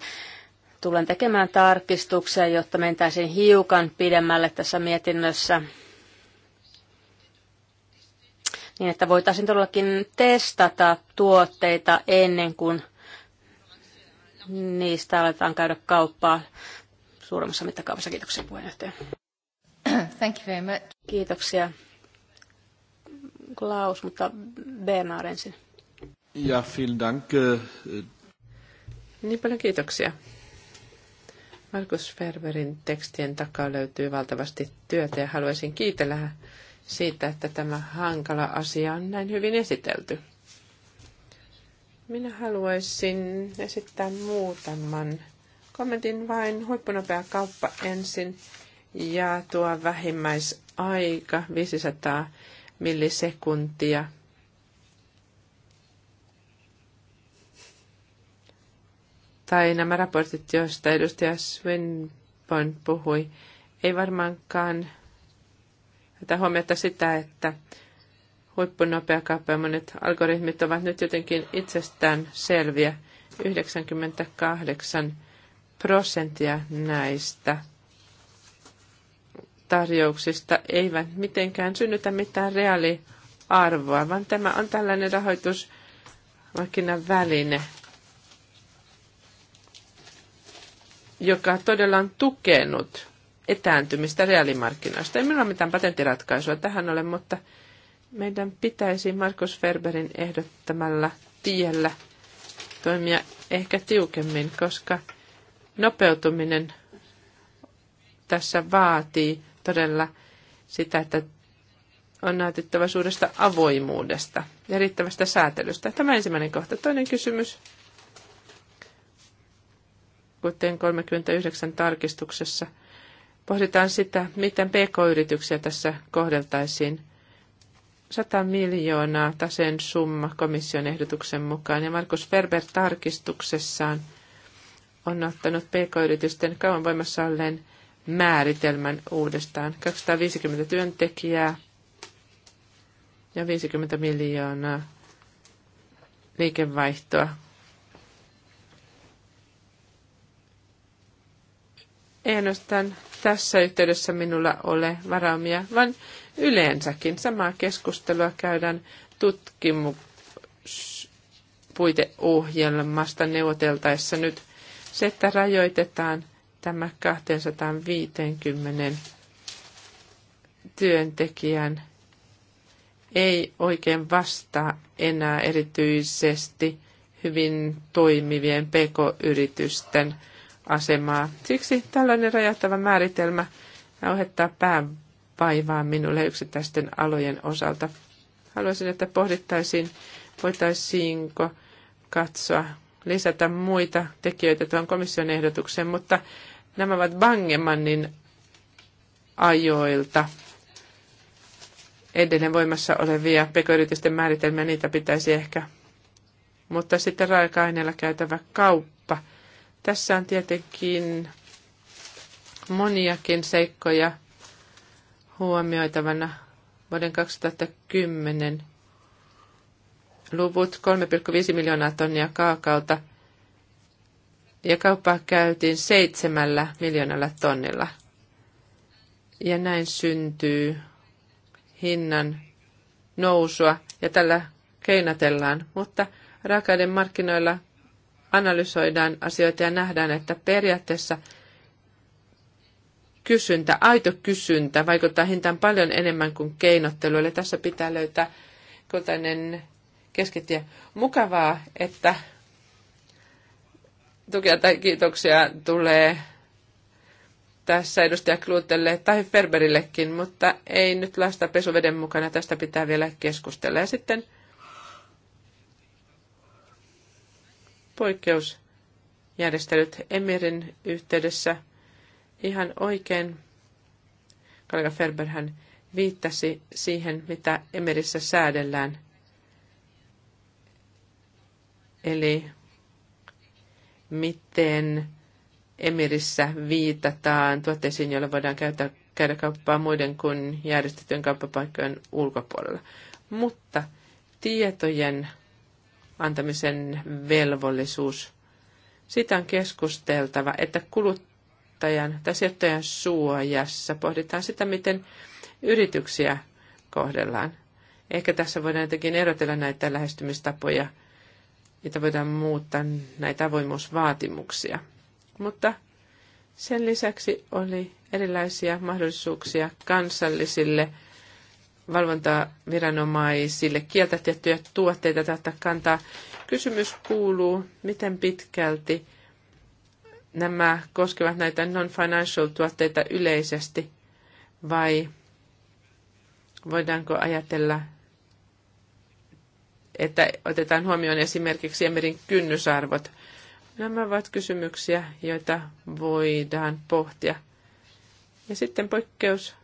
tulen tekemään tarkistuksia, jotta mentäisiin hiukan pidemmälle tässä mietinnössä. Niin, että voitaisiin todellakin testata tuotteita ennen kuin niistä aletaan käydä kauppaa suuremmassa mittakaavassa. Kiitoksia puheenjohtaja. Thank you very much. Kiitoksia. Klaus, mutta Bernard ensin. Ja, vielen dank. Äh, äh. Niin paljon kiitoksia. Markus Ferberin tekstien takaa löytyy valtavasti työtä ja haluaisin kiitellä siitä, että tämä hankala asia on näin hyvin esitelty. Minä haluaisin esittää muutaman kommentin vain huippunopea kauppa ensin ja tuo vähimmäisaika 500 millisekuntia – tai nämä raportit, joista edustaja Swinburne puhui, ei varmaankaan tätä huomiota sitä, että huippunopeakauppa monet algoritmit ovat nyt jotenkin itsestään selviä. 98 prosenttia näistä tarjouksista eivät mitenkään synnytä mitään reaaliarvoa, vaan tämä on tällainen rahoitusmarkkinan väline – joka todella on tukenut etääntymistä reaalimarkkinoista. Ei minulla ole mitään patenttiratkaisua tähän ole, mutta meidän pitäisi Markus Ferberin ehdottamalla tiellä toimia ehkä tiukemmin, koska nopeutuminen tässä vaatii todella sitä, että on näytettävä suuresta avoimuudesta ja riittävästä säätelystä. Tämä ensimmäinen kohta. Toinen kysymys kuten 39 tarkistuksessa, pohditaan sitä, miten pk-yrityksiä tässä kohdeltaisiin. 100 miljoonaa taseen summa komission ehdotuksen mukaan, ja Markus Ferber tarkistuksessaan on ottanut pk-yritysten kauan voimassa olleen määritelmän uudestaan. 250 työntekijää ja 50 miljoonaa liikevaihtoa ei ainoastaan tässä yhteydessä minulla ole varaumia, vaan yleensäkin samaa keskustelua käydään tutkimuspuiteohjelmasta neuvoteltaessa nyt se, että rajoitetaan tämä 250 työntekijän ei oikein vastaa enää erityisesti hyvin toimivien pk-yritysten asemaa. Siksi tällainen rajattava määritelmä aiheuttaa päävaivaa minulle yksittäisten alojen osalta. Haluaisin, että pohdittaisiin, voitaisiinko katsoa, lisätä muita tekijöitä tuon komission ehdotukseen, mutta nämä ovat Bangemannin ajoilta edelleen voimassa olevia pekoyritysten määritelmiä, niitä pitäisi ehkä. Mutta sitten raaka-aineella käytävä kauppa – tässä on tietenkin moniakin seikkoja huomioitavana. Vuoden 2010 luvut 3,5 miljoonaa tonnia kaakaota ja kauppaa käytiin seitsemällä miljoonalla tonnilla. Ja näin syntyy hinnan nousua ja tällä keinatellaan, mutta raakaiden markkinoilla analysoidaan asioita ja nähdään, että periaatteessa kysyntä, aito kysyntä vaikuttaa hintaan paljon enemmän kuin keinottelu. Eli tässä pitää löytää kultainen keskitie. Mukavaa, että tukea tai kiitoksia tulee tässä edustaja Klutelle tai Ferberillekin, mutta ei nyt lasta pesuveden mukana, tästä pitää vielä keskustella. Ja sitten poikkeusjärjestelyt Emirin yhteydessä. Ihan oikein kollega hän viittasi siihen, mitä Emirissä säädellään. Eli miten Emirissä viitataan tuotteisiin, joilla voidaan käyttää, käydä kauppaa muiden kuin järjestettyjen kauppapaikkojen ulkopuolella. Mutta tietojen antamisen velvollisuus. Sitä on keskusteltava, että kuluttajan tai sijoittajan suojassa pohditaan sitä, miten yrityksiä kohdellaan. Ehkä tässä voidaan jotenkin erotella näitä lähestymistapoja, niitä voidaan muuttaa näitä avoimuusvaatimuksia. Mutta sen lisäksi oli erilaisia mahdollisuuksia kansallisille valvontaviranomaisille kieltä tiettyjä tuotteita tätä kantaa. Kysymys kuuluu, miten pitkälti nämä koskevat näitä non-financial tuotteita yleisesti vai voidaanko ajatella, että otetaan huomioon esimerkiksi Emerin kynnysarvot. Nämä ovat kysymyksiä, joita voidaan pohtia. Ja sitten poikkeus,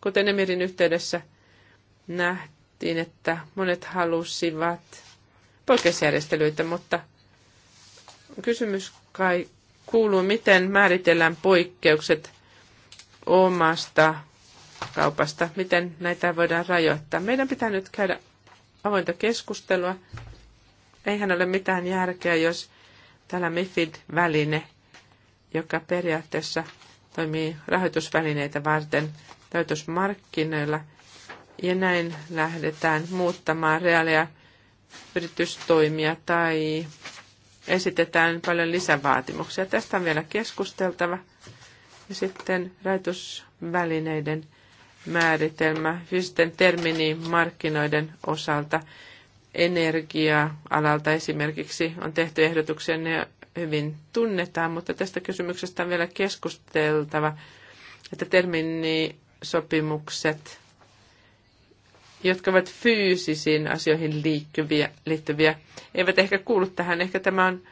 kuten Emerin yhteydessä – nähtiin, että monet halusivat poikkeusjärjestelyitä, mutta kysymys kai kuuluu, miten määritellään poikkeukset omasta kaupasta, miten näitä voidaan rajoittaa. Meidän pitää nyt käydä avointa keskustelua. Eihän ole mitään järkeä, jos täällä MIFID-väline, joka periaatteessa toimii rahoitusvälineitä varten rahoitusmarkkinoilla, ja näin lähdetään muuttamaan reaalia yritystoimia tai esitetään paljon lisävaatimuksia. Tästä on vielä keskusteltava. Ja sitten rajoitusvälineiden määritelmä fyysisten markkinoiden osalta. Energia-alalta esimerkiksi on tehty ehdotuksia, ne hyvin tunnetaan, mutta tästä kysymyksestä on vielä keskusteltava, että termini sopimukset jotka ovat fyysisiin asioihin liittyviä, liittyviä, eivät ehkä kuulu tähän. Ehkä tämä on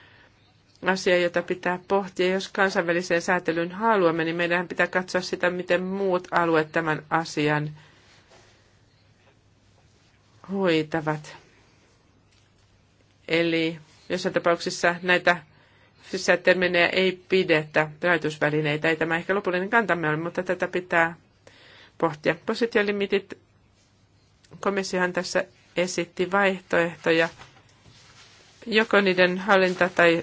asia, jota pitää pohtia. Jos kansainväliseen säätelyyn haluamme, niin meidän pitää katsoa sitä, miten muut alueet tämän asian hoitavat. Eli jossain tapauksessa näitä sisätermenejä ei pidetä rajoitusvälineitä. Ei tämä ehkä lopullinen kantamme ole, mutta tätä pitää pohtia. Positiolimitit komissiohan tässä esitti vaihtoehtoja, joko niiden hallinta tai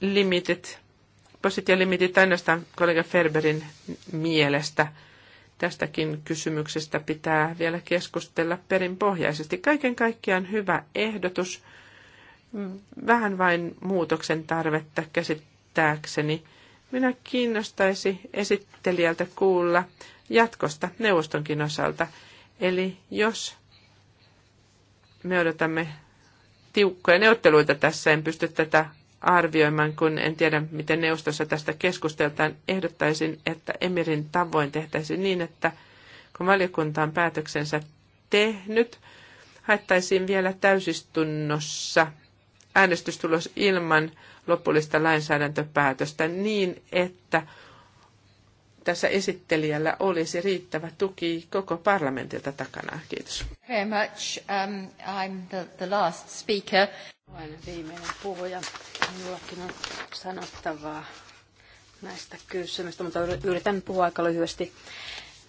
limitit, positiolimitit ainoastaan kollega Ferberin mielestä. Tästäkin kysymyksestä pitää vielä keskustella perinpohjaisesti. Kaiken kaikkiaan hyvä ehdotus, vähän vain muutoksen tarvetta käsittääkseni. Minä kiinnostaisi esittelijältä kuulla jatkosta neuvostonkin osalta – Eli jos me odotamme tiukkoja neuvotteluita tässä, en pysty tätä arvioimaan, kun en tiedä, miten neuvostossa tästä keskusteltaan, ehdottaisin, että Emirin tavoin tehtäisiin niin, että kun valiokunta on päätöksensä tehnyt, haettaisiin vielä täysistunnossa äänestystulos ilman lopullista lainsäädäntöpäätöstä niin, että tässä esittelijällä olisi riittävä tuki koko parlamentilta takana. Kiitos. Very much. Um, I'm the, the last speaker. Olen viimeinen puhuja. Minullakin on sanottavaa näistä kysymyksistä, mutta yritän puhua aika lyhyesti.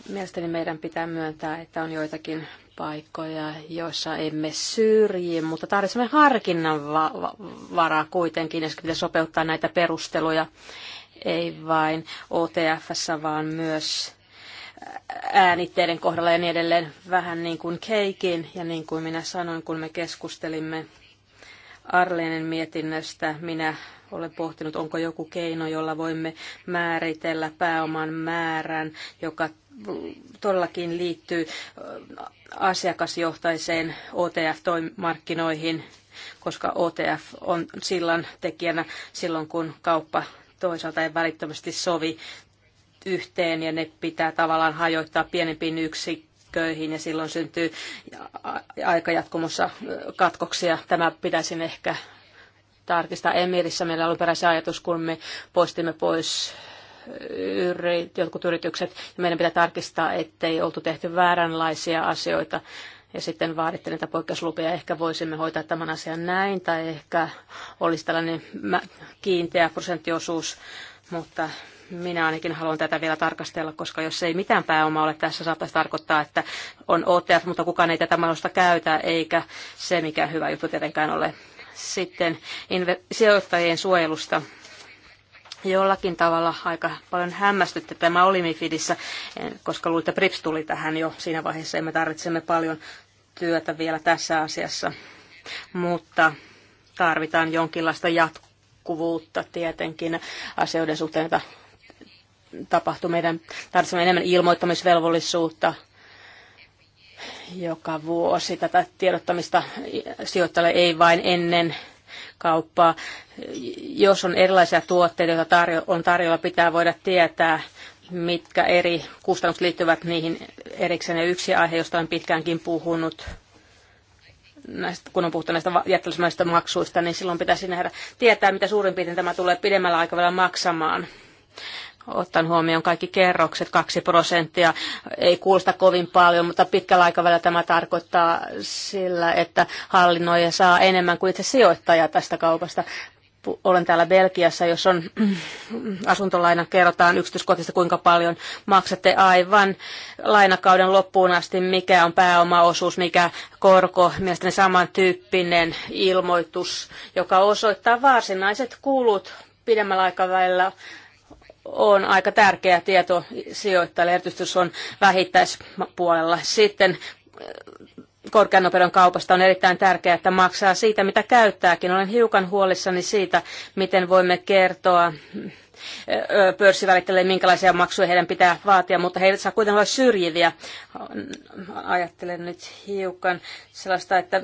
Mielestäni meidän pitää myöntää, että on joitakin paikkoja, joissa emme syrji, mutta tarvitsemme harkinnan va- va- varaa kuitenkin, jos pitää sopeuttaa näitä perusteluja ei vain OTFssä, vaan myös äänitteiden kohdalla ja niin edelleen vähän niin kuin keikin. Ja niin kuin minä sanoin, kun me keskustelimme Arleenen mietinnöstä, minä olen pohtinut, onko joku keino, jolla voimme määritellä pääoman määrän, joka todellakin liittyy äh, asiakasjohtaiseen OTF-markkinoihin, koska OTF on sillan tekijänä silloin, kun kauppa toisaalta ei välittömästi sovi yhteen ja ne pitää tavallaan hajoittaa pienempiin yksiköihin ja silloin syntyy aikajatkumossa katkoksia. Tämä pitäisi ehkä tarkistaa. Emirissä meillä oli peräisen ajatus, kun me poistimme pois yrit, jotkut yritykset, ja meidän pitää tarkistaa, ettei oltu tehty vääränlaisia asioita ja sitten vaaditte näitä poikkeuslupia. Ehkä voisimme hoitaa tämän asian näin tai ehkä olisi tällainen kiinteä prosenttiosuus, mutta minä ainakin haluan tätä vielä tarkastella, koska jos ei mitään pääomaa ole tässä, saattaisi tarkoittaa, että on OTF, mutta kukaan ei tätä mahdollista käytä, eikä se mikään hyvä juttu tietenkään ole. Sitten sijoittajien suojelusta jollakin tavalla aika paljon hämmästytti tämä oli Mifidissä, eh, koska luulta Prips tuli tähän jo siinä vaiheessa ja me tarvitsemme paljon työtä vielä tässä asiassa, mutta tarvitaan jonkinlaista jatkuvuutta tietenkin asioiden suhteen, joita tapahtuu. Meidän tarvitsemme enemmän ilmoittamisvelvollisuutta joka vuosi. Tätä tiedottamista sijoittajalle ei vain ennen kauppaa. Jos on erilaisia tuotteita, joita on tarjolla, pitää voida tietää, mitkä eri kustannukset liittyvät niihin erikseen. Ja yksi aihe, josta olen pitkäänkin puhunut, näistä, kun on puhuttu näistä jättiläismäisistä maksuista, niin silloin pitäisi nähdä, tietää, mitä suurin piirtein tämä tulee pidemmällä aikavälillä maksamaan. Otan huomioon kaikki kerrokset, 2 prosenttia, ei kuulosta kovin paljon, mutta pitkällä aikavälillä tämä tarkoittaa sillä, että hallinnoija saa enemmän kuin itse sijoittaja tästä kaupasta olen täällä Belgiassa, jos on (clears throat) asuntolaina, kerrotaan yksityiskohdista kuinka paljon maksatte aivan lainakauden loppuun asti, mikä on pääomaosuus, mikä korko, mielestäni samantyyppinen ilmoitus, joka osoittaa varsinaiset kulut pidemmällä aikavälillä on aika tärkeä tieto sijoittajalle, erityisesti jos on vähittäispuolella. Sitten korkean nopeuden kaupasta on erittäin tärkeää, että maksaa siitä, mitä käyttääkin. Olen hiukan huolissani siitä, miten voimme kertoa pörssivälittäjille, minkälaisia maksuja heidän pitää vaatia, mutta he eivät saa kuitenkaan olla syrjiviä. Ajattelen nyt hiukan sellaista, että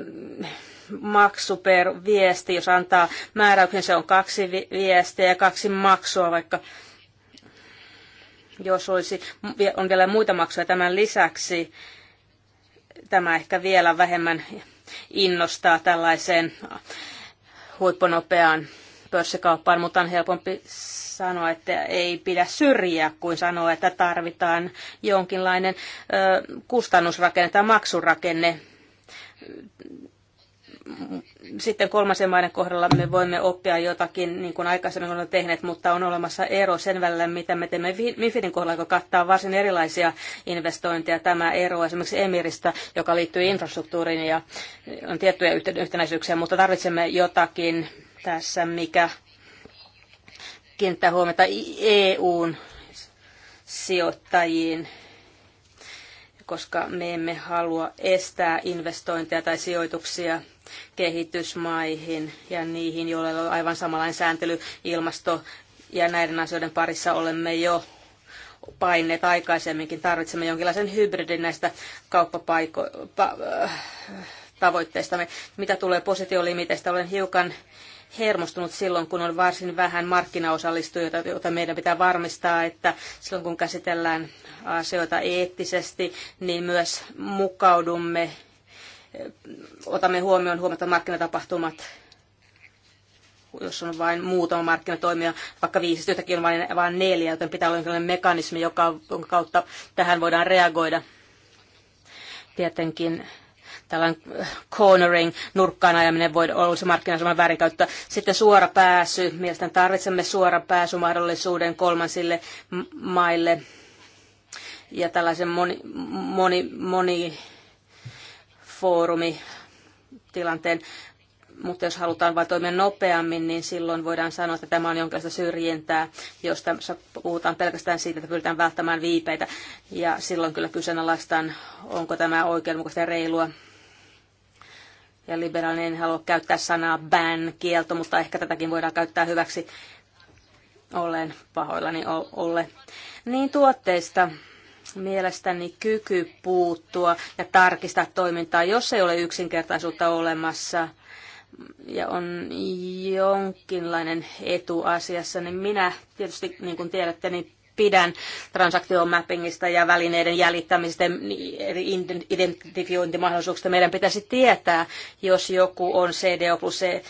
maksu per viesti, jos antaa määräyksen, se on kaksi viestiä ja kaksi maksua, vaikka jos olisi, on vielä muita maksuja tämän lisäksi, tämä ehkä vielä vähemmän innostaa tällaiseen huippunopeaan pörssikauppaan, mutta on helpompi sanoa, että ei pidä syrjiä kuin sanoa, että tarvitaan jonkinlainen ö, kustannusrakenne tai maksurakenne sitten kolmasen maiden kohdalla me voimme oppia jotakin, niin kuin aikaisemmin olemme tehneet, mutta on olemassa ero sen välillä, mitä me teemme MIFIDin kohdalla, joka kattaa varsin erilaisia investointeja. Tämä ero esimerkiksi Emiristä, joka liittyy infrastruktuuriin ja on tiettyjä yhtenäisyyksiä, mutta tarvitsemme jotakin tässä, mikä kiinnittää huomiota EUn sijoittajiin koska me emme halua estää investointeja tai sijoituksia kehitysmaihin ja niihin, joilla on aivan samanlainen sääntely ilmasto ja näiden asioiden parissa olemme jo paineet aikaisemminkin. Tarvitsemme jonkinlaisen hybridin näistä kauppatavoitteistamme. Äh, Mitä tulee positiolimiteistä, olen hiukan hermostunut silloin, kun on varsin vähän markkinaosallistujia, joita meidän pitää varmistaa, että silloin kun käsitellään asioita eettisesti, niin myös mukaudumme otamme huomioon huomattavat markkinatapahtumat, jos on vain muutama markkinatoimija, vaikka viisi työtäkin on vain, vain neljä, joten pitää olla jonkinlainen mekanismi, joka, jonka kautta tähän voidaan reagoida. Tietenkin tällainen cornering, nurkkaan ajaminen voi olla se markkinaseman väärinkäyttö. Sitten suora pääsy. Mielestäni tarvitsemme suora pääsymahdollisuuden kolmansille maille ja tällaisen moni, moni, moni foorumi tilanteen, mutta jos halutaan vain toimia nopeammin, niin silloin voidaan sanoa, että tämä on jonkinlaista syrjintää, jos puhutaan pelkästään siitä, että pyritään välttämään viipeitä. Ja silloin kyllä kyseenalaistaan, onko tämä oikeudenmukaista ja reilua. Ja liberaalinen en halua käyttää sanaa ban, kielto, mutta ehkä tätäkin voidaan käyttää hyväksi. Olen pahoillani olle. Niin tuotteista mielestäni kyky puuttua ja tarkistaa toimintaa, jos ei ole yksinkertaisuutta olemassa ja on jonkinlainen etu asiassa, niin minä tietysti, niin kuin tiedätte, niin pidän transaktiomappingista ja välineiden jäljittämisestä eri identifiointimahdollisuuksista. Meidän pitäisi tietää, jos joku on CDO plus se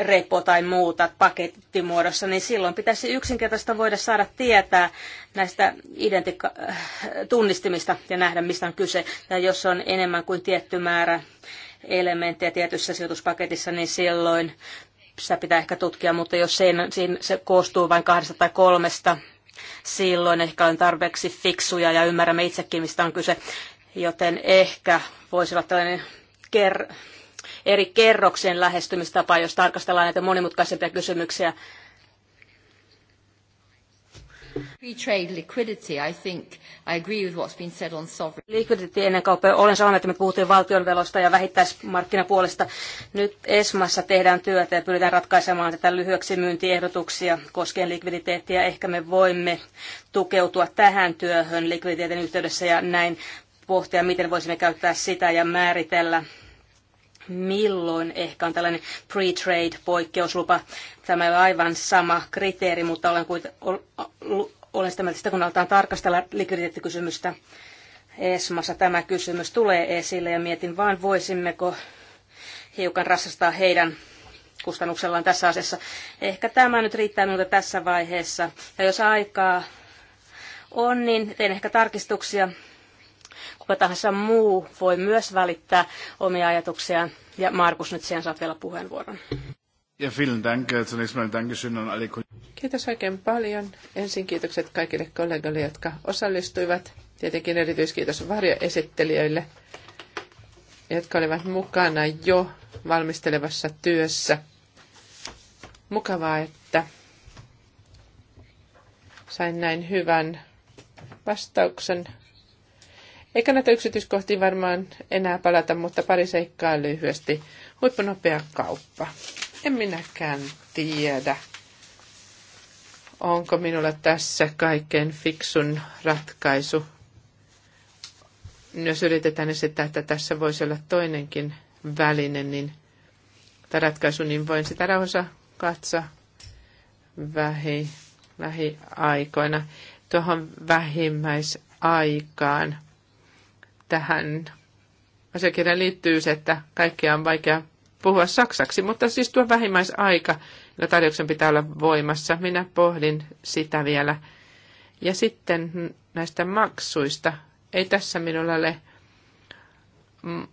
repo tai muuta pakettimuodossa, niin silloin pitäisi yksinkertaista voida saada tietää näistä identika- tunnistimista ja nähdä, mistä on kyse. Ja jos on enemmän kuin tietty määrä elementtejä tietyssä sijoituspaketissa, niin silloin sitä pitää ehkä tutkia, mutta jos se, se koostuu vain kahdesta tai kolmesta Silloin ehkä olen tarpeeksi fiksuja ja ymmärrämme itsekin, mistä on kyse, joten ehkä voisi olla tällainen ker- eri kerroksen lähestymistapa, jos tarkastellaan näitä monimutkaisempia kysymyksiä Free trade liquidity, I think I agree with what's been said on sovereign. Liquidity ennen kauppaa. Olen samaa että me puhuttiin valtionvelosta ja vähittäismarkkinapuolesta. Nyt Esmassa tehdään työtä ja pyritään ratkaisemaan tätä lyhyeksi myyntiehdotuksia koskien likviditeettiä. Ehkä me voimme tukeutua tähän työhön likviditeetin yhteydessä ja näin pohtia, miten voisimme käyttää sitä ja määritellä milloin ehkä on tällainen pre-trade-poikkeuslupa. Tämä ei ole aivan sama kriteeri, mutta olen, kuiten, olen sitä mieltä, että kun aletaan tarkastella likviditeettikysymystä ESMassa, tämä kysymys tulee esille ja mietin vain voisimmeko hiukan rassastaa heidän kustannuksellaan tässä asiassa. Ehkä tämä nyt riittää minulta tässä vaiheessa. Ja jos aikaa on, niin teen ehkä tarkistuksia Kuka tahansa muu voi myös välittää omia ajatuksiaan. Ja Markus nyt siihen saat vielä puheenvuoron. Ja vielen Dank. Zunächst mal Dankeschön an alle Kiitos oikein paljon. Ensin kiitokset kaikille kollegoille, jotka osallistuivat. Tietenkin erityiskiitos varjoesittelijöille, jotka olivat mukana jo valmistelevassa työssä. Mukavaa, että sain näin hyvän vastauksen ei kannata yksityiskohtiin varmaan enää palata, mutta pari seikkaa lyhyesti. Huippunopea kauppa. En minäkään tiedä, onko minulla tässä kaiken fiksun ratkaisu. Jos yritetään esittää, että tässä voisi olla toinenkin väline, niin tämä ratkaisu, niin voin sitä rauhassa katsoa vähi, lähiaikoina tuohon vähimmäisaikaan tähän asiakirjaan liittyy se, että kaikkea on vaikea puhua saksaksi, mutta siis tuo vähimmäisaika, jolla tarjouksen pitää olla voimassa, minä pohdin sitä vielä. Ja sitten näistä maksuista. Ei tässä minulla ole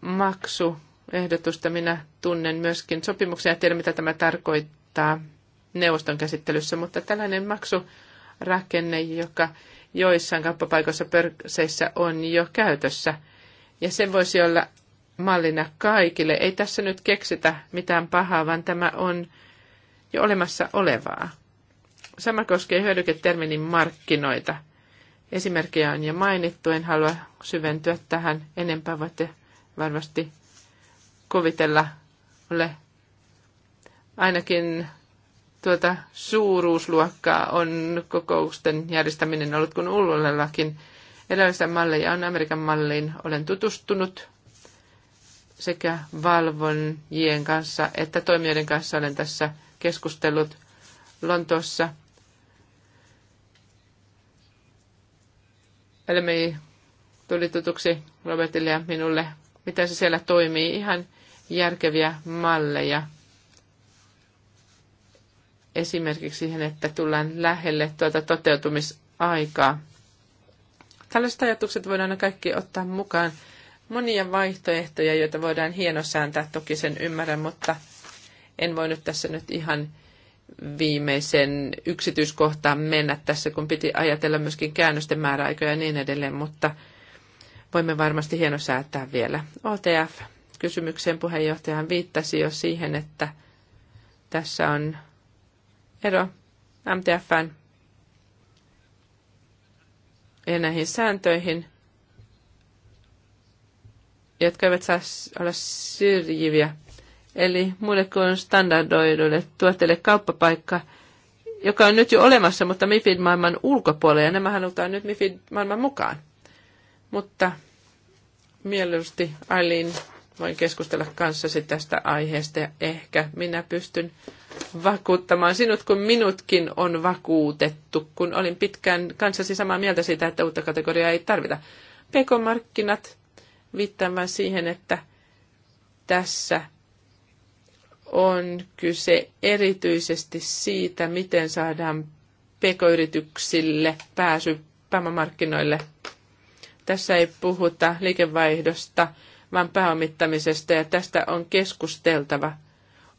maksuehdotusta. Minä tunnen myöskin sopimuksia ja tiedän, mitä tämä tarkoittaa neuvoston käsittelyssä, mutta tällainen maksurakenne, joka joissain kauppapaikoissa perseissä on jo käytössä. Ja se voisi olla mallina kaikille. Ei tässä nyt keksitä mitään pahaa, vaan tämä on jo olemassa olevaa. Sama koskee hyödyketerminin markkinoita. Esimerkkejä on jo mainittu, en halua syventyä tähän enempää, voitte varmasti kuvitella ole ainakin tuota suuruusluokkaa on kokousten järjestäminen ollut kuin Ullolellakin. Erilaisia malleja on Amerikan malliin. Olen tutustunut sekä valvonjien kanssa että toimijoiden kanssa olen tässä keskustellut Lontoossa. Elmi tuli tutuksi Robertille ja minulle, miten se siellä toimii. Ihan järkeviä malleja – esimerkiksi siihen, että tullaan lähelle tuota toteutumisaikaa. Tällaiset ajatukset voidaan kaikki ottaa mukaan. Monia vaihtoehtoja, joita voidaan hienosääntää, toki sen ymmärrän, mutta en voi nyt tässä nyt ihan viimeisen yksityiskohtaan mennä tässä, kun piti ajatella myöskin käännösten määräaikoja ja niin edelleen, mutta voimme varmasti hienosäätää vielä. OTF-kysymykseen puheenjohtajan viittasi jo siihen, että tässä on ero MTFn ja näihin sääntöihin, jotka eivät saa olla syrjiviä. Eli muille kuin standardoiduille tuotteille kauppapaikka, joka on nyt jo olemassa, mutta MIFID-maailman ulkopuolella, ja nämä halutaan nyt MIFID-maailman mukaan. Mutta mieluusti Aileen voin keskustella kanssasi tästä aiheesta, ja ehkä minä pystyn vakuuttamaan sinut, kun minutkin on vakuutettu, kun olin pitkään kanssasi samaa mieltä siitä, että uutta kategoriaa ei tarvita. Pekomarkkinat markkinat viittaamaan siihen, että tässä on kyse erityisesti siitä, miten saadaan pekoyrityksille yrityksille pääsy pääomamarkkinoille. Tässä ei puhuta liikevaihdosta, vaan pääomittamisesta ja tästä on keskusteltava –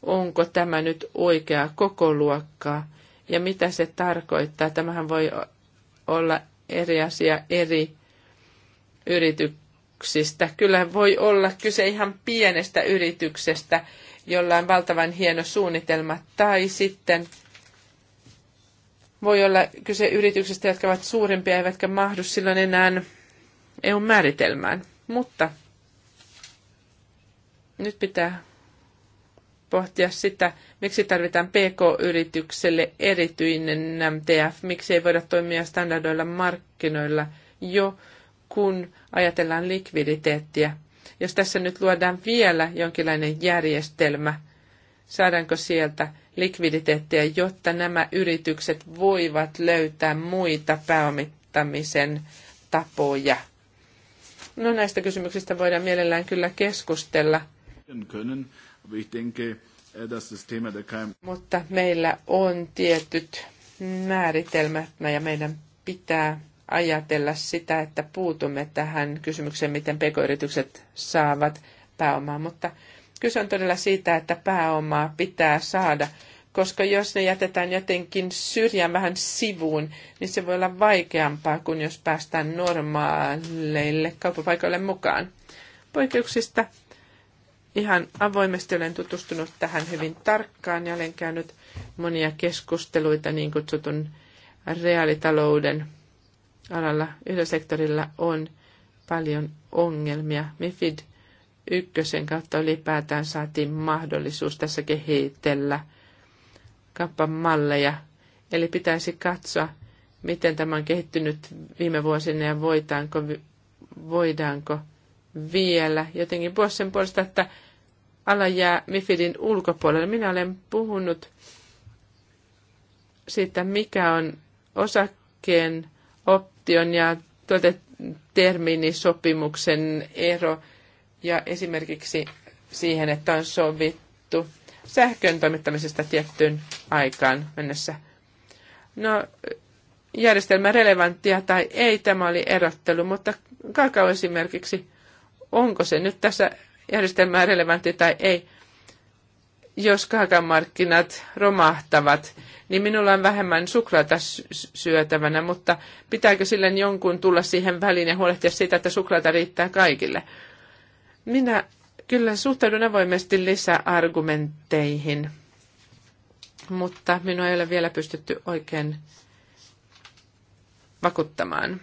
onko tämä nyt oikea koko ja mitä se tarkoittaa. Tämähän voi olla eri asia eri yrityksistä. Kyllä voi olla kyse ihan pienestä yrityksestä, jolla on valtavan hieno suunnitelma, tai sitten voi olla kyse yrityksistä, jotka ovat suurempia eivätkä mahdu silloin enää eu määritelmään. Mutta nyt pitää pohtia sitä, miksi tarvitaan PK-yritykselle erityinen MTF, miksi ei voida toimia standardoilla markkinoilla jo, kun ajatellaan likviditeettiä. Jos tässä nyt luodaan vielä jonkinlainen järjestelmä, saadaanko sieltä likviditeettiä, jotta nämä yritykset voivat löytää muita pääomittamisen tapoja. No näistä kysymyksistä voidaan mielellään kyllä keskustella. Äh, Mutta meillä on tietyt määritelmät ja meidän pitää ajatella sitä, että puutumme tähän kysymykseen, miten pk-yritykset saavat pääomaa. Mutta kyse on todella siitä, että pääomaa pitää saada, koska jos ne jätetään jotenkin syrjään vähän sivuun, niin se voi olla vaikeampaa kuin jos päästään normaaleille kauppapaikoille mukaan. Poikkeuksista ihan avoimesti olen tutustunut tähän hyvin tarkkaan ja olen käynyt monia keskusteluita niin kutsutun reaalitalouden alalla. Yhdellä sektorilla on paljon ongelmia. MIFID ykkösen kautta ylipäätään saatiin mahdollisuus tässä kehitellä malleja. Eli pitäisi katsoa, miten tämä on kehittynyt viime vuosina ja voidaanko, voidaanko vielä jotenkin puhua sen puolesta, että ala jää MIFIDin ulkopuolelle. Minä olen puhunut siitä, mikä on osakkeen option ja terminisopimuksen ero ja esimerkiksi siihen, että on sovittu sähkön toimittamisesta tiettyyn aikaan mennessä. No, järjestelmä relevanttia tai ei, tämä oli erottelu, mutta kakao esimerkiksi, onko se nyt tässä järjestelmää relevantti tai ei, jos kaakamarkkinat romahtavat, niin minulla on vähemmän suklaata syötävänä, mutta pitääkö sille jonkun tulla siihen väliin ja huolehtia siitä, että suklaata riittää kaikille? Minä kyllä suhtaudun avoimesti lisäargumentteihin, mutta minua ei ole vielä pystytty oikein vakuuttamaan.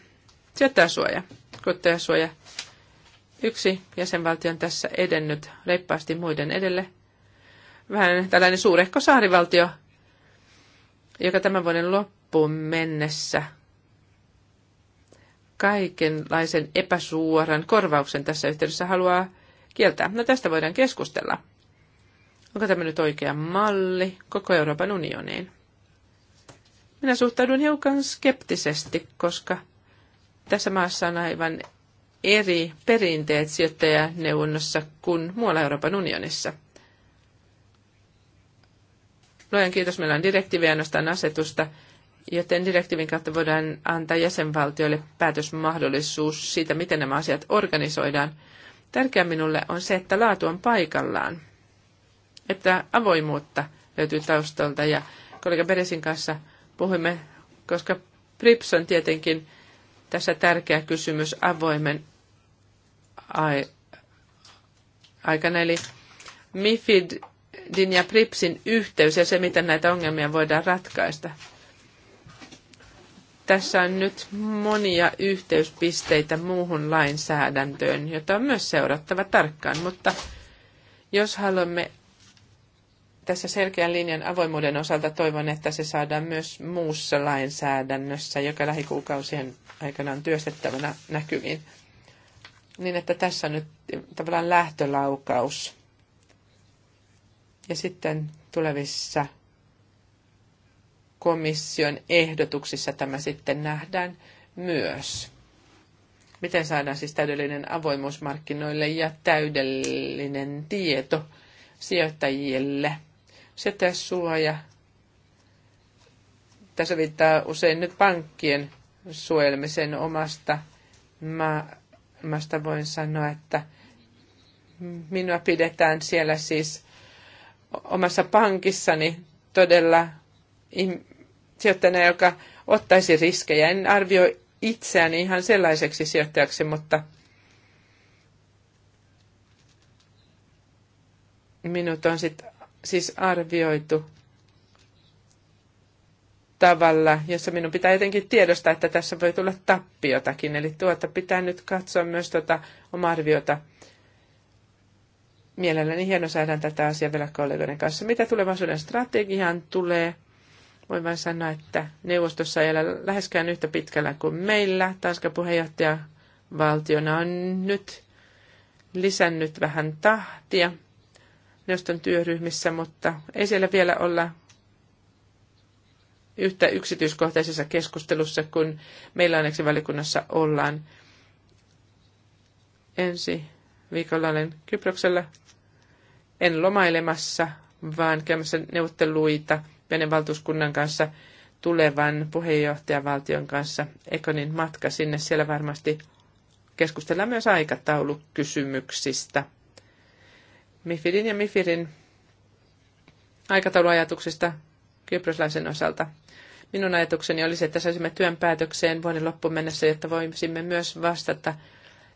suoja, kuttaja suoja Yksi jäsenvaltio on tässä edennyt reippaasti muiden edelle. Vähän tällainen suurehko saarivaltio, joka tämän vuoden loppuun mennessä kaikenlaisen epäsuoran korvauksen tässä yhteydessä haluaa kieltää. No tästä voidaan keskustella. Onko tämä nyt oikea malli koko Euroopan unioniin? Minä suhtaudun hiukan skeptisesti, koska tässä maassa on aivan eri perinteet sijoittajaneuvonnossa kuin muualla Euroopan unionissa. Luojan kiitos, meillä on direktiivi ainoastaan asetusta, joten direktiivin kautta voidaan antaa jäsenvaltioille päätösmahdollisuus siitä, miten nämä asiat organisoidaan. Tärkeää minulle on se, että laatu on paikallaan, että avoimuutta löytyy taustalta ja kollega Beresin kanssa puhuimme, koska PRIPS on tietenkin tässä tärkeä kysymys avoimen aikana. Eli MIFIDin ja PRIPSin yhteys ja se, miten näitä ongelmia voidaan ratkaista. Tässä on nyt monia yhteyspisteitä muuhun lainsäädäntöön, jota on myös seurattava tarkkaan, mutta jos haluamme tässä selkeän linjan avoimuuden osalta toivon, että se saadaan myös muussa lainsäädännössä, joka lähikuukausien aikana on työstettävänä näkyviin niin että tässä on nyt tavallaan lähtölaukaus. Ja sitten tulevissa komission ehdotuksissa tämä sitten nähdään myös. Miten saadaan siis täydellinen avoimuus markkinoille ja täydellinen tieto sijoittajille? Sitä suoja. Tässä viittaa usein nyt pankkien suojelmisen omasta ma- ohjelmasta voin sanoa, että minua pidetään siellä siis omassa pankissani todella sijoittajana, joka ottaisi riskejä. En arvioi itseäni ihan sellaiseksi sijoittajaksi, mutta minut on sit, siis arvioitu tavalla, jossa minun pitää jotenkin tiedostaa, että tässä voi tulla tappiotakin. Eli tuota pitää nyt katsoa myös tuota omaa arviota. Mielelläni saadaan tätä asiaa vielä kollegoiden kanssa. Mitä tulevaisuuden strategiaan tulee, voin vain sanoa, että neuvostossa ei ole läheskään yhtä pitkällä kuin meillä. Tanska puheenjohtaja valtiona on nyt lisännyt vähän tahtia neuvoston työryhmissä, mutta ei siellä vielä olla yhtä yksityiskohtaisessa keskustelussa, kun meillä onneksi valikunnassa ollaan. Ensi viikolla olen Kyproksella. En lomailemassa, vaan käymässä neuvotteluita Venäjän valtuuskunnan kanssa tulevan puheenjohtajavaltion kanssa Ekonin matka sinne. Siellä varmasti keskustellaan myös aikataulukysymyksistä. Mifidin ja Mifirin aikatauluajatuksista kyproslaisen osalta. Minun ajatukseni olisi, että saisimme työn päätökseen vuoden loppuun mennessä, jotta voisimme myös vastata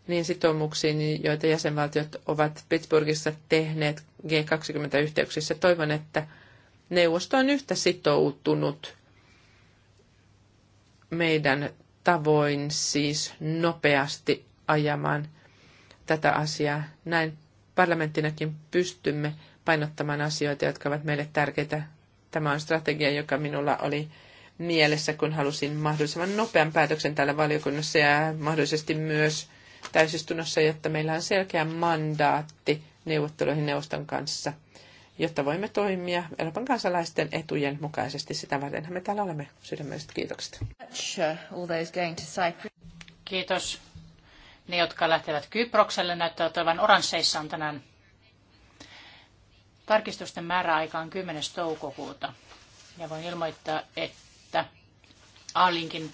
niin sitoumuksiin, joita jäsenvaltiot ovat Pittsburghissa tehneet G20-yhteyksissä. Toivon, että neuvosto on yhtä sitoutunut meidän tavoin siis nopeasti ajamaan tätä asiaa. Näin parlamenttinakin pystymme painottamaan asioita, jotka ovat meille tärkeitä Tämä on strategia, joka minulla oli mielessä, kun halusin mahdollisimman nopean päätöksen täällä valiokunnassa ja mahdollisesti myös täysistunnossa, jotta meillä on selkeä mandaatti neuvotteluihin neuvoston kanssa, jotta voimme toimia Euroopan kansalaisten etujen mukaisesti. Sitä varten. me täällä olemme. Sydämelliset kiitokset. Kiitos. Ne, jotka lähtevät Kyprokselle, näyttävät olevan oransseissaan tänään. Tarkistusten määräaika on 10. toukokuuta. Ja voin ilmoittaa, että Aalinkin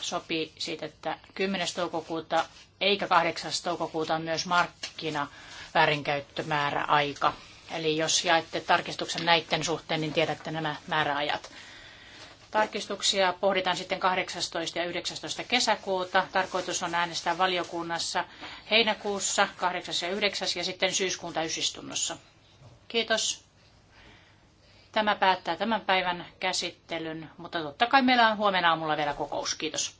sopii siitä, että 10. toukokuuta eikä 8. toukokuuta on myös markkina väärinkäyttömääräaika. Eli jos jaette tarkistuksen näiden suhteen, niin tiedätte nämä määräajat. Tarkistuksia pohditaan sitten 18. ja 19. kesäkuuta. Tarkoitus on äänestää valiokunnassa heinäkuussa 8. ja 9. ja sitten syyskuun täysistunnossa. Kiitos. Tämä päättää tämän päivän käsittelyn, mutta totta kai meillä on huomenna aamulla vielä kokous. Kiitos.